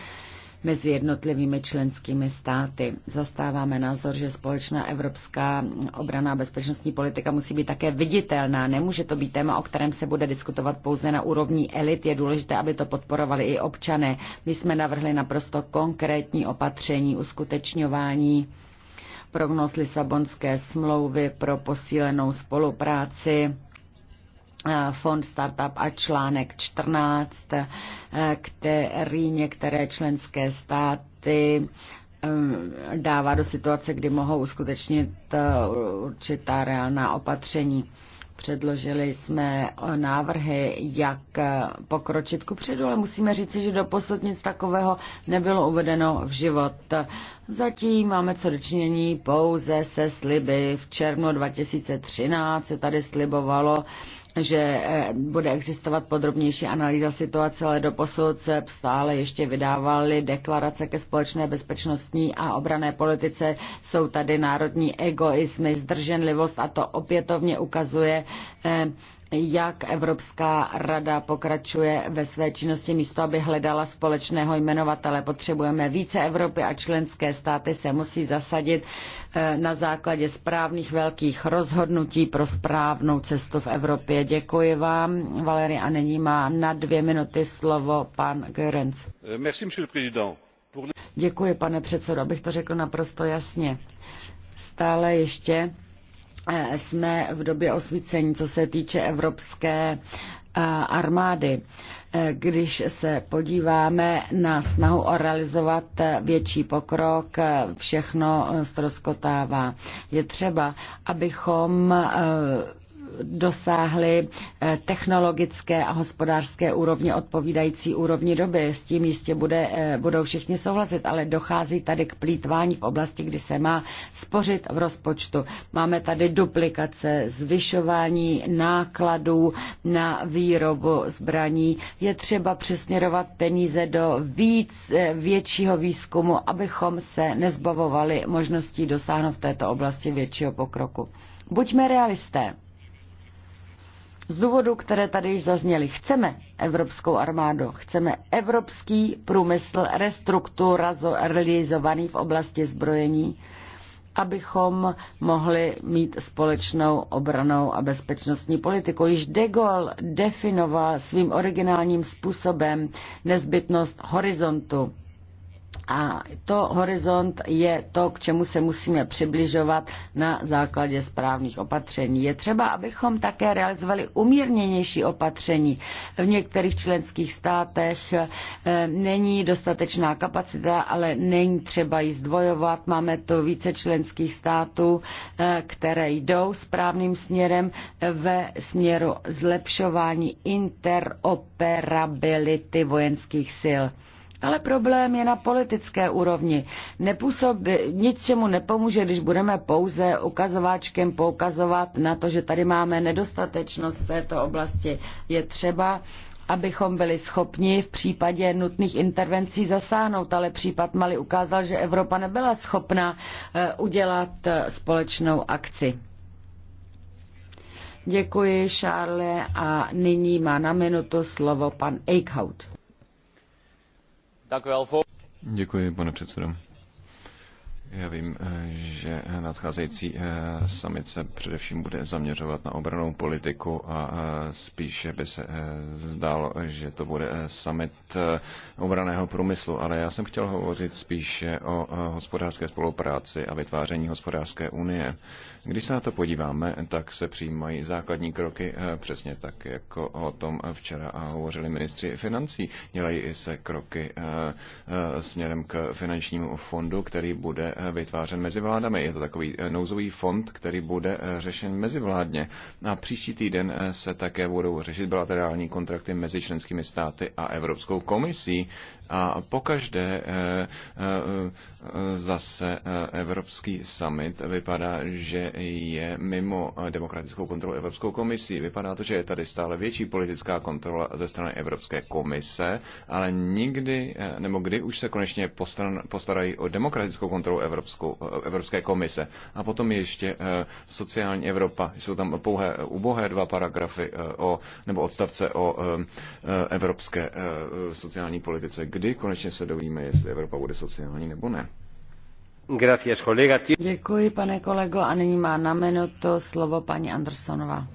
mezi jednotlivými členskými státy. Zastáváme názor, že společná evropská obraná bezpečnostní politika musí být také viditelná. Nemůže to být téma, o kterém se bude diskutovat pouze na úrovni elit. Je důležité, aby to podporovali i občané. My jsme navrhli naprosto konkrétní opatření uskutečňování prognoz Lisabonské smlouvy pro posílenou spolupráci Eh, fond Startup a článek 14, eh, který některé členské státy eh, dává do situace, kdy mohou uskutečnit určitá reálná opatření. Předložili jsme návrhy, jak pokročit ku předu, ale musíme říci, že doposud nic takového nebylo uvedeno v život. Zatím máme co dočinění pouze se sliby. V červnu 2013 se tady slibovalo že eh, bude existovat podrobnější analýza situace, ale do posud se stále ještě vydávaly deklarace ke společné bezpečnostní a obrané politice. Jsou tady národní egoismy, zdrženlivost a to opětovně ukazuje, eh, jak Evropská rada pokračuje ve své činnosti místo, aby hledala společného jmenovatele. Potřebujeme více Evropy a členské státy se musí zasadit eh, na základě správných velkých rozhodnutí pro správnou cestu v Evropě. Děkuji vám, Valery, a nyní má na dvě minuty slovo pan Görens. Eh, Děkuji, pane předsedo, abych to řekl naprosto jasně. Stále ještě Eh, jsme v době osvícení, co se týče evropské eh, armády. Eh, když se podíváme na snahu o realizovat větší pokrok, všechno stroskotává. Je třeba, abychom dosáhli eh, technologické a hospodářské úrovně odpovídající úrovni doby. S tím jistě bude, eh, budou všichni souhlasit, ale dochází tady k plítvání v oblasti, kdy se má spořit v rozpočtu. Máme tady duplikace, zvyšování nákladů na výrobu zbraní. Je třeba přesměrovat peníze do víc, eh, většího výzkumu, abychom se nezbavovali možností dosáhnout v této oblasti většího pokroku. Buďme realisté. Z důvodu, které tady již zazněly, chceme evropskou armádu, chceme evropský průmysl restrukturalizovaný v oblasti zbrojení, abychom mohli mít společnou obranou a bezpečnostní politiku. Již de Gaulle definoval svým originálním způsobem nezbytnost horizontu a to horizont je to, k čemu se musíme přibližovat na základě správných opatření. Je třeba, abychom také realizovali umírněnější opatření. V některých členských státech eh, není dostatečná kapacita, ale není třeba ji zdvojovat. Máme to více členských států, eh, které jdou správným směrem ve směru zlepšování interoperability vojenských sil. Ale problém je na politické úrovni. Nepůsobí, čemu nepomůže, když budeme pouze ukazováčkem poukazovat na to, že tady máme nedostatečnost v této oblasti. Je třeba abychom byli schopni v případě nutných intervencí zasáhnout, ale případ Mali ukázal, že Evropa nebyla schopna eh, udělat eh, společnou akci. Děkuji, Charle, a nyní má na minutu slovo pan Eichhout. Děkuji, pane předsedo. Já vím, že nadcházející eh, summit se především bude zaměřovat na obranou politiku a eh, spíše by se eh, zdálo, že to bude summit obraného průmyslu, ale já jsem chtěl hovořit spíše o hospodářské spolupráci a vytváření hospodářské unie. Když se na to podíváme, tak se přijímají základní kroky eh, přesně tak, jako o tom včera hovořili ministři financí. Dělají i se kroky eh, eh, směrem k finančnímu fondu, který bude vytvářen mezi vládami. Je to takový nouzový fond, který bude řešen mezivládně. A příští týden se také budou řešit bilaterální kontrakty mezi členskými státy a Evropskou komisí. A pokaždé zase Evropský summit vypadá, že je mimo eh, demokratickou kontrolu Evropskou komisí. Vypadá to, že je tady stále větší politická kontrola ze strany Evropské komise, ale nikdy, eh, nebo kdy už se konečně postran, postarají o demokratickou kontrolu Evropskou, eh, Evropské komise. A potom ještě sociální Evropa, jsou tam pouhé, ubohé dva paragrafy o, nebo odstavce o evropské sociální politice. Kdy konečně se dovíme, jestli Evropa bude sociální nebo ne? Děkuji, pane kolego, a nyní má na minutu slovo paní Andersonová.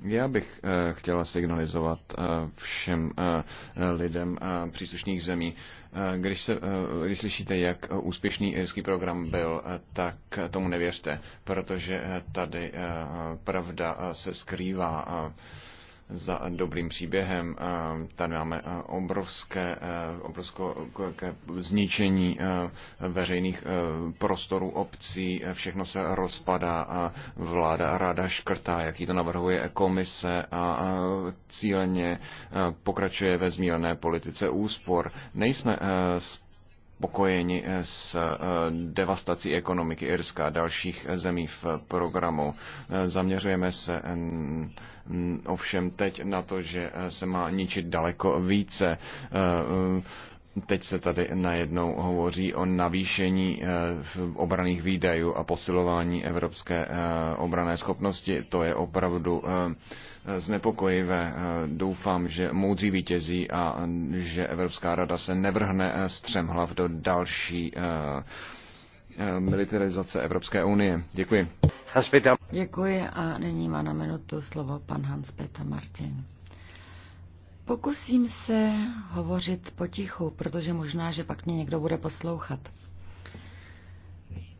Já bych eh, chtěla signalizovat eh, všem eh, lidem příslušných zemí, když, se, když slyšíte, jak úspěšný irský program byl, tak tomu nevěřte, protože tady pravda se skrývá za dobrým příběhem. Tady máme obrovské, obrovské zničení veřejných prostorů obcí, všechno se rozpadá a vláda ráda škrtá, jaký to navrhuje komise a cíleně pokračuje ve zmílené politice úspor. Nejsme spokojeni eh, s eh, devastací ekonomiky Irska a dalších eh, zemí v programu. Zaměřujeme se ovšem teď na to, že se má ničit daleko více teď se tady najednou hovoří o navýšení obraných výdajů a posilování evropské obrané schopnosti. To je opravdu znepokojivé. Eh, doufám, že moudří vítězí a že Evropská rada se nevrhne střem eh, hlav do další eh, militarizace Evropské unie. Děkuji. Děkuji a nyní má na minutu slovo pan Hans Peter Martin. Pokusím se hovořit potichu, protože možná, že pak mě někdo bude poslouchat.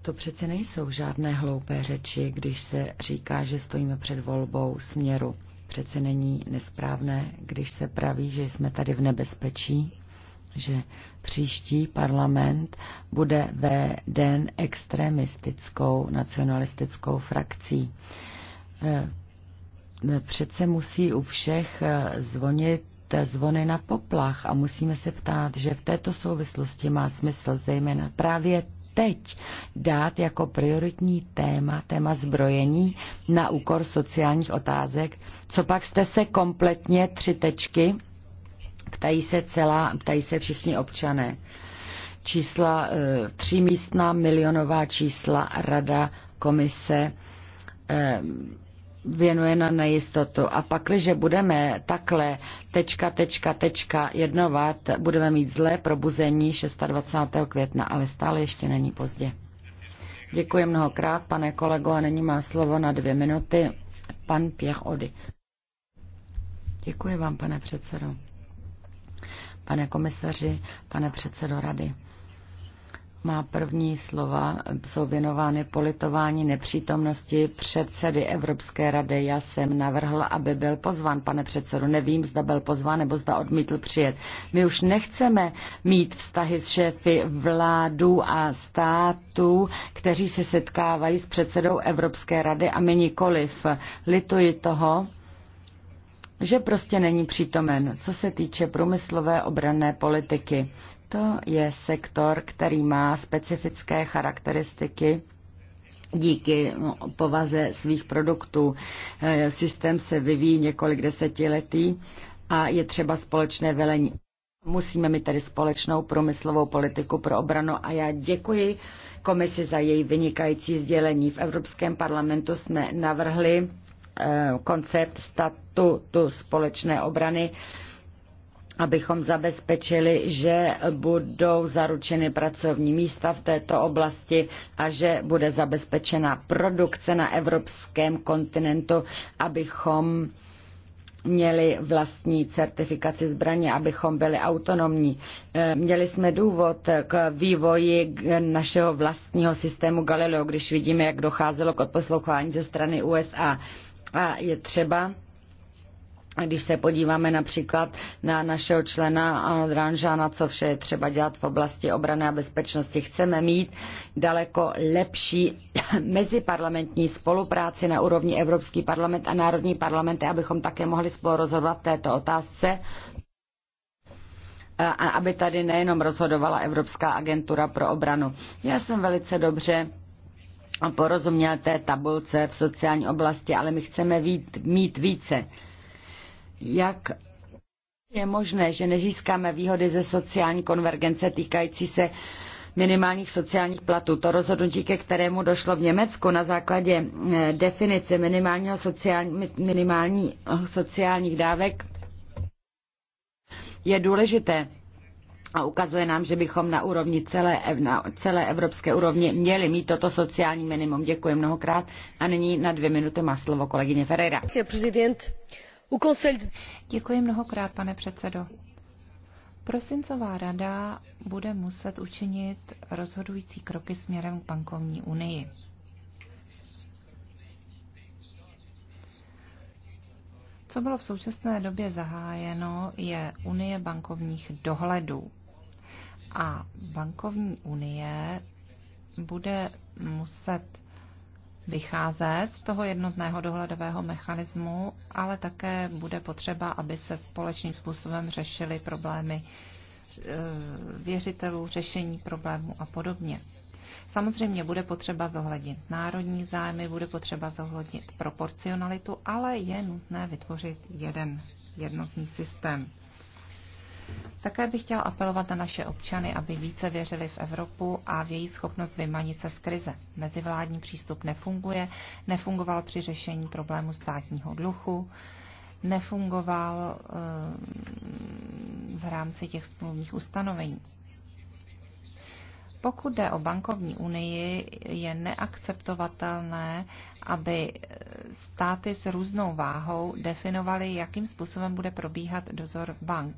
To přece nejsou žádné hloupé řeči, když se říká, že stojíme před volbou směru. Přece není nesprávné, když se praví, že jsme tady v nebezpečí, že příští parlament bude veden extremistickou nacionalistickou frakcí. E, přece musí u všech e, zvonit zvony na poplach a musíme se ptát, že v této souvislosti má smysl zejména právě teď dát jako prioritní téma, téma zbrojení na úkor sociálních otázek. Co pak jste se kompletně tři tečky, ptají se, celá, ptají se všichni občané. Čísla, eh, tři místná milionová čísla, rada, komise, eh, věnuje na nejistotu. A pak, když budeme takhle tečka, tečka, tečka jednovat, budeme mít zlé probuzení 26. května, ale stále ještě není pozdě. Děkuji mnohokrát, pane kolego, a nyní má slovo na dvě minuty pan Pěch Ody. Děkuji vám, pane předsedo. Pane komisaři, pane předsedo rady. Má první slova jsou věnovány politování nepřítomnosti předsedy Evropské rady. Já jsem navrhl, aby byl pozván, pane předsedu. Nevím, zda byl pozván nebo zda odmítl přijet. My už nechceme mít vztahy s šéfy vládu a států, kteří se setkávají s předsedou Evropské rady a my nikoliv. Lituji toho, že prostě není přítomen, co se týče průmyslové obranné politiky. To je sektor, který má specifické charakteristiky díky povaze svých produktů. Eh, systém se vyvíjí několik desetiletí a je třeba společné velení. Musíme mít tedy společnou průmyslovou politiku pro obranu a já děkuji komisi za její vynikající sdělení. V Evropském parlamentu jsme navrhli eh, koncept statutu společné obrany abychom zabezpečili, že budou zaručeny pracovní místa v této oblasti a že bude zabezpečena produkce na evropském kontinentu, abychom měli vlastní certifikaci zbraně, abychom byli autonomní. Eh, měli jsme důvod k vývoji našeho vlastního systému Galileo, když vidíme, jak docházelo k odposlouchání ze strany USA. A je třeba když se podíváme například na našeho člena Andranža, na co vše je třeba dělat v oblasti obrany a bezpečnosti, chceme mít daleko lepší (coughs) meziparlamentní spolupráci na úrovni Evropský parlament a Národní parlamenty, abychom také mohli spolu rozhodovat v této otázce a aby tady nejenom rozhodovala Evropská agentura pro obranu. Já jsem velice dobře porozuměl té tabulce v sociální oblasti, ale my chceme vít, mít více jak je možné, že nezískáme výhody ze sociální konvergence týkající se minimálních sociálních platů. To rozhodnutí, ke kterému došlo v Německu na základě eh, definice minimálního sociální, minimální sociálních dávek, je důležité a ukazuje nám, že bychom na úrovni celé, na celé evropské úrovni měli mít toto sociální minimum. Děkuji mnohokrát a nyní na dvě minuty má slovo kolegyně Ferreira. Děkuji mnohokrát, pane předsedo. Prosincová rada bude muset učinit rozhodující kroky směrem k bankovní unii. Co bylo v současné době zahájeno, je Unie bankovních dohledů. A bankovní unie bude muset vycházet z toho jednotného dohledového mechanismu, ale také bude potřeba, aby se společným způsobem řešily problémy e, věřitelů, řešení problémů a podobně. Samozřejmě bude potřeba zohlednit národní zájmy, bude potřeba zohlednit proporcionalitu, ale je nutné vytvořit jeden jednotný systém. Také bych chtěl apelovat na naše občany, aby více věřili v Evropu a v její schopnost vymanit se z krize. Mezivládní přístup nefunguje, nefungoval při řešení problému státního dluhu, nefungoval eh, v rámci těch smluvních ustanovení. Pokud jde o bankovní unii, je neakceptovatelné, aby státy s různou váhou definovaly, jakým způsobem bude probíhat dozor bank.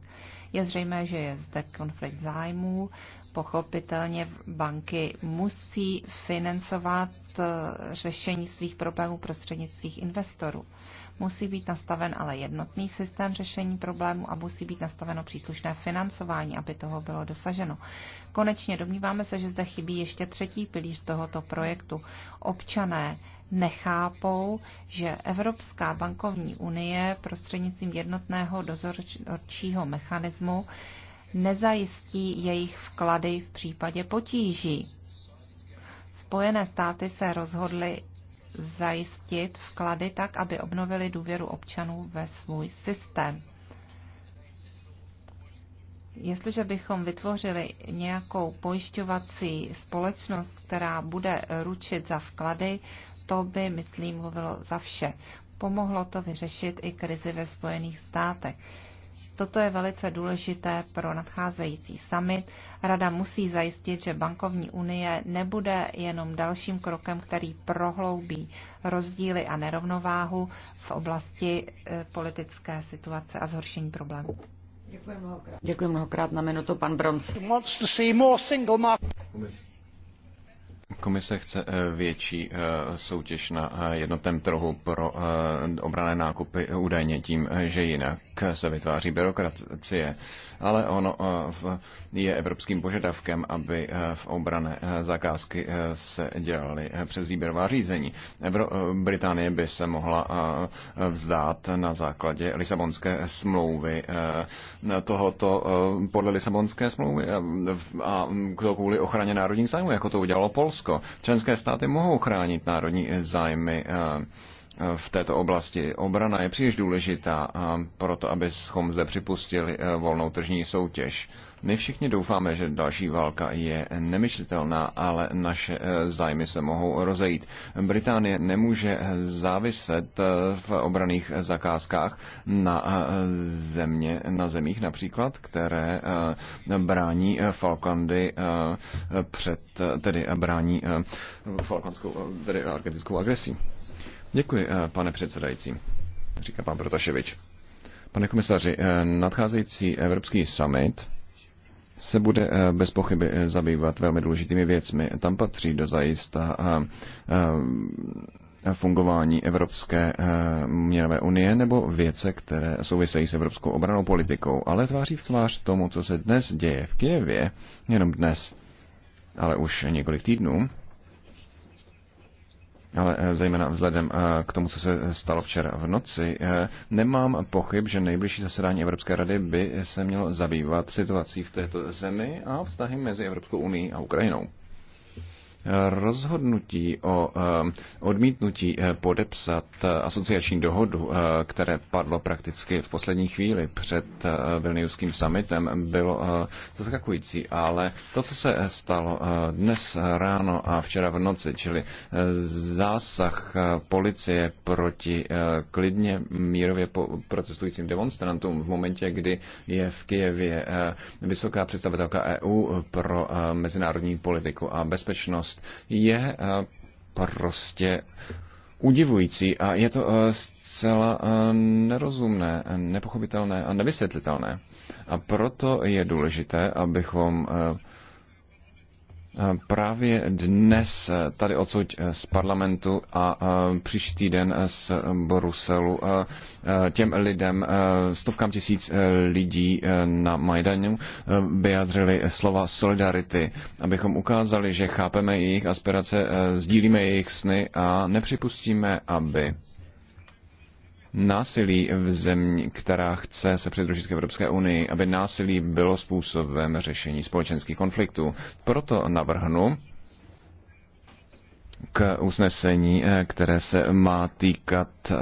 Je zřejmé, že je zde konflikt zájmů. Pochopitelně banky musí financovat eh, řešení svých problémů prostřednictvím investorů. Musí být nastaven ale jednotný systém řešení problémů a musí být nastaveno příslušné financování, aby toho bylo dosaženo. Konečně domníváme se, že zde chybí ještě třetí pilíř tohoto projektu. Občané nechápou, že Evropská bankovní unie prostřednictvím jednotného dozorčího mechanismu nezajistí jejich vklady v případě potíží. Spojené státy se rozhodly zajistit vklady tak, aby obnovili důvěru občanů ve svůj systém. Jestliže bychom vytvořili nějakou pojišťovací společnost, která bude ručit za vklady, to by, myslím, mluvilo za vše. Pomohlo to vyřešit i krizi ve Spojených státech. Toto je velice důležité pro nadcházející summit. Rada musí zajistit, že bankovní unie nebude jenom dalším krokem, který prohloubí rozdíly a nerovnováhu v oblasti e, politické situace a zhoršení problémů. Děkuji mnohokrát. Děkuji mnohokrát na minutu, pan Brons. Komise chce eh, větší eh, soutěž na eh, jednotném trhu pro obrané nákupy údajně tím, že jinak se vytváří byrokracie. Ale ono eh, je evropským požadavkem, aby eh, v obrané eh, zakázky se dělaly přes výběrová řízení. Evro, Británie by se mohla vzdát na základě Lisabonské smlouvy tohoto podle Lisabonské smlouvy a to kvůli ochraně národních zájmů, jako to udělalo Polsko. Členské státy mohou chránit národní zájmy v této oblasti. Obrana je příliš důležitá proto, abychom zde připustili e, volnou tržní soutěž. My všichni doufáme, že další válka je nemyslitelná, ale naše e, zájmy se mohou rozejít. Británie nemůže záviset e, v obraných zakázkách na, země, na zemích například, které brání Falklandy před, tedy brání Falklandskou, tedy argentinskou agresí. Děkuji, eh, pane předsedající, říká pan Protaševič. Pane komisaři, eh, nadcházející Evropský summit se bude eh, bez pochyby zabývat velmi důležitými věcmi. Tam patří do zajista fungování Evropské měnové unie nebo věce, které souvisejí s evropskou obranou politikou, ale tváří v tvář tomu, co se dnes děje v Kijevě, jenom dnes, ale už několik týdnů, ale eh, zejména vzhledem eh, k tomu, co se stalo včera v noci, eh, nemám pochyb, že nejbližší zasedání Evropské rady by se mělo zabývat situací v této zemi a vztahy mezi Evropskou unii a Ukrajinou. Rozhodnutí o eh, odmítnutí eh, podepsat eh, asociační dohodu, které padlo prakticky v poslední chvíli před Vilniuským summitem, bylo zaskakující, ale to, co se stalo dnes ráno a včera v noci, čili zásah policie proti klidně mírově protestujícím demonstrantům v momentě, kdy je v Kijevě vysoká představitelka EU pro mezinárodní politiku a bezpečnost neschopnost je eh, prostě udivující a je to eh, zcela eh, nerozumné, nepochopitelné a nevysvětlitelné. A proto je důležité, abychom Eh, právě dnes eh, tady odsud eh, z parlamentu a příští týden z Bruselu těm lidem, stovkám tisíc lidí na Majdanu vyjádřili slova solidarity, abychom ukázali, že chápeme jejich aspirace, sdílíme jejich sny a nepřipustíme, aby násilí v zemi, která chce se přidružit k Evropské unii, aby násilí bylo způsobem řešení společenských konfliktů. Proto navrhnu k usnesení, eh, které se má týkat eh,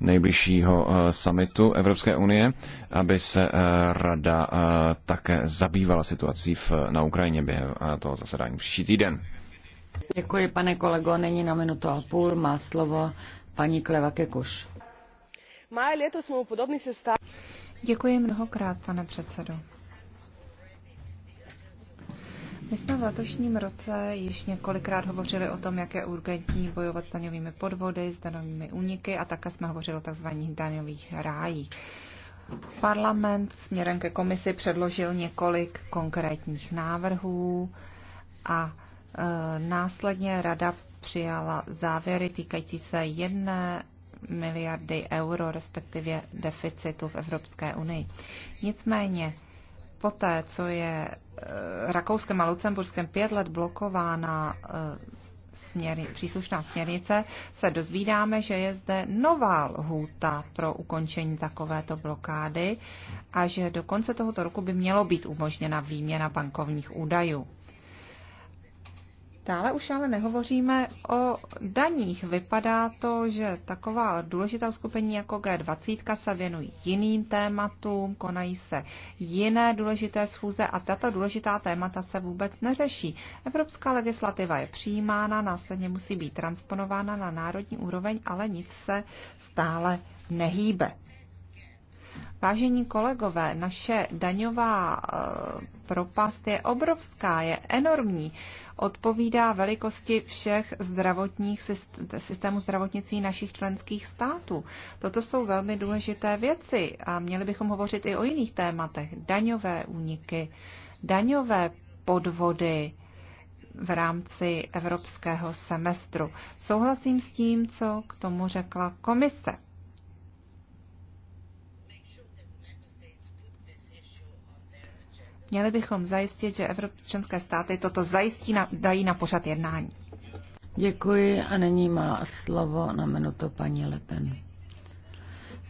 nejbližšího eh, samitu Evropské unie, aby se rada také zabývala situací na Ukrajině během toho zasedání příští týden. Děkuji, pane kolego. Není na minutu a půl. Má slovo paní Kleva Kekuš. Máje letos jsme u se stále. Děkuji mnohokrát, pane předsedo. My jsme v letošním roce již několikrát hovořili o tom, jak je urgentní bojovat s daňovými podvody, s daňovými úniky a také jsme hovořili o tzv. daňových rájích. Parlament směrem ke komisi předložil několik konkrétních návrhů a e, následně rada přijala závěry týkající se jedné miliardy euro, respektive deficitu v Evropské unii. Nicméně, poté, co je eh, Rakouskem a Lucemburskem pět let blokována eh, směry, příslušná směrnice, se dozvídáme, že je zde nová lhůta pro ukončení takovéto blokády a že do konce tohoto roku by mělo být umožněna výměna bankovních údajů. Dále už ale nehovoříme o daních. Vypadá to, že taková důležitá uskupení jako G20 se věnují jiným tématům, konají se jiné důležité schůze a tato důležitá témata se vůbec neřeší. Evropská legislativa je přijímána, následně musí být transponována na národní úroveň, ale nic se stále nehýbe. Vážení kolegové, naše daňová eh, propast je obrovská, je enormní odpovídá velikosti všech zdravotních systémů zdravotnictví našich členských států. Toto jsou velmi důležité věci a měli bychom hovořit i o jiných tématech. Daňové úniky, daňové podvody v rámci evropského semestru. Souhlasím s tím, co k tomu řekla komise. Měli bychom zajistit, že evropské státy toto zajistí na, dají na pořad jednání. Děkuji a nyní má slovo na minutu paní Lepen.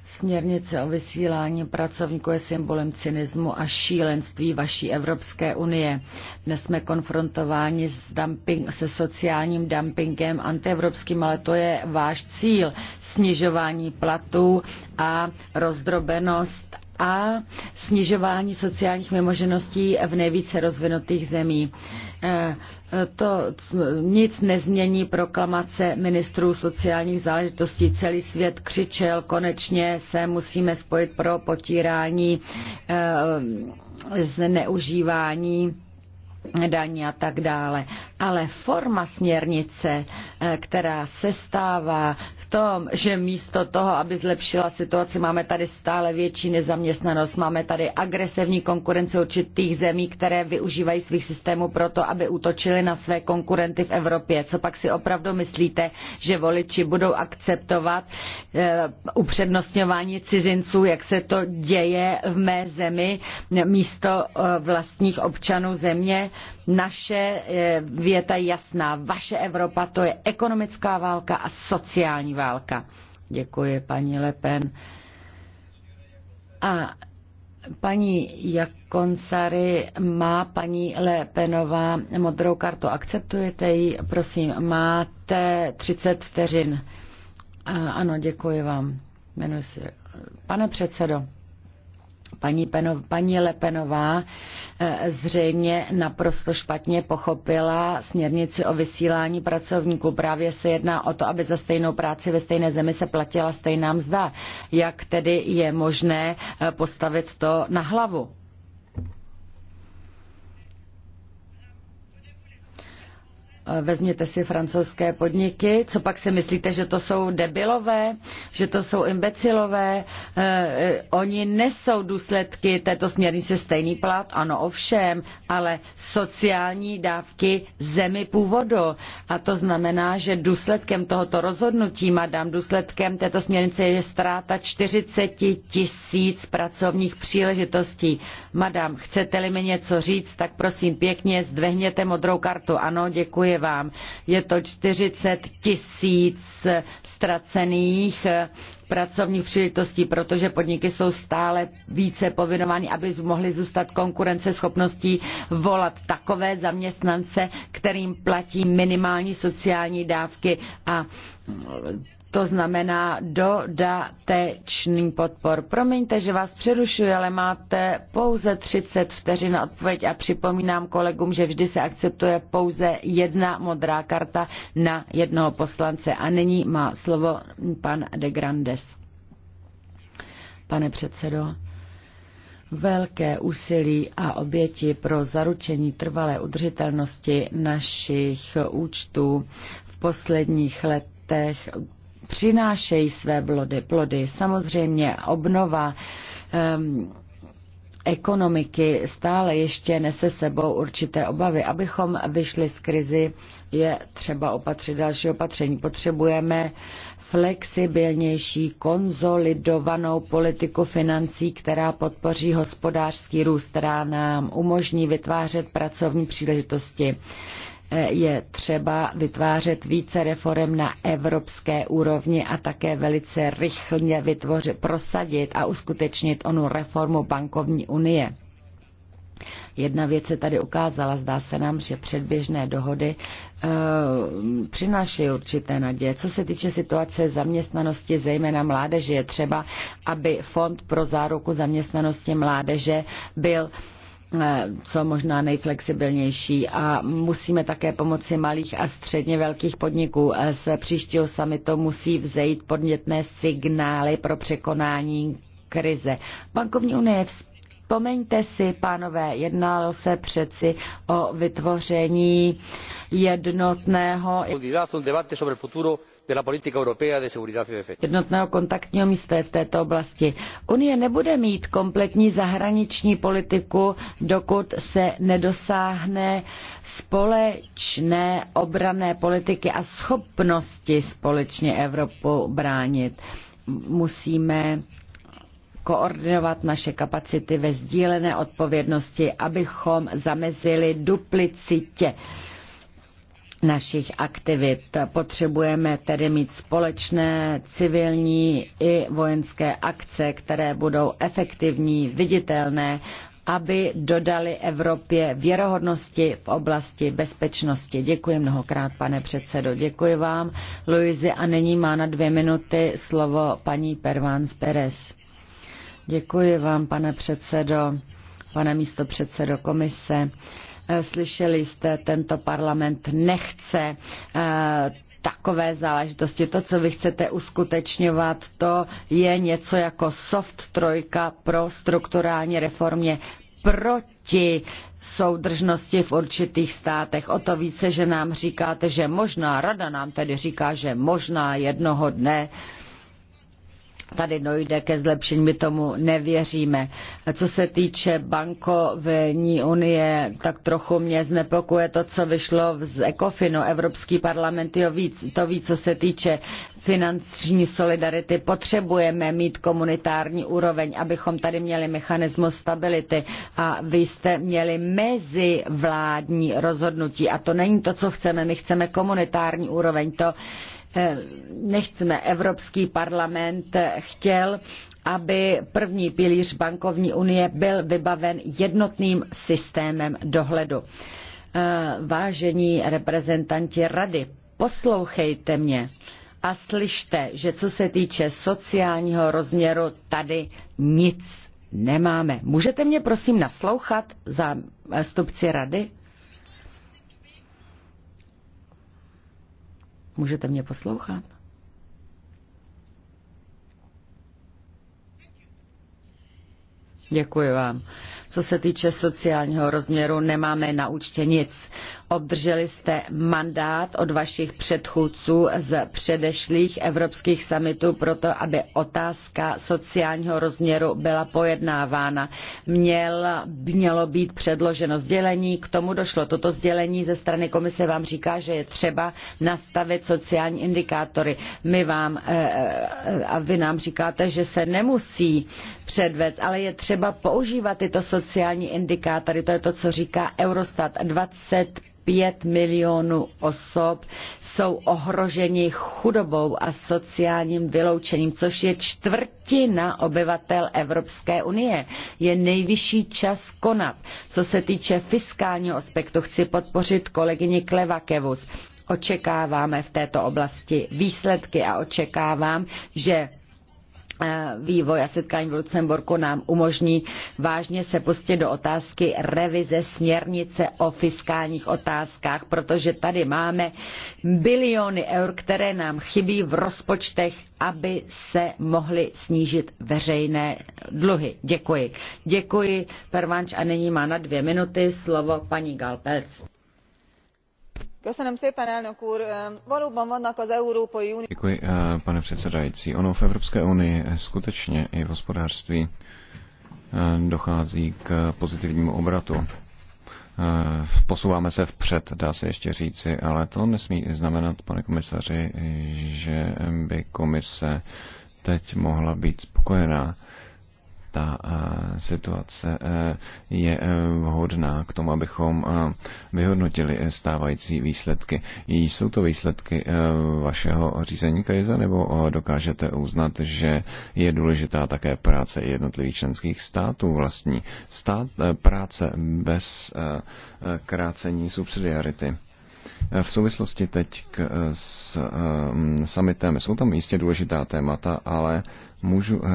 Směrnice o vysílání pracovníků je symbolem cynismu a šílenství vaší Evropské unie. Dnes jsme konfrontováni s dumping, se sociálním dumpingem antievropským, ale to je váš cíl. Snižování platů a rozdrobenost a snižování sociálních vymožeností v nejvíce rozvinutých zemí. Eh, to nic nezmění proklamace ministrů sociálních záležitostí. Celý svět křičel, konečně se musíme spojit pro potírání eh, zneužívání daní a tak dále. Ale forma směrnice, eh, která se stává v tom, že místo toho, aby zlepšila situaci, máme tady stále větší nezaměstnanost, máme tady agresivní konkurence určitých zemí, které využívají svých systémů proto, aby útočili na své konkurenty v Evropě. Co pak si opravdu myslíte, že voliči budou akceptovat eh, upřednostňování cizinců, jak se to děje v mé zemi, místo eh, vlastních občanů země? naše eh, věta je jasná. Vaše Evropa to je ekonomická válka a sociální válka. Děkuji, paní Lepen. A paní Jakonsary má paní Lepenová modrou kartu. Akceptujete ji? Prosím, máte 30 vteřin. Ano, děkuji vám. Jmenuji se. Pane předsedo, Paní, Penov, paní Lepenová eh, zřejmě naprosto špatně pochopila směrnici o vysílání pracovníků. Právě se jedná o to, aby za stejnou práci ve stejné zemi se platila stejná mzda. Jak tedy je možné eh, postavit to na hlavu? Vezměte si francouzské podniky, co pak si myslíte, že to jsou debilové, že to jsou imbecilové, eh, eh, oni nesou důsledky této směrnice stejný plat, ano ovšem, ale sociální dávky zemi původu. A to znamená, že důsledkem tohoto rozhodnutí, madam, důsledkem této směrnice je ztráta 40 tisíc pracovních příležitostí. Madam, chcete-li mi něco říct, tak prosím pěkně zdvehněte modrou kartu. Ano, děkuji vám. Je to 40 tisíc ztracených eh, pracovních příležitostí, protože podniky jsou stále více povinovány, aby mohly zůstat konkurenceschopností, volat takové zaměstnance, kterým platí minimální sociální dávky a to znamená dodatečný podpor. Promiňte, že vás přerušuji, ale máte pouze 30 vteřin na odpověď a připomínám kolegům, že vždy se akceptuje pouze jedna modrá karta na jednoho poslance. A nyní má slovo pan de Grandes. Pane předsedo, velké úsilí a oběti pro zaručení trvalé udržitelnosti našich účtů v posledních letech letech přinášejí své plody. plody. Samozřejmě obnova um, ekonomiky stále ještě nese sebou určité obavy. Abychom vyšli z krizi, je třeba opatřit další opatření. Potřebujeme flexibilnější, konzolidovanou politiku financí, která podpoří hospodářský růst, která nám umožní vytvářet pracovní příležitosti je třeba vytvářet více reform na evropské úrovni a také velice rychlně vytvořit, prosadit a uskutečnit onu reformu bankovní unie. Jedna věc se tady ukázala, zdá se nám, že předběžné dohody e, přinášejí určité naděje. Co se týče situace zaměstnanosti, zejména mládeže, je třeba, aby Fond pro záruku zaměstnanosti mládeže byl e, Eh, co možná nejflexibilnější a musíme také pomoci malých a středně velkých podniků. Eh, z příštího samitu musí vzejít podnětné signály pro překonání krize. Bankovní unie Vzpomeňte si, pánové, jednalo se přeci o vytvoření jednotného de la política europea de seguridad y defensa. Jednotného kontaktního místa je v této oblasti. Unie nebude mít kompletní zahraniční politiku, dokud se nedosáhne společné obrané politiky a schopnosti společně Evropu bránit. Musíme koordinovat naše kapacity ve sdílené odpovědnosti, abychom zamezili duplicitě našich aktivit. Potřebujeme tedy mít společné civilní i vojenské akce, které budou efektivní, viditelné, aby dodali Evropě věrohodnosti v oblasti bezpečnosti. Děkuji mnohokrát, pane předsedo. Děkuji vám, Luizi. A nyní má na dvě minuty slovo paní Pervans Perez. Děkuji vám, pane předsedo, pane místo předsedo komise. Slyšeli jste, tento parlament nechce eh, takové záležitosti. To, co vy chcete uskutečňovat, to je něco jako soft trojka pro strukturální reformě proti soudržnosti v určitých státech. O to více, že nám říkáte, že možná, rada nám tedy říká, že možná jednoho dne uh, tady dojde ke zlepšení, my tomu nevěříme. Co se týče bankovní unie, tak trochu mě znepokuje to, co vyšlo z ECOFINu. Evropský parlament jo víc, to ví, co se týče finanční solidarity. Potřebujeme mít komunitární úroveň, abychom tady měli mechanismus stability a vy jste měli mezivládní rozhodnutí a to není to, co chceme. My chceme komunitární úroveň. To Eh, nechceme, Evropský parlament chtěl, aby první pilíř bankovní unie byl vybaven jednotným systémem dohledu. Eh, vážení reprezentanti rady, poslouchejte mě a slyšte, že co se týče sociálního rozměru, tady nic nemáme. Můžete mě prosím naslouchat zástupci rady? Můžete mě poslouchat? Děkuji vám. Co se týče sociálního rozměru, nemáme na účtě nic. Obdrželi jste mandát od vašich předchůdců z předešlých evropských summitů proto, aby otázka sociálního rozměru byla pojednávána. Měl, mělo být předloženo sdělení, k tomu došlo. Toto sdělení ze strany komise vám říká, že je třeba nastavit sociální indikátory. My vám eh, eh, a vy nám říkáte, že se nemusí předvést, ale je třeba používat tyto sociální indikátory. To je to, co říká Eurostat 20 5 milionů osob jsou ohroženi chudobou a sociálním vyloučením, což je čtvrtina obyvatel Evropské unie. Je nejvyšší čas konat. Co se týče fiskálního aspektu, chci podpořit kolegyni Klevakevus. Očekáváme v této oblasti výsledky a očekávám, že Eh, vývoj a setkání v Lucemburku nám umožní vážně se pustit do otázky revize směrnice o fiskálních otázkách, protože tady máme biliony eur, které nám chybí v rozpočtech, aby se mohly snížit veřejné dluhy. Děkuji. Děkuji, Pervanč, a nyní má na dvě minuty slovo paní Galpec. Děkuji, eh, pane předsedající. Ono v Evropské unii eh, skutečně i v hospodářství eh, dochází k pozitivnímu obratu. Posouváme se vpřed, dá se ještě říci, ale to nesmí znamenat, pane komisaři, že by komise teď mohla být spokojená ta eh, situace eh, je eh, vhodná k tomu, abychom vyhodnotili stávající výsledky. Jsou to výsledky vašeho řízení krize, nebo dokážete uznat, že je důležitá také práce jednotlivých členských států vlastní? Stát práce bez krácení subsidiarity v souvislosti teď k, eh, s eh, summitem. Jsou tam jistě důležitá témata, ale můžu eh,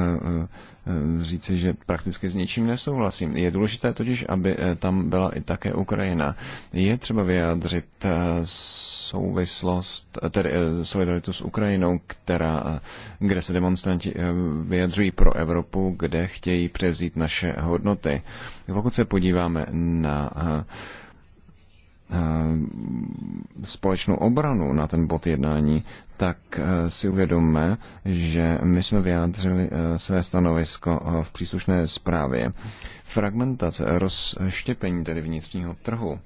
říci, že prakticky s ničím nesouhlasím. Je důležité totiž, aby tam byla i také Ukrajina. Je třeba vyjádřit souvislost, tedy solidaritu s Ukrajinou, která, kde se demonstranti vyjadřují pro Evropu, kde chtějí přezít naše hodnoty. Pokud se podíváme na Eh, společnou obranu na ten bod jednání, tak eh, si uvědomme, že my jsme vyjádřili eh, své stanovisko v příslušné zprávě. Fragmentace, rozštěpení tedy vnitřního trhu,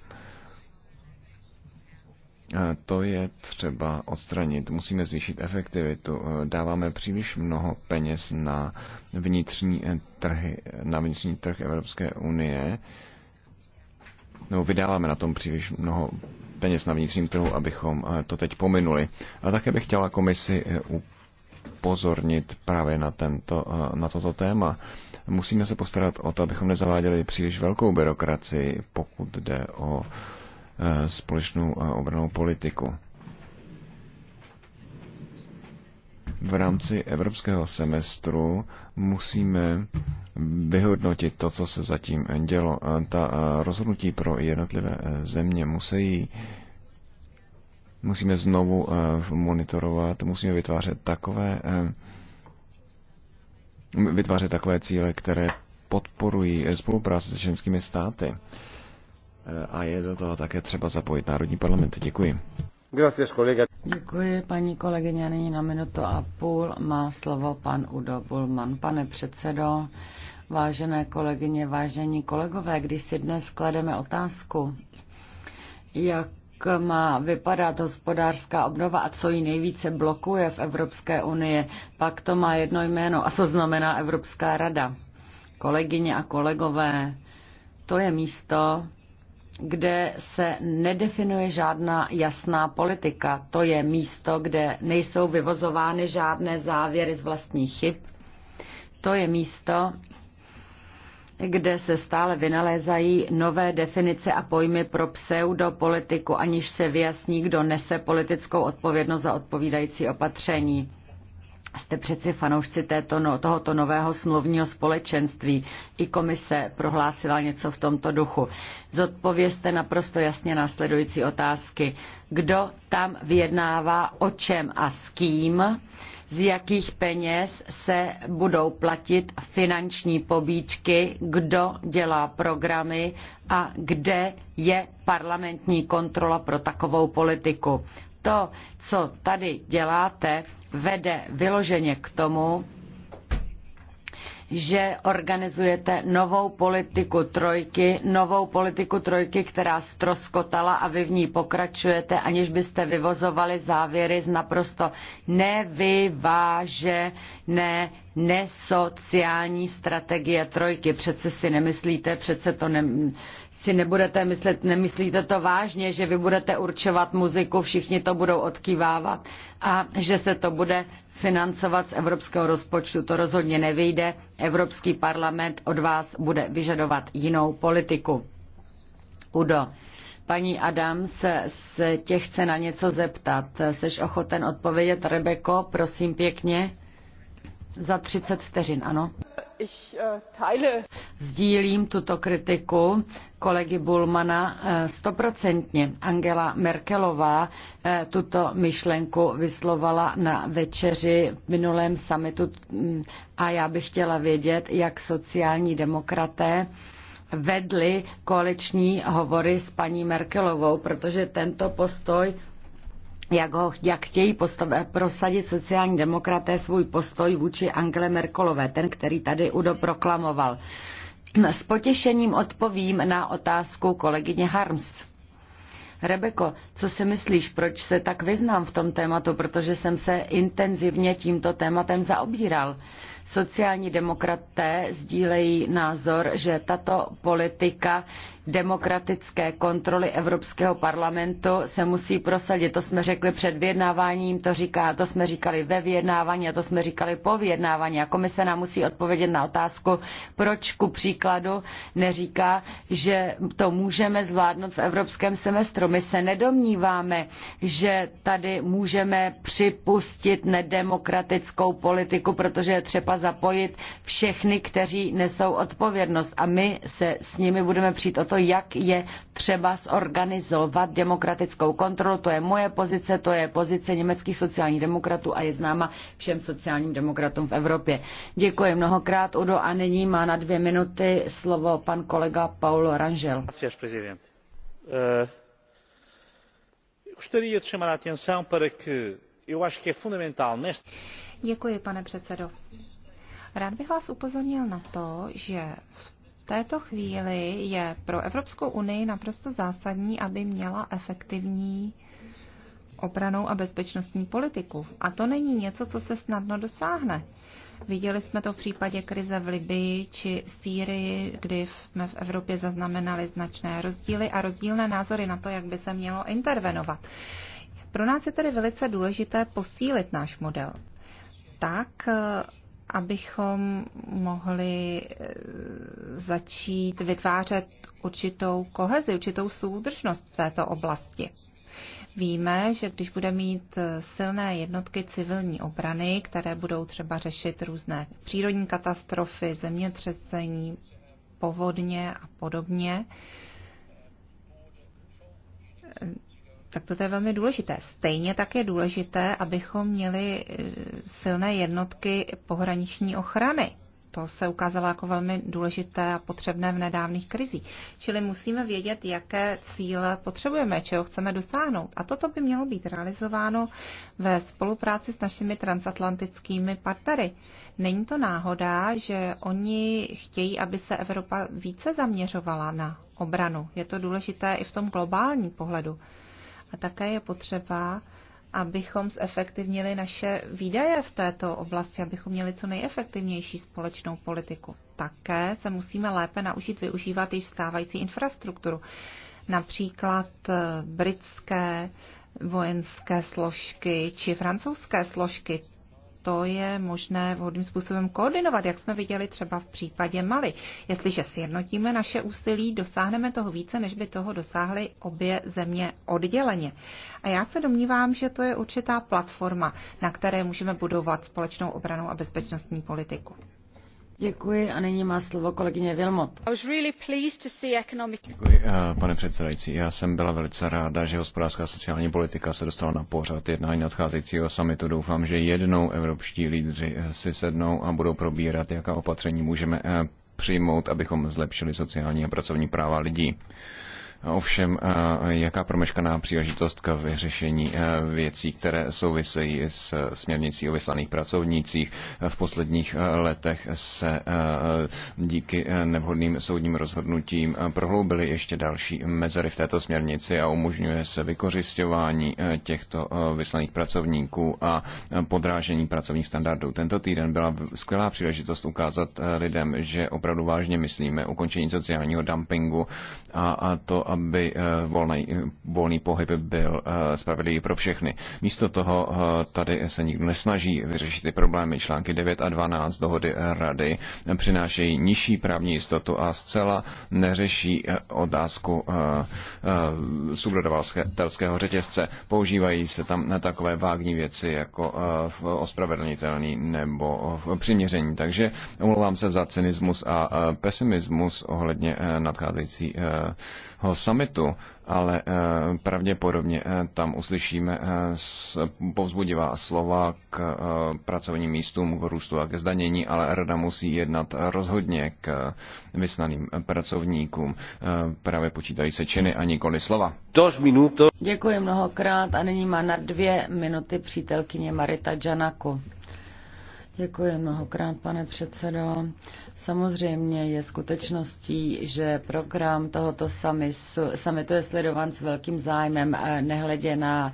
to je třeba odstranit. Musíme zvýšit efektivitu. Dáváme příliš mnoho peněz na vnitřní trhy, na vnitřní trh Evropské unie, nebo vydáváme na tom příliš mnoho peněz na vnitřním trhu, abychom eh, to teď pominuli. A také bych chtěla komisi eh, upozornit právě na, tento, eh, na toto téma. Musíme se postarat o to, abychom nezaváděli příliš velkou byrokracii, pokud jde o společnou obranou politiku. v rámci evropského semestru musíme vyhodnotit to, co se zatím dělo. Ta rozhodnutí pro jednotlivé e, země musí musíme znovu e, monitorovat, musíme vytvářet takové e, vytvářet takové cíle, které podporují spolupráci se členskými státy. A je do toho také třeba zapojit Národní parlament. Děkuji. Děkuji, paní kolegyně. Nyní na minutu a půl má slovo pan Udo Bulman. Pane předsedo, vážené kolegyně, vážení kolegové, když si dnes klademe otázku, jak jak má vypadat hospodářská obnova a co ji nejvíce blokuje v Evropské unii, pak to má jedno jméno a to znamená Evropská rada. Kolegyně a kolegové, to je místo, kde se nedefinuje žádná jasná politika. To je místo, kde nejsou vyvozovány žádné závěry z vlastních chyb. To je místo, kde se stále vynalézají nové definice a pojmy pro pseudopolitiku, aniž se vyjasní, kdo nese politickou odpovědnost za odpovídající opatření jste přeci fanoušci této, no, tohoto nového smluvního společenství. I komise prohlásila něco v tomto duchu. Zodpovězte naprosto jasně následující otázky. Kdo tam vyjednává o čem a s kým? Z jakých peněz se budou platit finanční pobíčky? Kdo dělá programy? A kde je parlamentní kontrola pro takovou politiku? to, co tady děláte, vede vyloženě k tomu, že organizujete novou politiku trojky, novou politiku trojky, která stroskotala a vy v ní pokračujete, aniž byste vyvozovali závěry z naprosto nevyvážené nesociální strategie trojky. Přece si nemyslíte, přece to ne, si nebudete myslet, nemyslíte to vážně, že vy budete určovat muziku, všichni to budou odkývávat a že se to bude financovat z evropského rozpočtu. To rozhodně nevyjde. Evropský parlament od vás bude vyžadovat jinou politiku. Udo, paní Adams se tě chce na něco zeptat. Seš ochoten odpovědět, Rebeko, prosím pěkně, za 30 vteřin, ano? Eh, Sdílím tuto kritiku kolegy Bulmana eh, stoprocentně. Angela Merkelová eh, tuto myšlenku vyslovala na večeři v minulém summitu mm, a já bych chtěla vědět, jak sociální demokraté vedli koaliční hovory s paní Merkelovou, protože tento postoj jak, ho, jak chtějí postav, prosadit sociální demokraté svůj postoj vůči Angele Merkelové, ten, který tady Udo proklamoval. S potěšením odpovím na otázku kolegyně Harms. Rebeko, co si myslíš, proč se tak vyznám v tom tématu, protože jsem se intenzivně tímto tématem zaobíral. Sociální demokraté sdílejí názor, že tato politika demokratické kontroly Evropského parlamentu se musí prosadit. To jsme řekli před vyjednáváním, to, říká, to jsme říkali ve vyjednávání a to jsme říkali po vyjednávání. A komise nám musí odpovědět na otázku, proč ku příkladu neříká, že to můžeme zvládnout v evropském semestru. My se nedomníváme, že tady můžeme připustit nedemokratickou politiku, protože je třeba zapojit všechny, kteří nesou odpovědnost. A my se s nimi budeme přijít o to, jak je třeba zorganizovat demokratickou kontrolu. To je moje pozice, to je pozice německých sociálních demokratů a je známa všem sociálním demokratům v Evropě. Děkuji mnohokrát, Udo. A nyní má na dvě minuty slovo pan kolega Paulo Rangel. Eh, eh, Děkuji, pane předsedo. Rád bych vás upozornil na to, že v této chvíli je pro Evropskou unii naprosto zásadní, aby měla efektivní obranou a bezpečnostní politiku. A to není něco, co se snadno dosáhne. Viděli jsme to v případě krize v Libii či Sýrii, kdy jsme v Evropě zaznamenali značné rozdíly a rozdílné názory na to, jak by se mělo intervenovat. Pro nás je tedy velice důležité posílit náš model tak, abychom mohli eh, začít vytvářet určitou kohezi, určitou soudržnost v této oblasti. Víme, že když bude mít eh, silné jednotky civilní obrany, které budou třeba řešit různé přírodní katastrofy, zemětřesení, povodně a podobně, tak to je velmi důležité. Stejně tak je důležité, abychom měli eh, silné jednotky pohraniční ochrany. To se ukázalo jako velmi důležité a potřebné v nedávných krizích. Čili musíme vědět, jaké cíle potřebujeme, čeho chceme dosáhnout. A toto by mělo být realizováno ve spolupráci s našimi transatlantickými partnery. Není to náhoda, že oni chtějí, aby se Evropa více zaměřovala na obranu. Je to důležité i v tom globálním pohledu. A také je potřeba, abychom zefektivnili naše výdaje v této oblasti, abychom měli co nejefektivnější společnou politiku. Také se musíme lépe naučit využívat již stávající infrastrukturu. Například eh, britské vojenské složky či francouzské složky to je možné vhodným způsobem koordinovat, jak jsme viděli třeba v případě Mali. Jestliže sjednotíme naše úsilí, dosáhneme toho více, než by toho dosáhly obě země odděleně. A já se domnívám, že to je určitá platforma, na které můžeme budovat společnou obranou a bezpečnostní politiku. Děkuji a nyní má slovo kolegyně Vilmot. Děkuji, eh, pane předsedající. Já jsem byla velice ráda, že hospodářská a sociální politika se dostala na pořad jednání nadcházejícího samitu. Doufám, že jednou evropští lídři eh, si sednou a budou probírat, jaká opatření můžeme eh, přijmout, abychom zlepšili sociální a pracovní práva lidí. Ovšem, eh, jaká promeškaná příležitost k vyřešení eh, věcí, které souvisejí s eh, směrnicí o vyslaných pracovnících. V posledních letech se díky nevhodným soudním rozhodnutím prohloubily ještě další mezery v této směrnici a umožňuje se vykořišťování těchto vyslaných pracovníků a podrážení pracovních standardů. Tento týden byla skvělá příležitost ukázat lidem, že opravdu vážně myslíme ukončení sociálního dumpingu a to, aby eh, volný, volný pohyb byl eh, spravedlivý pro všechny. Místo toho eh, tady se nikdo nesnaží vyřešit ty problémy. Články 9 a 12 dohody Rady přinášejí nižší právní jistotu a zcela neřeší otázku subdodavatelského řetězce. Používají se tam na takové vágní věci jako ospravedlnitelný nebo přiměření. Takže omlouvám se za cynismus a pesimismus ohledně nadcházející summitu, ale eh, pravděpodobně eh, tam uslyšíme eh, povzbudivá slova k pracovním místům, k růstu a ke zdanění, ale rada musí jednat rozhodně k vysnaným pracovníkům. Právě počítají se činy a nikoli slova. Děkuji mnohokrát a nyní má na dvě minuty přítelkyně Marita Džanaku. Děkuji mnohokrát, pane předsedo. Samozřejmě je skutečností, že program tohoto samitu je sledován s velkým zájmem, eh, nehledě na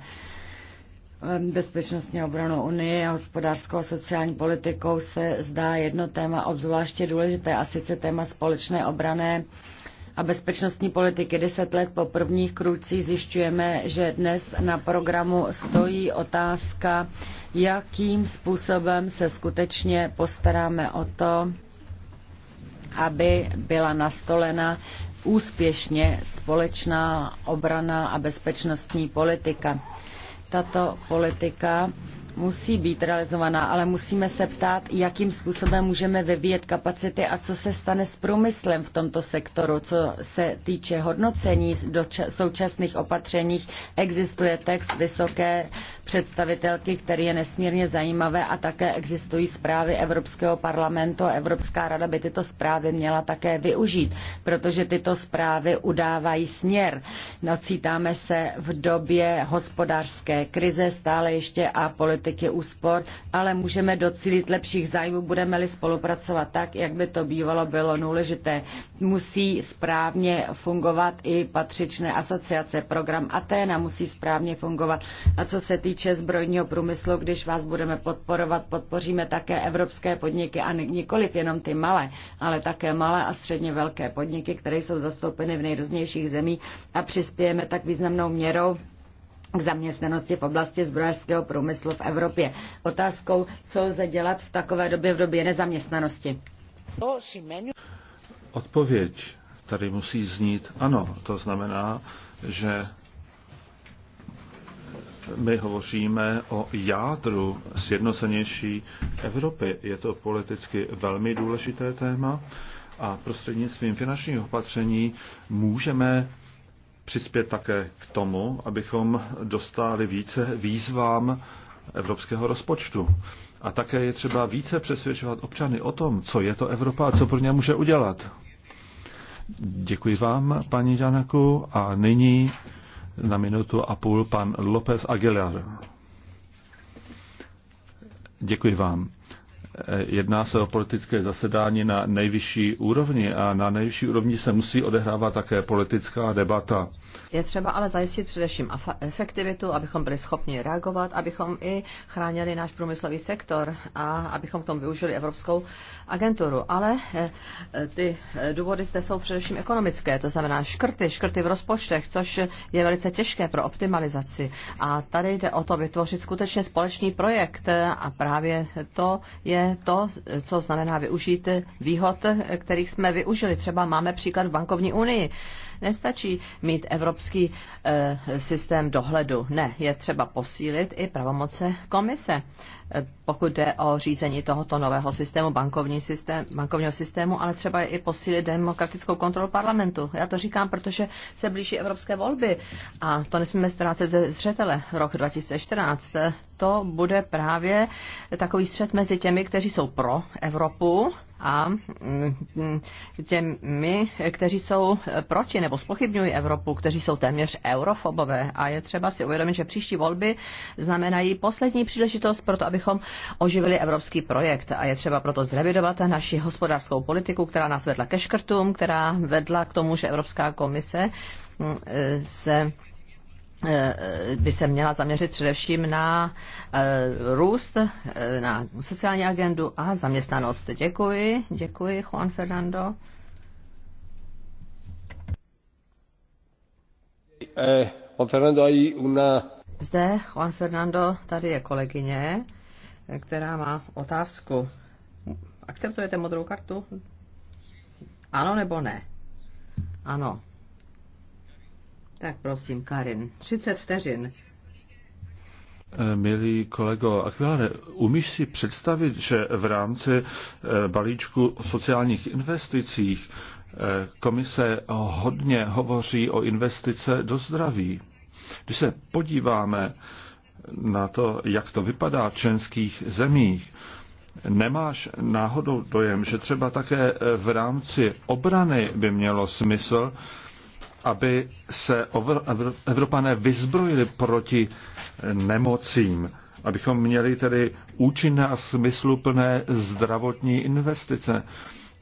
eh, bezpečnostní obranu Unie a hospodářskou a sociální politikou se zdá jedno téma obzvláště důležité, a sice téma společné obrané a bezpečnostní politiky deset let po prvních krůcích zjišťujeme, že dnes na programu stojí otázka, jakým způsobem se skutečně postaráme o to, aby byla nastolena úspěšně společná obrana a bezpečnostní politika. Tato politika musí být realizovaná, ale musíme se ptát, jakým způsobem můžeme vyvíjet kapacity a co se stane s průmyslem v tomto sektoru. Co se týče hodnocení do současných opatřeních, existuje text vysoké představitelky, který je nesmírně zajímavé a také existují zprávy Evropského parlamentu a Evropská rada by tyto zprávy měla také využít, protože tyto zprávy udávají směr. Nocítáme se v době hospodářské krize stále ještě a politiky nedostatek je úspor, ale můžeme docílit lepších zájmů, budeme-li spolupracovat tak, jak by to bývalo bylo důležité. Musí správně fungovat i patřičné asociace. Program Atena musí správně fungovat. A co se týče zbrojního průmyslu, když vás budeme podporovat, podpoříme také evropské podniky a nikoliv jenom ty malé, ale také malé a středně velké podniky, které jsou zastoupeny v nejrůznějších zemích a přispějeme tak významnou měrou k zaměstnanosti v oblasti zbrojařského průmyslu v Evropě. Otázkou, co lze dělat v takové době v době nezaměstnanosti. Odpověď tady musí znít ano. To znamená, že my hovoříme o jádru sjednocenější Evropy. Je to politicky velmi důležité téma a prostřednictvím finančních opatření můžeme přispět také k tomu, abychom dostali více výzvám evropského rozpočtu. A také je třeba více přesvědčovat občany o tom, co je to Evropa a co pro ně může udělat. Děkuji vám, paní Janaku, a nyní na minutu a půl pan López Aguilar. Děkuji vám. Jedná se o politické zasedání na nejvyšší úrovni a na nejvyšší úrovni se musí odehrávat také politická debata. Je třeba ale zajistit především efektivitu, abychom byli schopni reagovat, abychom i chránili náš průmyslový sektor a abychom k tomu využili Evropskou agenturu. Ale eh, eh, ty eh, důvody zde jsou především ekonomické, to znamená škrty, škrty v rozpočtech, což je velice těžké pro optimalizaci. A tady jde o to vytvořit skutečně společný projekt a právě to je to, co znamená využít výhod, kterých jsme využili. Třeba máme příklad v bankovní unii. Nestačí mít evropský e, systém dohledu. Ne, je třeba posílit i pravomoce komise pokud jde o řízení tohoto nového systému, bankovní systém, bankovního systému, ale třeba i posílit demokratickou kontrolu parlamentu. Já to říkám, protože se blíží evropské volby a to nesmíme ztrácet ze zřetele. Rok 2014 to bude právě takový střed mezi těmi, kteří jsou pro Evropu a mm, mm, těmi, kteří jsou proti nebo spochybňují Evropu, kteří jsou téměř eurofobové. A je třeba si uvědomit, že příští volby znamenají poslední příležitost pro to, aby abychom oživili evropský projekt a je třeba proto zrevidovat naši hospodářskou politiku, která nás vedla ke škrtům, která vedla k tomu, že Evropská komise mm, eh, se eh, by se měla zaměřit především na eh, růst, na sociální agendu a zaměstnanost. Děkuji, děkuji Juan Fernando. Juan Fernando, hay una... Zde Juan Fernando, tady je kolegyně která má otázku. Akceptujete modrou kartu? Ano nebo ne? Ano. Tak prosím, Karin, 30 vteřin. Eh, Milý kolego Akvilane, umíš si představit, že v rámci eh, balíčku sociálních investicích eh, komise hodně hovoří o investice do zdraví? Když se podíváme na to, jak to vypadá v členských zemích, nemáš náhodou dojem, že třeba také v rámci obrany by mělo smysl, aby se Evropané vyzbrojili proti nemocím, abychom měli tedy účinné a smysluplné zdravotní investice.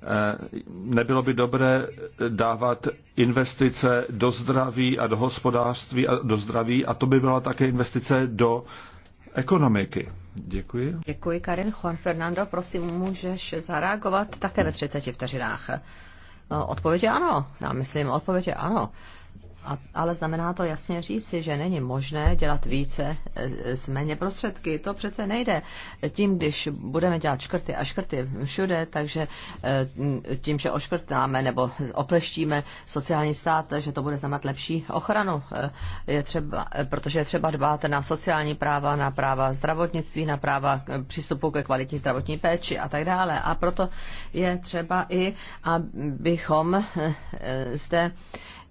Eh, nebylo by dobré dávat investice do zdraví a do hospodářství a do zdraví a to by byla také investice do ekonomiky. Děkuji. Děkuji, Karin. Juan Fernando, prosím, můžeš zareagovat také ve 30 vteřinách. Eh, odpověď je ano. Já myslím, odpověď je ano. A, ale znamená to jasně říci, že není možné dělat více s e, méně prostředky. To přece nejde. Tím, když budeme dělat škrty a škrty všude, takže e, tím, že oškrtáme nebo opleštíme sociální stát, že to bude znamenat lepší ochranu. E, je třeba, protože je třeba dbát na sociální práva, na práva zdravotnictví, na práva přístupu ke kvalitní zdravotní péči a tak dále. A proto je třeba i, abychom zde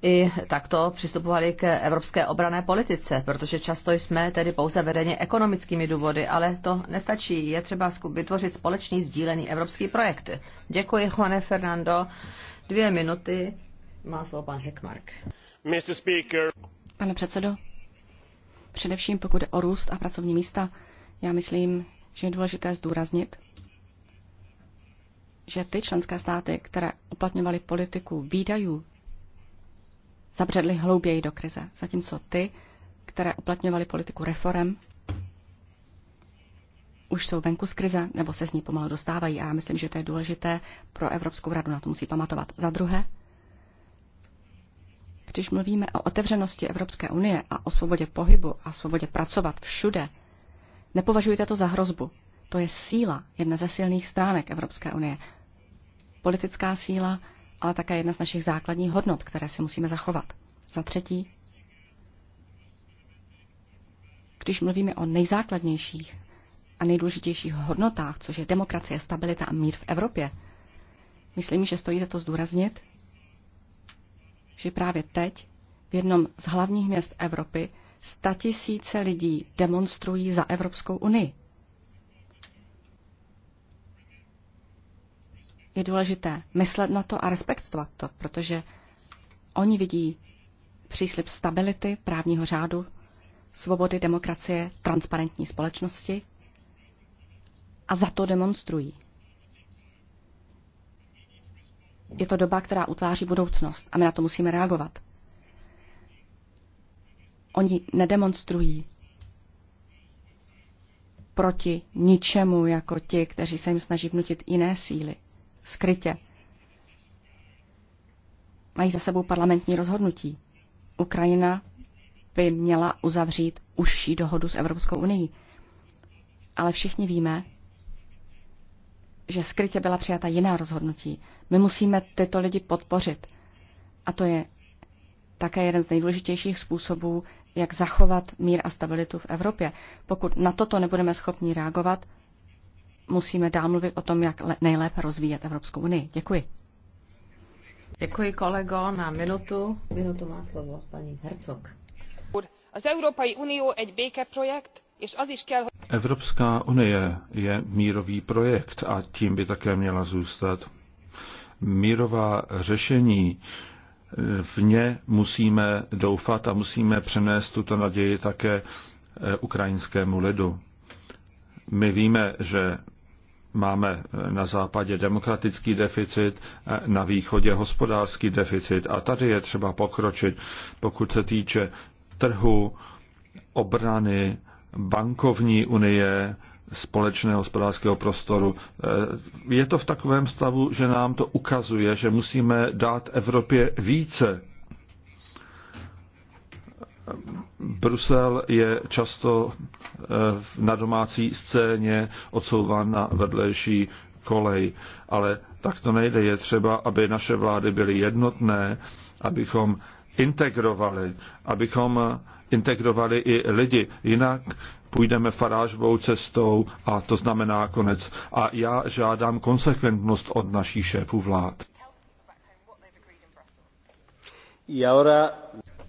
i takto přistupovali k evropské obrané politice, protože často jsme tedy pouze vedeni ekonomickými důvody, ale to nestačí. Je třeba vytvořit společný sdílený evropský projekt. Děkuji, Juane Fernando. Dvě minuty má slovo pan Hickmark. Pane předsedo, především pokud jde o růst a pracovní místa, já myslím, že je důležité zdůraznit, že ty členské státy, které uplatňovaly politiku výdajů zabředly hlouběji do krize, zatímco ty, které uplatňovaly politiku reform, už jsou venku z krize nebo se z ní pomalu dostávají. A já myslím, že to je důležité pro Evropskou radu, na to musí pamatovat. Za druhé, když mluvíme o otevřenosti Evropské unie a o svobodě pohybu a svobodě pracovat všude, nepovažujte to za hrozbu. To je síla, jedna ze silných stránek Evropské unie. Politická síla ale také jedna z našich základních hodnot, které si musíme zachovat. Za třetí, když mluvíme o nejzákladnějších a nejdůležitějších hodnotách, což je demokracie, stabilita a mír v Evropě, myslím, že stojí za to zdůraznit, že právě teď v jednom z hlavních měst Evropy statisíce lidí demonstrují za Evropskou unii. je důležité myslet na to a respektovat to, protože oni vidí příslip stability, právního řádu, svobody, demokracie, transparentní společnosti a za to demonstrují. Je to doba, která utváří budoucnost a my na to musíme reagovat. Oni nedemonstrují proti ničemu jako ti, kteří se jim snaží vnutit jiné síly skrytě. Mají za sebou parlamentní rozhodnutí. Ukrajina by měla uzavřít užší dohodu s Evropskou unii. Ale všichni víme, že skrytě byla přijata jiná rozhodnutí. My musíme tyto lidi podpořit. A to je také jeden z nejdůležitějších způsobů, jak zachovat mír a stabilitu v Evropě. Pokud na toto nebudeme schopni reagovat, musíme dál mluvit o tom, jak nejlépe rozvíjet Evropskou unii. Děkuji. Děkuji kolego. Na minutu, minutu má slovo paní Hercog. Az Európai Unió egy projekt, és az is kell... Evropská unie je mírový projekt a tím by také měla zůstat. Mírová řešení v ně musíme doufat a musíme přenést tuto naději také eh, ukrajinskému lidu. My víme, že máme eh, na západě demokratický deficit, eh, na východě hospodářský deficit a tady je třeba pokročit, pokud se týče trhu, obrany, bankovní unie, společného hospodářského prostoru. Eh, je to v takovém stavu, že nám to ukazuje, že musíme dát Evropě více Brusel je často eh, na domácí scéně odsouván na vedlejší kolej, ale tak to nejde. Je třeba, aby naše vlády byly jednotné, abychom integrovali, abychom integrovali i lidi. Jinak půjdeme farážovou cestou a to znamená konec. A já žádám konsekventnost od našich šéfů vlád.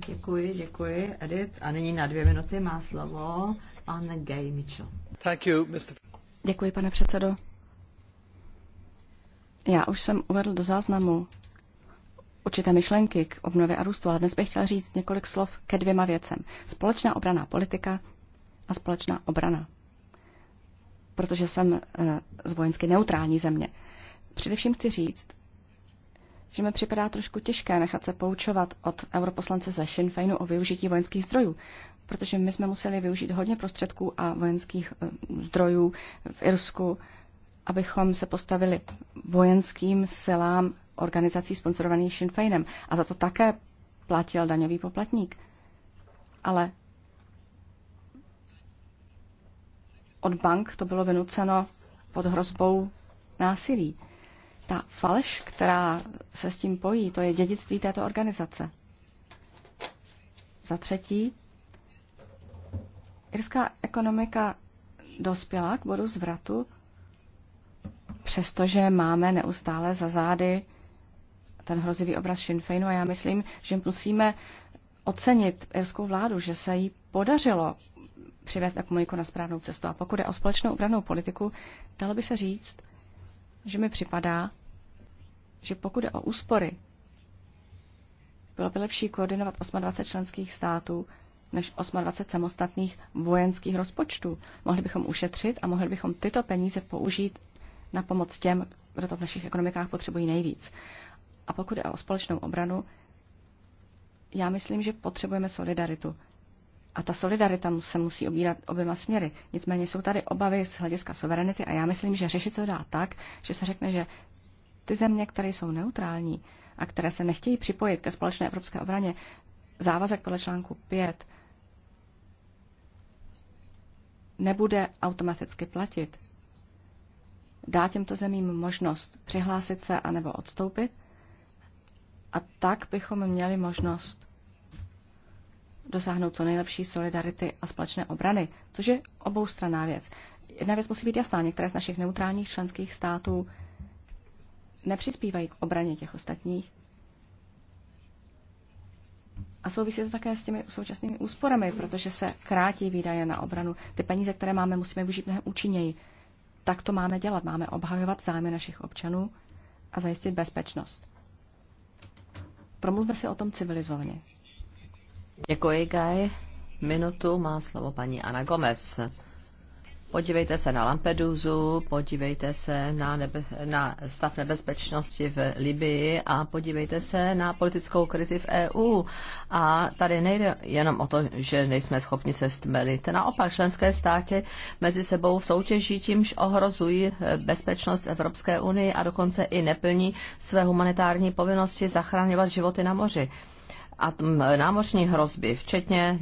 Děkuji, děkuji, Edith. A nyní na dvě minuty má slovo pan Gay Mitchell. Thank you, Mr. Děkuji, pane předsedo. Já už jsem uvedl do záznamu určité myšlenky k obnově a růstu, ale dnes bych chtěl říct několik slov ke dvěma věcem. Společná obraná politika a společná obrana. Protože jsem eh, z vojensky neutrální země. Především chci říct, že mi připadá trošku těžké nechat se poučovat od europoslance ze Sinn Féinu o využití vojenských zdrojů, protože my jsme museli využít hodně prostředků a vojenských eh, zdrojů v Irsku, abychom se postavili vojenským silám organizací sponsorovaných Sinn Féinem. A za to také platil daňový poplatník. Ale od bank to bylo vynuceno pod hrozbou násilí. Ta faleš, která se s tím pojí, to je dědictví této organizace. Za třetí, irská ekonomika dospěla k bodu zvratu, přestože máme neustále za zády ten hrozivý obraz Sinn Féinu a já myslím, že musíme ocenit irskou vládu, že se jí podařilo přivést ekonomiku na správnou cestu. A pokud je o společnou obranou politiku, dalo by se říct, že mi připadá, že pokud je o úspory, bylo by lepší koordinovat 28 členských států než 28 samostatných vojenských rozpočtů. Mohli bychom ušetřit a mohli bychom tyto peníze použít na pomoc těm, kdo to v našich ekonomikách potřebují nejvíc. A pokud je o společnou obranu, já myslím, že potřebujeme solidaritu. A ta solidarita se musí obírat oběma směry. Nicméně jsou tady obavy z hlediska suverenity a já myslím, že řešit to dá tak, že se řekne, že ty země, které jsou neutrální a které se nechtějí připojit ke společné evropské obraně, závazek podle článku 5 nebude automaticky platit. Dá těmto zemím možnost přihlásit se anebo odstoupit a tak bychom měli možnost dosáhnout co nejlepší solidarity a společné obrany, což je oboustranná věc. Jedna věc musí být jasná. Některé z našich neutrálních členských států nepřispívají k obraně těch ostatních. A souvisí to také s těmi současnými úsporami, protože se krátí výdaje na obranu. Ty peníze, které máme, musíme využít mnohem účinněji. Tak to máme dělat. Máme obhajovat zájmy našich občanů a zajistit bezpečnost. Promluvme si o tom civilizovaně. Děkuji, Guy. Minutu má slovo paní Ana Gomez. Podívejte se na Lampedusu, podívejte se na, nebe, na stav nebezpečnosti v Libii a podívejte se na politickou krizi v EU. A tady nejde jenom o to, že nejsme schopni se stmelit. Naopak členské státy mezi sebou soutěží, tímž ohrozují bezpečnost Evropské unie a dokonce i neplní své humanitární povinnosti zachraňovat životy na moři a námořní hrozby, včetně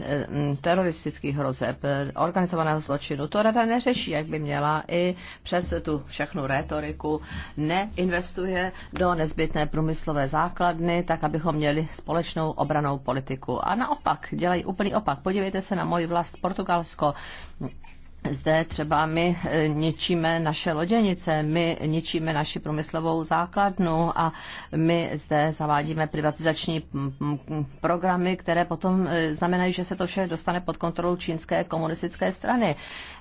teroristických hrozeb, organizovaného zločinu, to rada neřeší, jak by měla i přes tu všechnu rétoriku, neinvestuje do nezbytné průmyslové základny, tak abychom měli společnou obranou politiku. A naopak, dělají úplný opak. Podívejte se na moji vlast Portugalsko zde třeba my eh, ničíme naše loděnice, my ničíme naši průmyslovou základnu a my zde zavádíme privatizační mm, mm, programy, které potom eh, znamenají, že se to vše dostane pod kontrolu čínské komunistické strany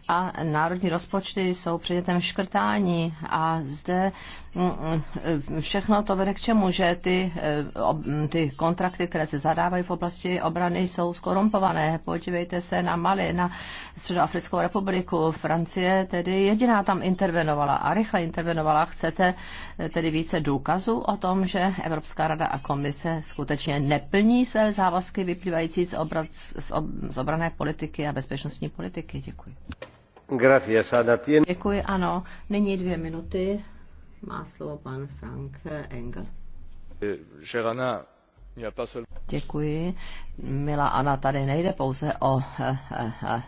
a národní rozpočty jsou předmětem škrtání a zde mm, mm, všechno to vede k čemu, že ty, eh, mm, ty kontrakty, které se zadávají v oblasti obrany, jsou skorumpované. Podívejte se na Mali, na Středoafrickou republiku. Francie tedy jediná tam intervenovala a rychle intervenovala. Chcete eh, tedy více důkazů o tom, že Evropská rada a komise skutečně neplní své závazky vyplývající z, obrac, z, ob, z obrané politiky a bezpečnostní politiky? Děkuji. Děkuji, ano. Nyní dvě minuty. Má slovo pan Frank Engel. Eh, Děkuji. Milá Ana, tady nejde pouze o eh, eh,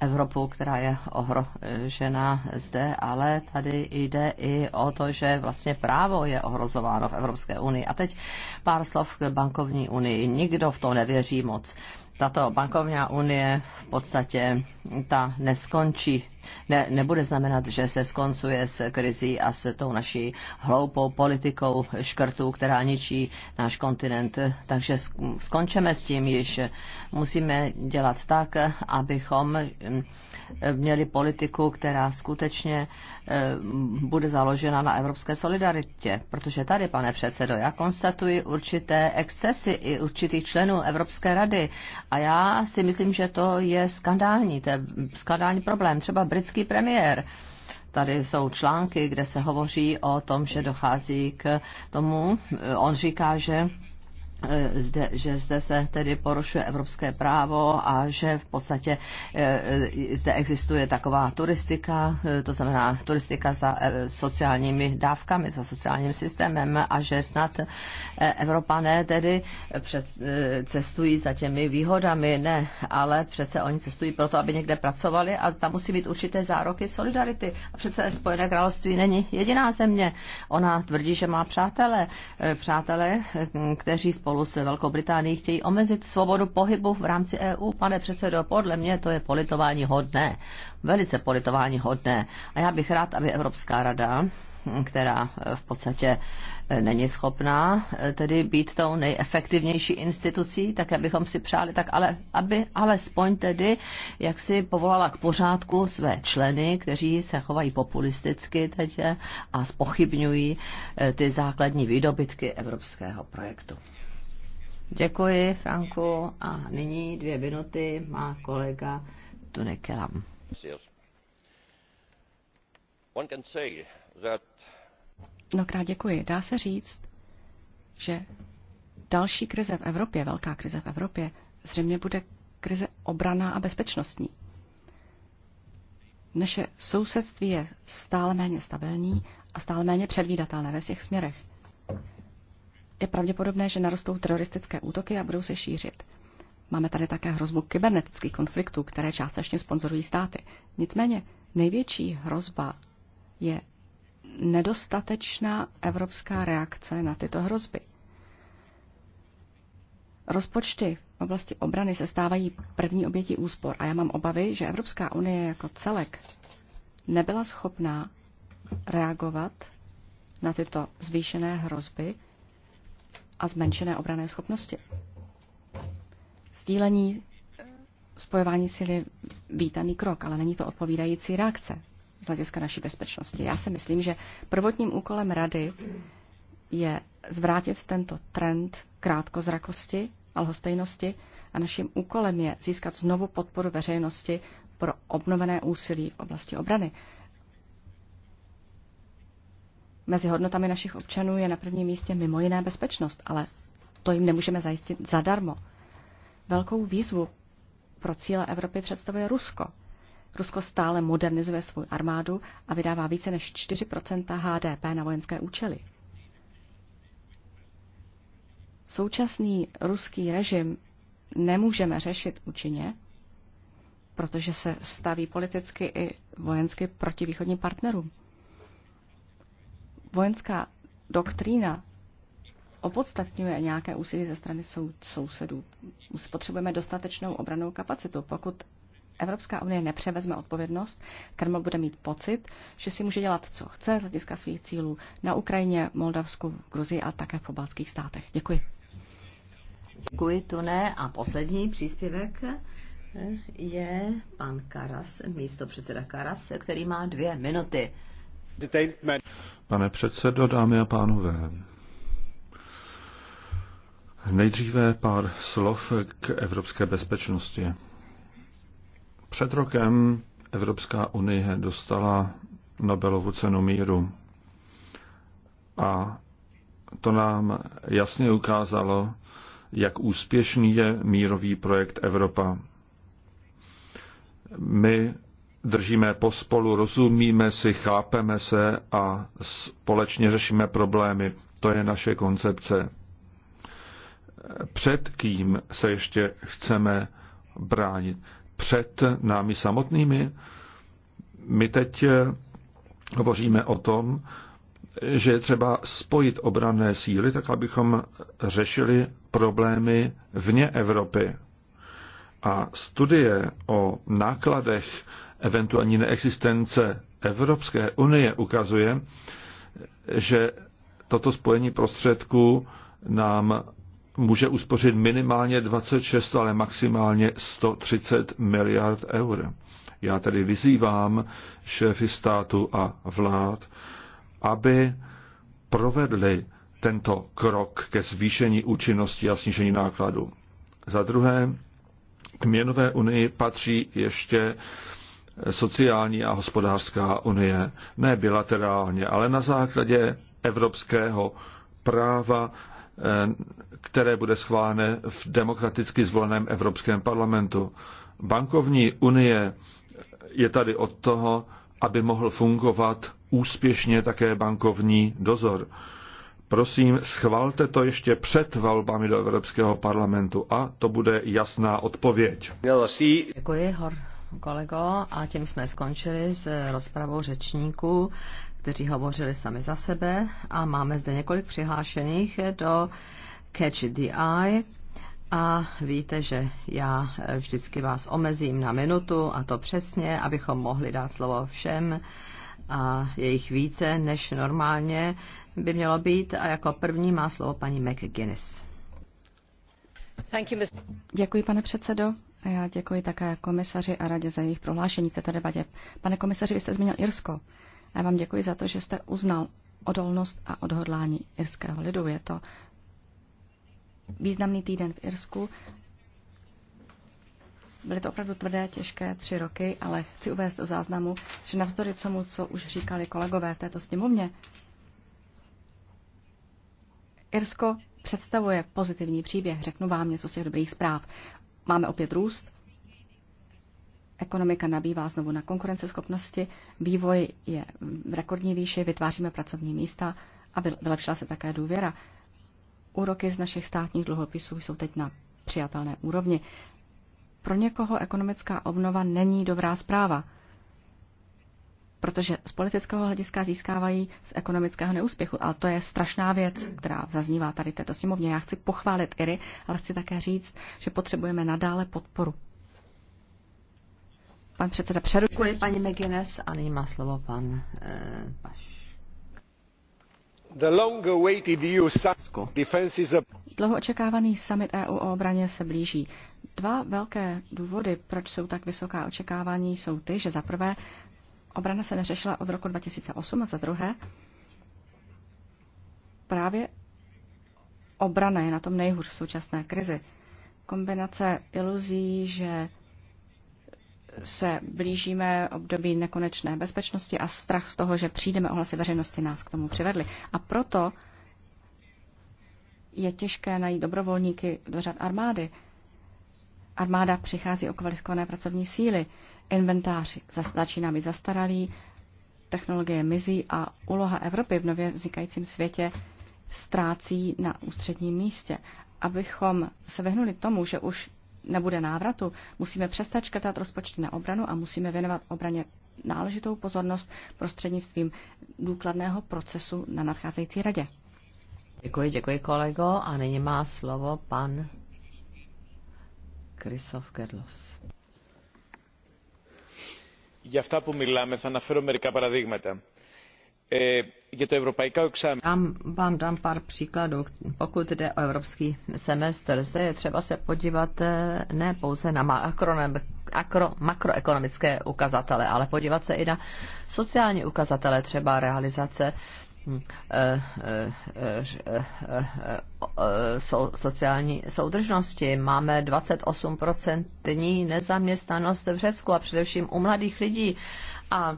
Evropu, která je ohrožena zde, ale tady jde i o to, že vlastně právo je ohrozováno v Evropské unii. A teď pár slov k bankovní unii. Nikdo v to nevěří moc tato bankovní unie v podstatě ta neskončí ne, nebude znamenat, že se skoncuje s krizí a s tou naší hloupou politikou škrtů, která ničí náš kontinent. Takže skončeme s tím již. Musíme dělat tak, abychom mm, měli politiku, která skutečně e, bude založena na evropské solidaritě. Protože tady, pane předsedo, já konstatuji určité excesy i určitých členů Evropské rady. A já si myslím, že to je skandální. To je skandální problém. Třeba britský premiér. Tady jsou články, kde se hovoří o tom, že dochází k tomu, eh, on říká, že Eh, zde, že zde se tedy porušuje evropské právo a že v podstatě eh, zde existuje taková turistika, eh, to znamená turistika za sociálními dávkami, za sociálním systémem a že snad Evropané tedy před, cestují za těmi výhodami, ne, ale přece oni cestují proto, aby někde pracovali a tam musí být určité zároky solidarity. A přece Spojené království není jediná země. Ona tvrdí, že má přátele, přátele, hm, kteří spolu se Velkou Británií chtějí omezit svobodu pohybu v rámci EU. Pane předsedo, podle mě to je politování hodné, velice politování hodné. A já bych rád, aby Evropská rada která v podstatě není schopná tedy být tou nejefektivnější institucí, tak abychom si přáli, tak ale, aby alespoň tedy, jak si povolala k pořádku své členy, kteří se chovají populisticky teď a spochybňují eh, ty základní výdobytky evropského projektu. Děkuji, Franku. A nyní dvě minuty má kolega Tunekelam. Mnohokrát děkuji. Dá se říct, že další krize v Evropě, velká krize v Evropě, zřejmě bude krize obraná a bezpečnostní. Naše sousedství je stále méně stabilní a stále méně předvídatelné ve všech směrech je pravděpodobné, že narostou teroristické útoky a budou se šířit. Máme tady také hrozbu kybernetických konfliktů, které částečně sponzorují státy. Nicméně největší hrozba je nedostatečná evropská reakce na tyto hrozby. Rozpočty v oblasti obrany se stávají první obětí úspor a já mám obavy, že Evropská unie jako celek nebyla schopná reagovat na tyto zvýšené hrozby a zmenšené obrané schopnosti. Sdílení spojování sil je vítaný krok, ale není to odpovídající reakce z hlediska naší bezpečnosti. Já si myslím, že prvotním úkolem Rady je zvrátit tento trend krátkozrakosti a lhostejnosti a naším úkolem je získat znovu podporu veřejnosti pro obnovené úsilí v oblasti obrany. Mezi hodnotami našich občanů je na prvním místě mimo jiné bezpečnost, ale to jim nemůžeme zajistit zadarmo. Velkou výzvu pro cíle Evropy představuje Rusko. Rusko stále modernizuje svou armádu a vydává více než 4 HDP na vojenské účely. Současný ruský režim nemůžeme řešit účinně, protože se staví politicky i vojensky proti východním partnerům vojenská doktrína opodstatňuje nějaké úsilí ze strany sou, sousedů. Potřebujeme dostatečnou obranou kapacitu. Pokud Evropská unie nepřevezme odpovědnost, Kreml bude mít pocit, že si může dělat, co chce z hlediska svých cílů na Ukrajině, Moldavsku, Gruzii a také v pobaltských státech. Děkuji. Děkuji, Tune. A poslední příspěvek eh, je pan Karas, místo předseda Karas, který má dvě minuty. Pane předsedo, dámy a pánové, nejdříve pár slov k evropské bezpečnosti. Před rokem Evropská unie dostala Nobelovu cenu míru a to nám jasně ukázalo, jak úspěšný je mírový projekt Evropa. My držíme pospolu, rozumíme si, chápeme se a společně řešíme problémy. To je naše koncepce. Před kým se ještě chceme bránit? Před námi samotnými? My teď eh, hovoříme o tom, že je třeba spojit obranné síly, tak abychom řešili problémy vně Evropy. A studie o nákladech eventuální neexistence Evropské unie ukazuje, že toto spojení prostředků nám může uspořit minimálně 26, ale maximálně 130 miliard eur. Já tedy vyzývám šéfy státu a vlád, aby provedli tento krok ke zvýšení účinnosti a snížení nákladů. Za druhé, k měnové unii patří ještě sociální a hospodářská unie. Ne bilaterálně, ale na základě evropského práva, eh, které bude schválené v demokraticky zvoleném Evropském parlamentu. Bankovní unie je tady od toho, aby mohl fungovat úspěšně také bankovní dozor. Prosím, schvalte to ještě před volbami do Evropského parlamentu a to bude jasná odpověď. Děkuji, Hor kolego, a tím jsme skončili s rozpravou řečníků, kteří hovořili sami za sebe a máme zde několik přihlášených do Catch the Eye. A víte, že já vždycky vás omezím na minutu a to přesně, abychom mohli dát slovo všem a jejich více, než normálně by mělo být. A jako první má slovo paní McGuinness. Děkuji, pane předsedo. A já děkuji také komisaři a radě za jejich prohlášení v této debatě. Pane komisaři, vy jste zmínil Irsko. Já vám děkuji za to, že jste uznal odolnost a odhodlání irského lidu. Je to významný týden v Irsku. Byly to opravdu tvrdé, těžké tři roky, ale chci uvést do záznamu, že navzdory tomu, co už říkali kolegové v této sněmovně, Irsko představuje pozitivní příběh. Řeknu vám něco z těch dobrých zpráv máme opět růst, ekonomika nabývá znovu na konkurenceschopnosti, vývoj je v rekordní výši, vytváříme pracovní místa a vylepšila se také důvěra. Úroky z našich státních dluhopisů jsou teď na přijatelné úrovni. Pro někoho ekonomická obnova není dobrá zpráva protože z politického hlediska získávají z ekonomického neúspěchu. Ale to je strašná věc, která zaznívá tady v této sněmovně. Já chci pochválit Iry, ale chci také říct, že potřebujeme nadále podporu. Pan předseda přerušuje. paní McGuinness a nyní má slovo pan eh, Baš. Dlouho očekávaný summit EU e o obraně se blíží. Dva velké důvody, proč jsou tak vysoká očekávání, jsou ty, že za prvé obrana se neřešila od roku 2008 a za druhé právě obrana je na tom nejhůř v současné krizi. Kombinace iluzí, že se blížíme období nekonečné bezpečnosti a strach z toho, že přijdeme ohlasy veřejnosti, nás k tomu přivedli. A proto je těžké najít dobrovolníky do řad armády. Armáda přichází o kvalifikované pracovní síly. Inventář začíná být zastaralý, technologie mizí a úloha Evropy v nově vznikajícím světě ztrácí na ústředním místě. Abychom se vyhnuli tomu, že už nebude návratu, musíme přestat škrtat rozpočty na obranu a musíme věnovat obraně náležitou pozornost prostřednictvím důkladného procesu na nadcházející radě. Děkuji, děkuji kolego. A nyní má slovo pan Krysov Gerlos για αυτά που μιλάμε θα αναφέρω μερικά παραδείγματα. Ε, για το ευρωπαϊκό εξάμεινο. vám dám pár příkladů. Pokud jde o evropský semestr, zde je třeba se podívat eh, ne pouze na akro, makroekonomické ukazatele, ale podívat se i na sociální ukazatele, třeba realizace sociální soudržnosti. Máme 28% nezaměstnanost v Řecku a především u mladých lidí. A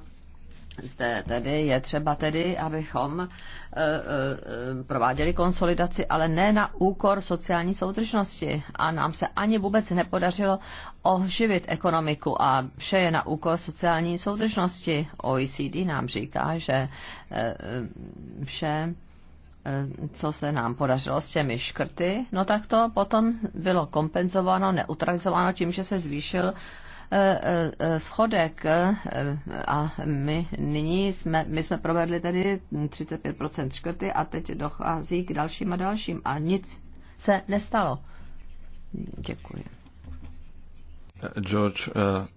zde tedy je třeba tedy, abychom eh, eh, prováděli konsolidaci, ale ne na úkor sociální soudržnosti. A nám se ani vůbec nepodařilo oživit ekonomiku a vše je na úkor sociální soudržnosti. OECD nám říká, že eh, vše co se nám podařilo s těmi škrty, no tak to potom bylo kompenzováno, neutralizováno tím, že se zvýšil Eh, eh, eh, schodek a my nyní jsme, my jsme provedli tedy 35% škrty a teď dochází k dalším a dalším a nic se nestalo. Děkuji. George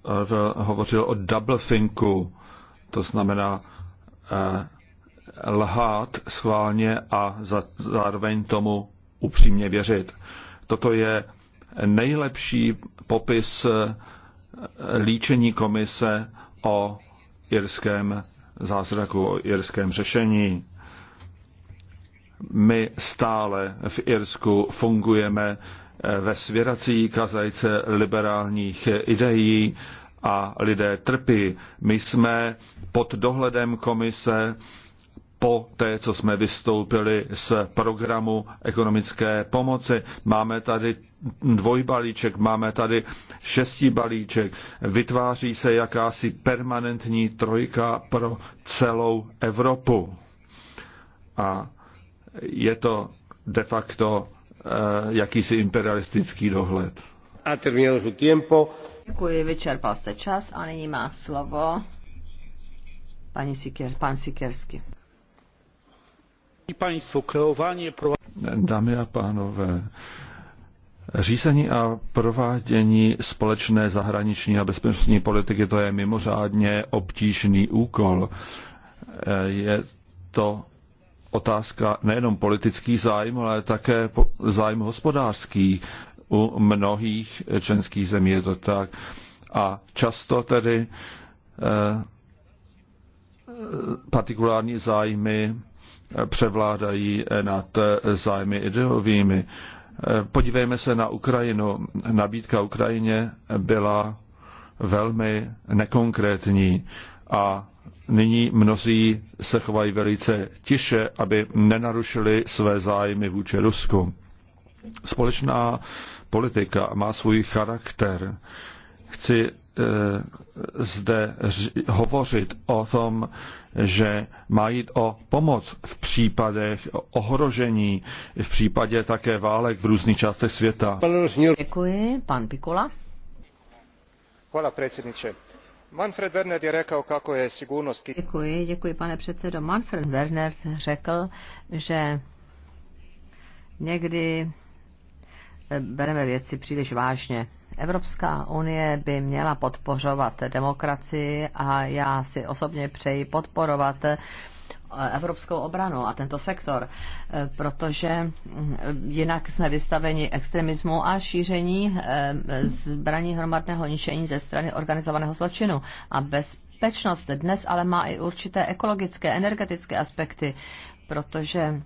Orwell hovořil o double thinku, to znamená lhát schválně a za, zároveň tomu upřímně věřit. Toto je nejlepší popis uh, líčení komise o irském zázraku, o irském řešení. My stále v Irsku fungujeme eh, ve svěrací kazajce liberálních ideí a lidé trpí. My jsme pod dohledem komise po té, co jsme vystoupili z programu ekonomické pomoci. Máme tady dvojbalíček, máme tady šestý balíček. Vytváří se jakási permanentní trojka pro celou Evropu. A je to de facto eh, jakýsi imperialistický dohled. A terminado su tiempo. Děkuji, vyčerpal jste čas a nyní má slovo paní Siker, pan Sikersky. Dámy a pánové, Řízení a provádění společné zahraniční a bezpečnostní politiky to je mimořádně obtížný úkol. Je to otázka nejenom politický zájem, ale také zájem hospodářský U mnohých členských zemí je to tak. A často tedy eh, eh, partikulární zájmy převládají nad zájmy ideovými. Podívejme se na Ukrajinu. Nabídka Ukrajině byla velmi nekonkrétní a nyní mnozí se chovají velice tiše, aby nenarušili své zájmy vůči Rusku. Společná politika má svůj charakter. Chci Eh, zde hovořit o tom, že má jít o pomoc v případech ohrožení, v případě také válek v různých částech světa. Děkuji, pan Pikola. Hvala predsjedniče. Manfred Werner je řekl, kako je sigurnost... Děkuji, děkuji, pane předsedo. Manfred Werner řekl, že někdy eh, bereme věci příliš vážně Evropská unie by měla podpořovat demokracii a já si osobně přeji podporovat eh, evropskou obranu a tento sektor, eh, protože mm, jinak jsme vystaveni extremismu a šíření eh, zbraní hromadného ničení ze strany organizovaného zločinu a bezpečnost dnes ale má i určité ekologické, energetické aspekty, protože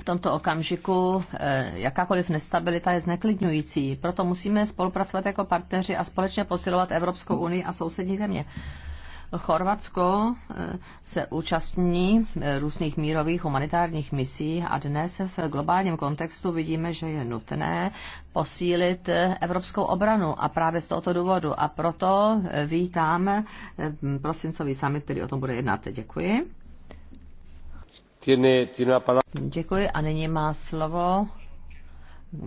v tomto okamžiku eh, jakákoliv nestabilita je zneklidňující. Proto musíme spolupracovat jako partneři a společně posilovat Evropskou unii a sousední země. Chorvatsko eh, se účastní eh, různých mírových humanitárních misí a dnes v globálním kontextu vidíme, že je nutné posílit evropskou obranu a právě z tohoto důvodu. A proto vítám prosincový summit, který o tom bude jednat. Děkuji. Děkuji a nyní má slovo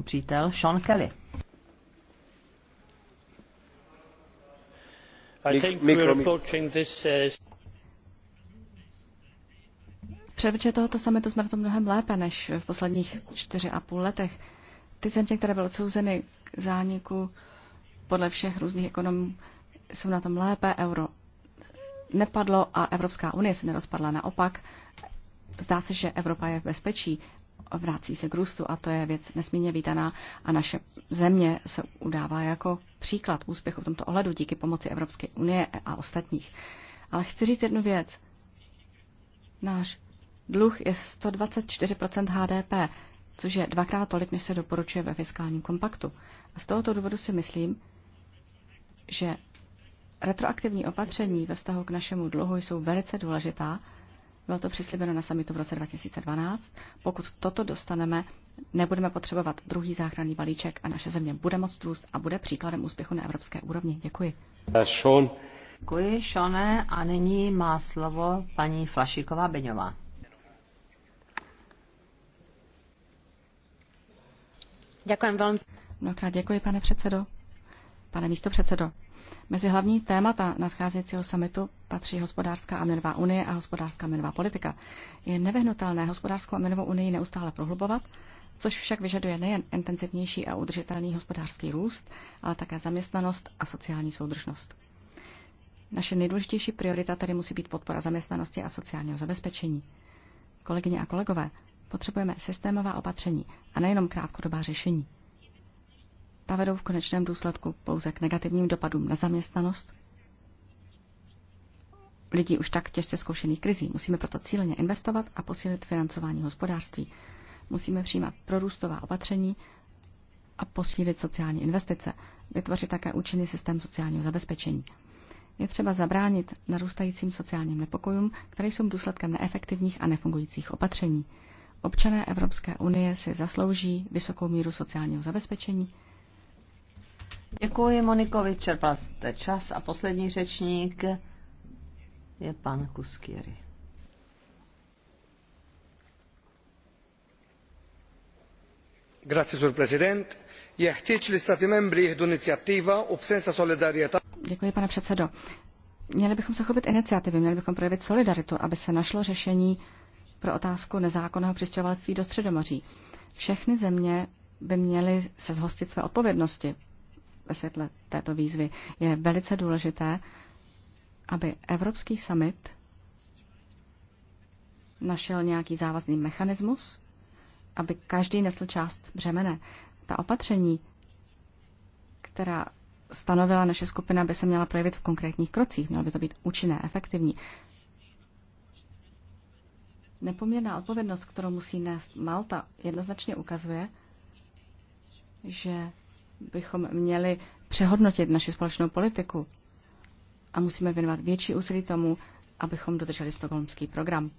přítel Sean Kelly. Mikro, uh, Předvečer tohoto summitu jsme na tom mnohem lépe než v posledních čtyři a půl letech. Ty země, které byly odsouzeny k zániku podle všech různých ekonomů, jsou na tom lépe. Euro nepadlo a Evropská unie se nerozpadla. Naopak, Zdá se, že Evropa je v bezpečí, vrací se k růstu a to je věc nesmírně vítaná a naše země se udává jako příklad úspěchu v tomto ohledu díky pomoci Evropské unie a ostatních. Ale chci říct jednu věc. Náš dluh je 124% HDP, což je dvakrát tolik, než se doporučuje ve fiskálním kompaktu. A z tohoto důvodu si myslím, že retroaktivní opatření ve vztahu k našemu dluhu jsou velice důležitá bylo to přislíbeno na samitu v roce 2012. Pokud toto dostaneme, nebudeme potřebovat druhý záchranný balíček a naše země bude moc růst a bude příkladem úspěchu na evropské úrovni. Děkuji. Eh, Sean. Děkuji, Šone. A nyní má slovo paní Flašiková Beňová. Děkuji velmi. Mnohokrát děkuji, pane předsedo. Pane místo předsedo, Mezi hlavní témata nadcházejícího samitu patří hospodářská a měnová unie a hospodářská a měnová politika. Je nevyhnutelné hospodářskou a měnovou unii neustále prohlubovat, což však vyžaduje nejen intenzivnější a udržitelný hospodářský růst, ale také zaměstnanost a sociální soudržnost. Naše nejdůležitější priorita tedy musí být podpora zaměstnanosti a sociálního zabezpečení. Kolegyně a kolegové, potřebujeme systémová opatření a nejenom krátkodobá řešení ta vedou v konečném důsledku pouze k negativním dopadům na zaměstnanost lidí už tak těžce zkoušených krizí. Musíme proto cíleně investovat a posílit financování hospodářství. Musíme přijímat prorůstová opatření a posílit sociální investice, vytvořit také účinný systém sociálního zabezpečení. Je třeba zabránit narůstajícím sociálním nepokojům, které jsou důsledkem neefektivních a nefungujících opatření. Občané Evropské unie si zaslouží vysokou míru sociálního zabezpečení, Děkuji, Moniko, vyčerpal jste čas a poslední řečník je pan Kuskiery. Grazie, sur president. stati membri jieħdu inizjattiva Děkuji, pane předsedo. Měli bychom se chopit iniciativy, měli bychom projevit solidaritu, aby se našlo řešení pro otázku nezákonného přistěhovalství do Středomoří. Všechny země by měly se zhostit své odpovědnosti, ve světle této výzvy, je velice důležité, aby Evropský summit našel nějaký závazný mechanismus, aby každý nesl část břemene. Ta opatření, která stanovila naše skupina, by se měla projevit v konkrétních krocích. Mělo by to být účinné, efektivní. Nepoměrná odpovědnost, kterou musí nést Malta, jednoznačně ukazuje, že bychom měli přehodnotit naši společnou politiku a musíme věnovat větší úsilí tomu, abychom dodrželi stokholmský program.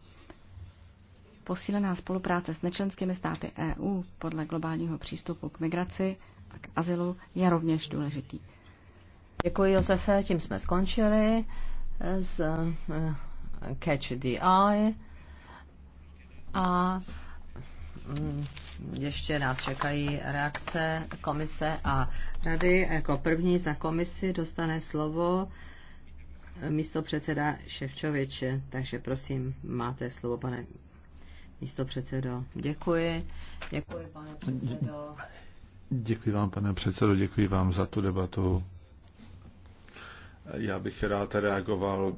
Posílená spolupráce s nečlenskými státy EU podle globálního přístupu k migraci a k azylu je rovněž důležitý. Děkuji, Josefe, tím jsme skončili s eh, Catch the Eye a mm, ještě nás čekají reakce komise a rady. Jako první za komisi dostane slovo místo předseda Ševčovič. Takže prosím, máte slovo, pane místo předsedo. Děkuji. Děkuji, pane předsedo. Děkuji vám, pane předsedo, děkuji vám za tu debatu. Já bych rád reagoval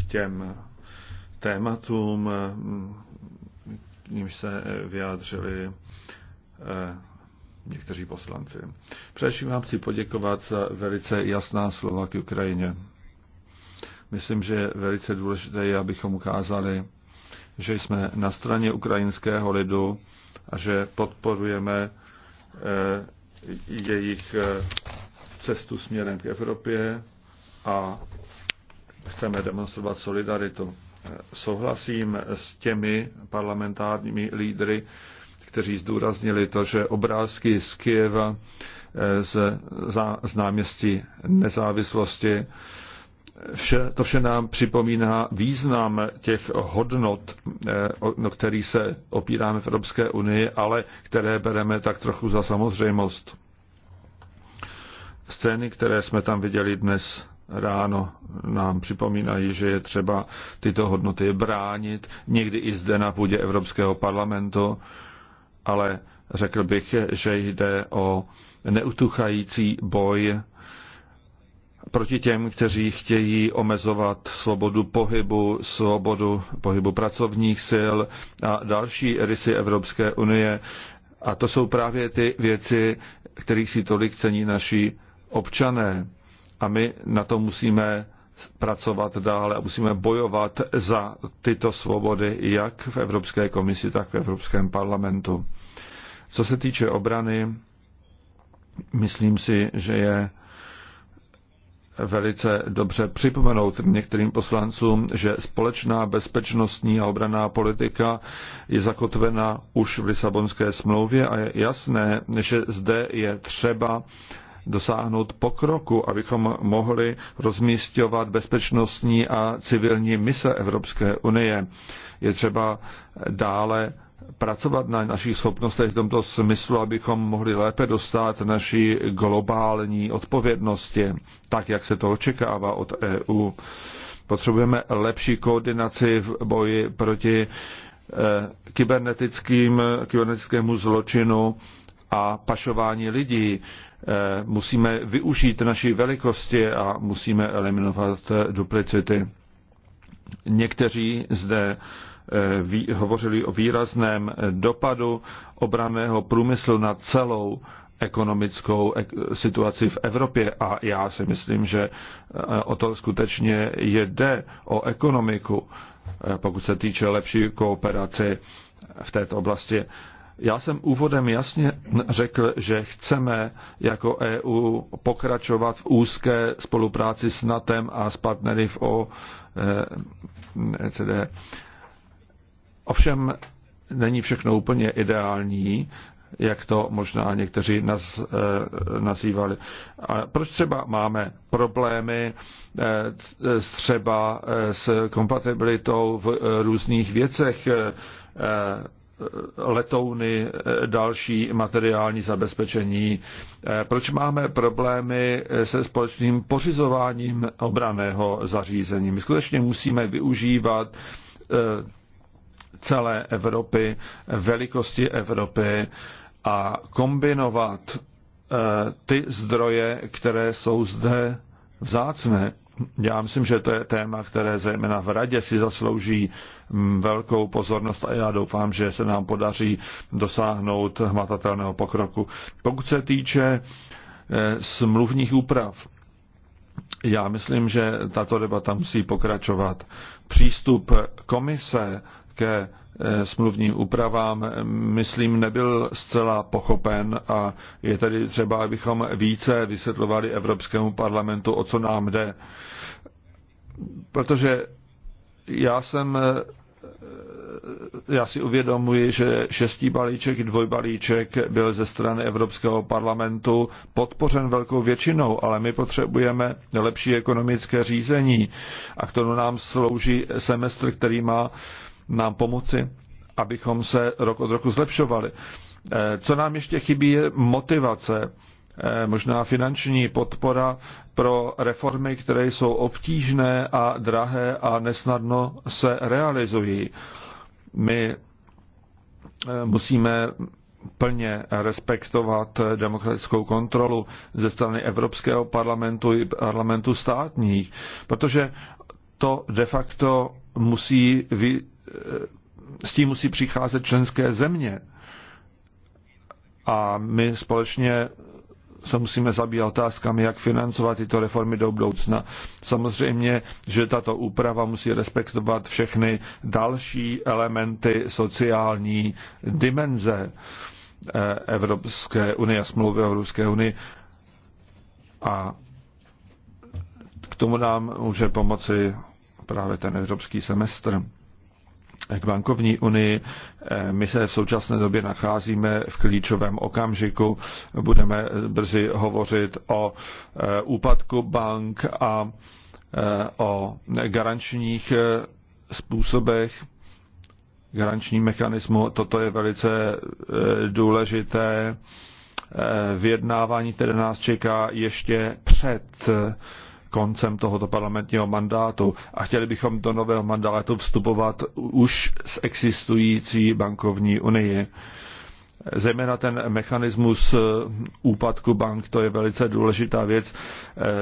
k těm tématům, k nímž se vyjádřili Eh, někteří poslanci. Především vám chci poděkovat za velice jasná slova k Ukrajině. Myslím, že je velice důležité, abychom ukázali, že jsme na straně ukrajinského lidu a že podporujeme eh, jejich eh, cestu směrem k Evropě a chceme demonstrovat solidaritu. Souhlasím s těmi parlamentárními lídry, kteří zdůraznili to, že obrázky z Kieva, eh, z, z náměstí nezávislosti, vše, to vše nám připomíná význam těch hodnot, eh, o kterých se opíráme v Evropské unii, ale které bereme tak trochu za samozřejmost. Scény, které jsme tam viděli dnes ráno nám připomínají, že je třeba tyto hodnoty bránit, někdy i zde na půdě Evropského parlamentu, ale řekl bych, že jde o neutuchající boj proti těm, kteří chtějí omezovat svobodu pohybu, svobodu pohybu pracovních sil a další rysy Evropské unie. A to jsou právě ty věci, kterých si tolik cení naši občané. A my na to musíme pracovat dále a musíme bojovat za tyto svobody jak v Evropské komisi, tak v Evropském parlamentu. Co se týče obrany, myslím si, že je velice dobře připomenout některým poslancům, že společná bezpečnostní a obraná politika je zakotvena už v Lisabonské smlouvě a je jasné, že zde je třeba dosáhnout pokroku, abychom mohli rozmístěvat bezpečnostní a civilní mise Evropské unie. Je třeba dále pracovat na našich schopnostech v tomto smyslu, abychom mohli lépe dostat naší globální odpovědnosti, tak jak se to očekává od EU. Potřebujeme lepší koordinaci v boji proti eh, kybernetickým, kybernetickému zločinu a pašování lidí. Eh, musíme využít naší velikosti a musíme eliminovat eh, duplicity. Někteří zde eh, hovořili o výrazném dopadu obraného průmyslu na celou ekonomickou situaci v Evropě a já si myslím, že o to skutečně jde, o ekonomiku, pokud se týče lepší kooperace v této oblasti. Já jsem úvodem jasně řekl, že chceme jako EU pokračovat v úzké spolupráci s NATEM a s partnery v OECD. Eh, Ovšem není všechno úplně ideální, jak to možná někteří naz, e, nazývali. A proč třeba máme problémy e, třeba s kompatibilitou v e, různých věcech? E, letouny, eh, další materiální zabezpečení. Eh, proč máme problémy eh, se společným pořizováním obraného zařízení? My skutečně musíme využívat celé Evropy, velikosti Evropy a kombinovat ty zdroje, které jsou zde vzácné já myslím, že to je téma, které zejména v radě si zaslouží mm, velkou pozornost a já doufám, že se nám podaří dosáhnout hmatatelného pokroku. Pokud se týče eh, smluvních úprav, já myslím, že tato debata musí pokračovat. Přístup komise ke Eh, smluvním úpravám, myslím, nebyl zcela pochopen a je tedy třeba, abychom více vysvětlovali Evropskému parlamentu, o co nám jde. Protože já jsem eh, já si uvědomuji, že šestý balíček i dvojbalíček byl ze strany Evropského parlamentu podpořen velkou většinou, ale my potřebujeme lepší ekonomické řízení a k tomu nám slouží semestr, který má nám pomoci, abychom se rok od roku zlepšovali. Eh, co nám ještě chybí, je motivace, eh, možná finanční podpora pro reformy, které jsou obtížné a drahé a nesnadno se realizují. My eh, musíme plně respektovat demokratickou kontrolu ze strany Evropského parlamentu i parlamentu státních, protože to de facto musí s tím musí přicházet členské země. A my společně se musíme zabývat otázkami, jak financovat tyto reformy do budoucna. Samozřejmě, že tato úprava musí respektovat všechny další elementy sociální dimenze eh, Evropské unie a smlouvy o unie unii. A k tomu nám může pomoci právě ten evropský semestr k bankovní unii. Eh, my se v současné době nacházíme v klíčovém okamžiku. Budeme brzy hovořit o eh, úpadku bank a eh, o garančních způsobech garanční mechanismu. Toto je velice důležité vyjednávání, které nás čeká ještě před koncem tohoto parlamentního mandátu a chtěli bychom do nového mandátu vstupovat už s existující bankovní unii. Zejména ten mechanismus úpadku bank, to je velice důležitá věc.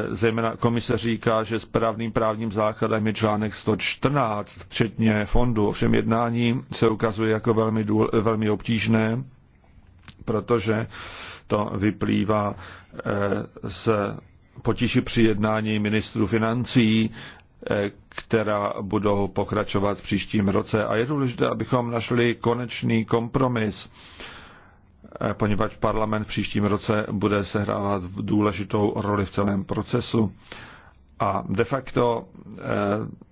Zejména komise říká, že správným právním základem je článek 114, včetně fondu. Ovšem jednání se ukazuje jako velmi, velmi obtížné, protože to vyplývá eh, z potíši při jednání ministrů financí, eh, která budou pokračovat v příštím roce. A je důležité, abychom našli konečný kompromis, eh, poněvadž parlament v příštím roce bude sehrávat důležitou roli v celém procesu. A de facto eh,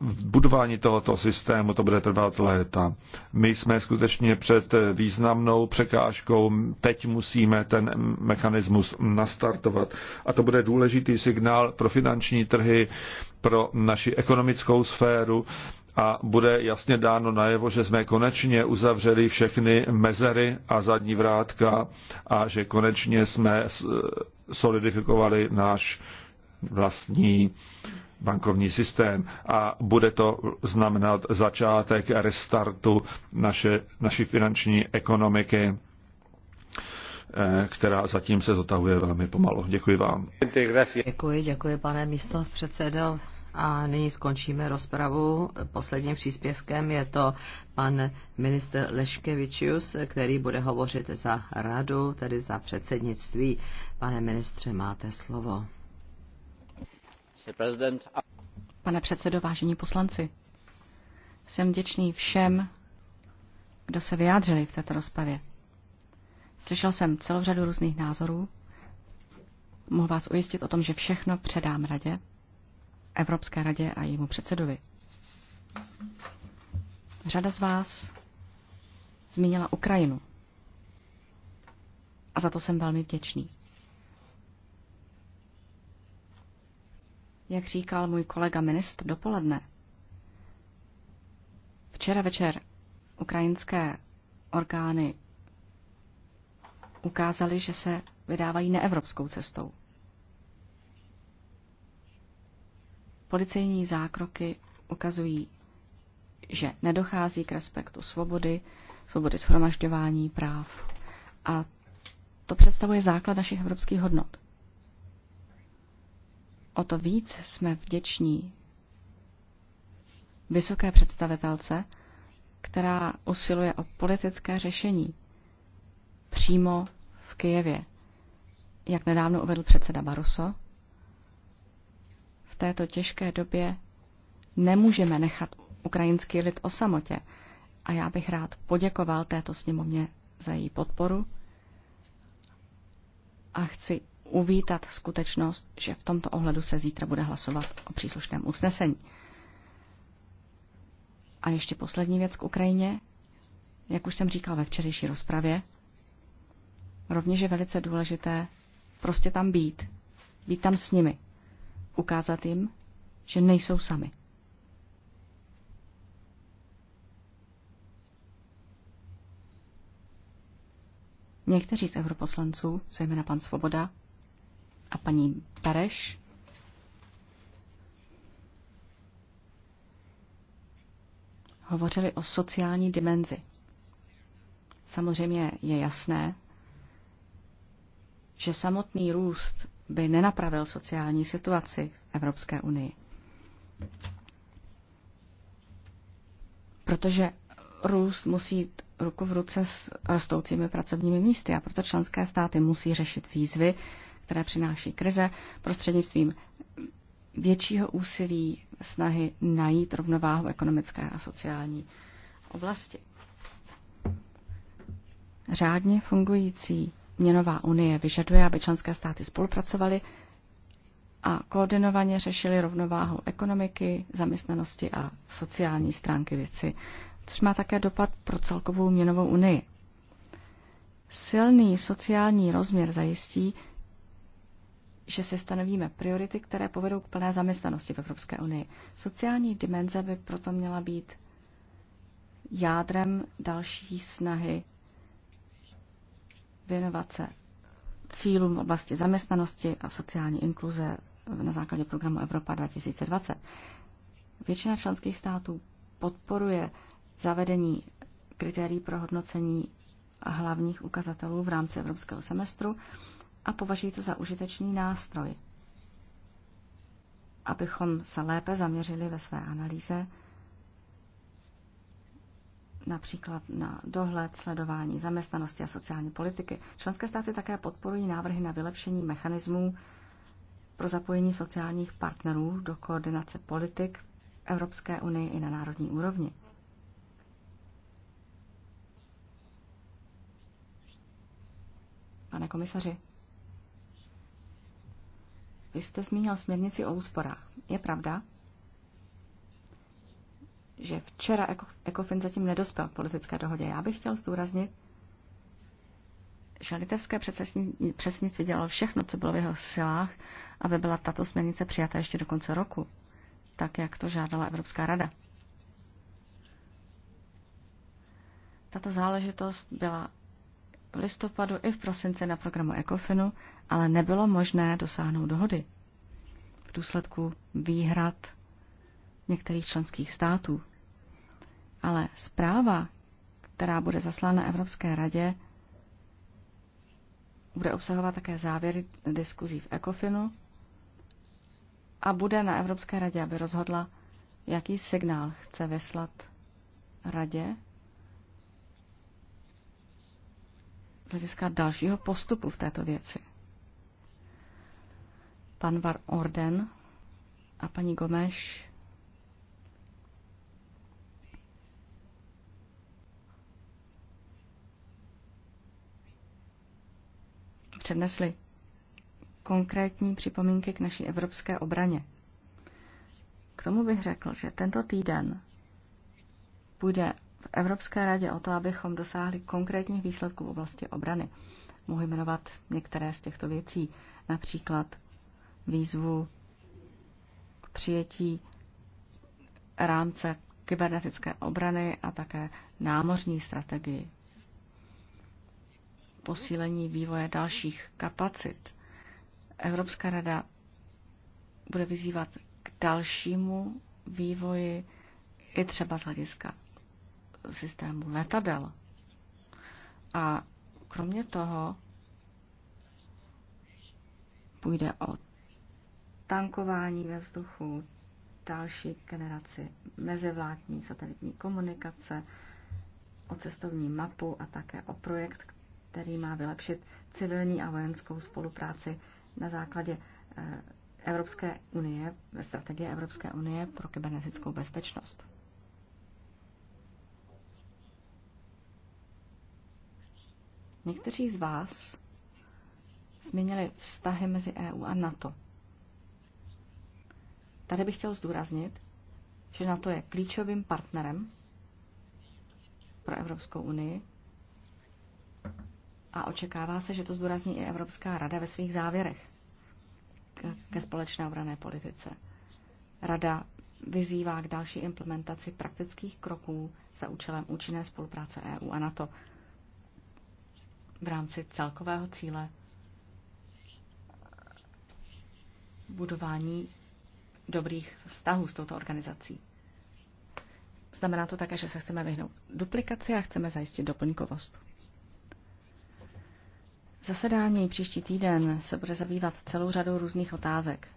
v budování tohoto systému to bude trvat léta. My jsme skutečně před významnou překážkou, teď musíme ten mechanismus nastartovat. A to bude důležitý signál pro finanční trhy, pro naši ekonomickou sféru a bude jasně dáno najevo, že jsme konečně uzavřeli všechny mezery a zadní vrátka a že konečně jsme solidifikovali náš vlastní bankovní systém a bude to znamenat začátek restartu naše, naší finanční ekonomiky, eh, která zatím se zotahuje velmi pomalu. Děkuji vám. Děkuji, děkuji pane místo předsedo. A nyní skončíme rozpravu. Posledním příspěvkem je to pan minister Leškevičius, který bude hovořit za radu, tedy za předsednictví. Pane ministře, máte slovo. Pane předsedo, vážení poslanci, jsem vděčný všem, kdo se vyjádřili v této rozpravě. Slyšel jsem celou řadu různých názorů. Mohu vás ujistit o tom, že všechno předám radě, Evropské radě a jejímu předsedovi. Řada z vás zmínila Ukrajinu. A za to jsem velmi vděčný. jak říkal můj kolega ministr dopoledne, včera večer ukrajinské orgány ukázaly, že se vydávají neevropskou cestou. Policejní zákroky ukazují, že nedochází k respektu svobody, svobody shromažďování práv a to představuje základ našich evropských hodnot. O to víc jsme vděční vysoké představitelce, která usiluje o politické řešení přímo v Kijevě. Jak nedávno uvedl předseda Barroso, v této těžké době nemůžeme nechat ukrajinský lid o samotě. A já bych rád poděkoval této sněmovně za její podporu a chci uvítat skutečnost, že v tomto ohledu se zítra bude hlasovat o příslušném usnesení. A ještě poslední věc k Ukrajině. Jak už jsem říkal ve včerejší rozpravě, rovněž je velice důležité prostě tam být, být tam s nimi, ukázat jim, že nejsou sami. Někteří z europoslanců, zejména pan Svoboda, a paní Pereš. Hovořili o sociální dimenzi. Samozřejmě je jasné, že samotný růst by nenapravil sociální situaci v Evropské unii. Protože růst musí jít ruku v ruce s rostoucími pracovními místy a proto členské státy musí řešit výzvy, které přináší krize, prostřednictvím většího úsilí snahy najít rovnováhu ekonomické a sociální oblasti. Řádně fungující měnová unie vyžaduje, aby členské státy spolupracovaly a koordinovaně řešili rovnováhu ekonomiky, zaměstnanosti a sociální stránky věci, což má také dopad pro celkovou měnovou unii. Silný sociální rozměr zajistí, že si stanovíme priority, které povedou k plné zaměstnanosti v Evropské unii. Sociální dimenze by proto měla být jádrem další snahy věnovat se cílům v oblasti zaměstnanosti a sociální inkluze na základě programu Evropa 2020. Většina členských států podporuje zavedení kritérií pro hodnocení hlavních ukazatelů v rámci evropského semestru a považují to za užitečný nástroj, abychom se lépe zaměřili ve své analýze například na dohled, sledování zaměstnanosti a sociální politiky. Členské státy také podporují návrhy na vylepšení mechanismů pro zapojení sociálních partnerů do koordinace politik Evropské unii i na národní úrovni. Pane komisaři, vy jste zmínil směrnici o úsporách. Je pravda, že včera Ekofin zatím nedospěl k politické dohodě. Já bych chtěl zdůraznit, že litevské předsednictví dělalo všechno, co bylo v jeho silách, aby byla tato směrnice přijata ještě do konce roku, tak jak to žádala Evropská rada. Tato záležitost byla listopadu i v prosinci na programu ECOFINu, ale nebylo možné dosáhnout dohody v důsledku výhrad některých členských států. Ale zpráva, která bude zaslána Evropské radě, bude obsahovat také závěry diskuzí v ECOFINu a bude na Evropské radě, aby rozhodla, jaký signál chce vyslat radě z hlediska dalšího postupu v této věci. Pan Var Orden a paní Gomeš přednesli konkrétní připomínky k naší evropské obraně. K tomu bych řekl, že tento týden půjde v Evropské radě o to, abychom dosáhli konkrétních výsledků v oblasti obrany. Mohu jmenovat některé z těchto věcí, například výzvu k přijetí rámce kybernetické obrany a také námořní strategii, posílení vývoje dalších kapacit. Evropská rada bude vyzývat k dalšímu vývoji i třeba z hlediska systému letadel. A kromě toho půjde o tankování ve vzduchu, další generaci mezivládní satelitní komunikace, o cestovní mapu a také o projekt, který má vylepšit civilní a vojenskou spolupráci na základě eh, Evropské unie, strategie Evropské unie pro kybernetickou bezpečnost. Někteří z vás změnili vztahy mezi EU a NATO. Tady bych chtěl zdůraznit, že NATO je klíčovým partnerem pro Evropskou unii a očekává se, že to zdůrazní i Evropská rada ve svých závěrech ke společné obrané politice. Rada vyzývá k další implementaci praktických kroků za účelem účinné spolupráce EU a NATO v rámci celkového cíle budování dobrých vztahů s touto organizací. Znamená to také, že se chceme vyhnout duplikaci a chceme zajistit doplňkovost. Zasedání příští týden se bude zabývat celou řadou různých otázek.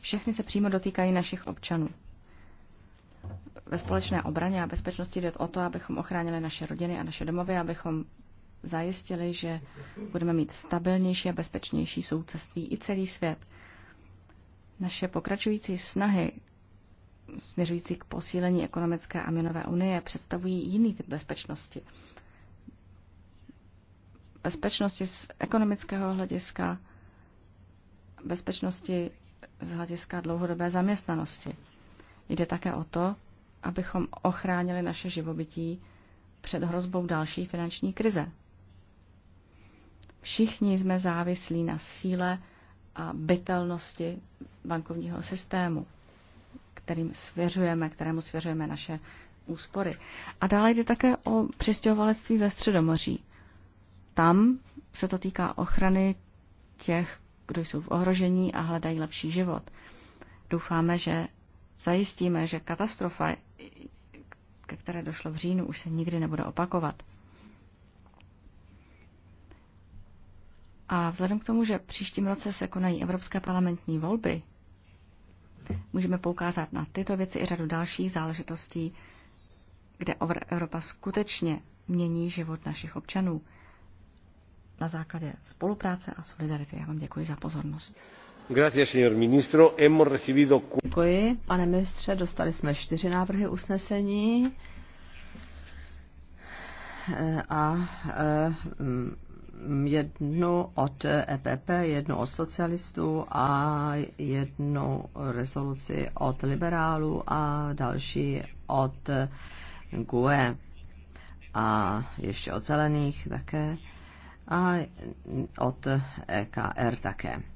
Všechny se přímo dotýkají našich občanů ve společné obraně a bezpečnosti jde o to, abychom ochránili naše rodiny a naše domovy, abychom zajistili, že budeme mít stabilnější a bezpečnější souceství i celý svět. Naše pokračující snahy směřující k posílení ekonomické a měnové unie představují jiný typ bezpečnosti. Bezpečnosti z ekonomického hlediska, bezpečnosti z hlediska dlouhodobé zaměstnanosti. Jde také o to, abychom ochránili naše živobytí před hrozbou další finanční krize. Všichni jsme závislí na síle a bytelnosti bankovního systému, kterým svěřujeme, kterému svěřujeme naše úspory. A dále jde také o přistěhovalectví ve Středomoří. Tam se to týká ochrany těch, kdo jsou v ohrožení a hledají lepší život. Doufáme, že zajistíme, že katastrofa, ke které došlo v říjnu, už se nikdy nebude opakovat. A vzhledem k tomu, že příštím roce se konají evropské parlamentní volby, můžeme poukázat na tyto věci i řadu dalších záležitostí, kde Evropa skutečně mění život našich občanů na základě spolupráce a solidarity. Já vám děkuji za pozornost. Děkuji, pane ministře, dostali jsme čtyři návrhy usnesení eh, a eh, jednu od EPP, jednu od socialistů a jednu rezoluci od liberálů a další od GUE a ještě od zelených také a od EKR také.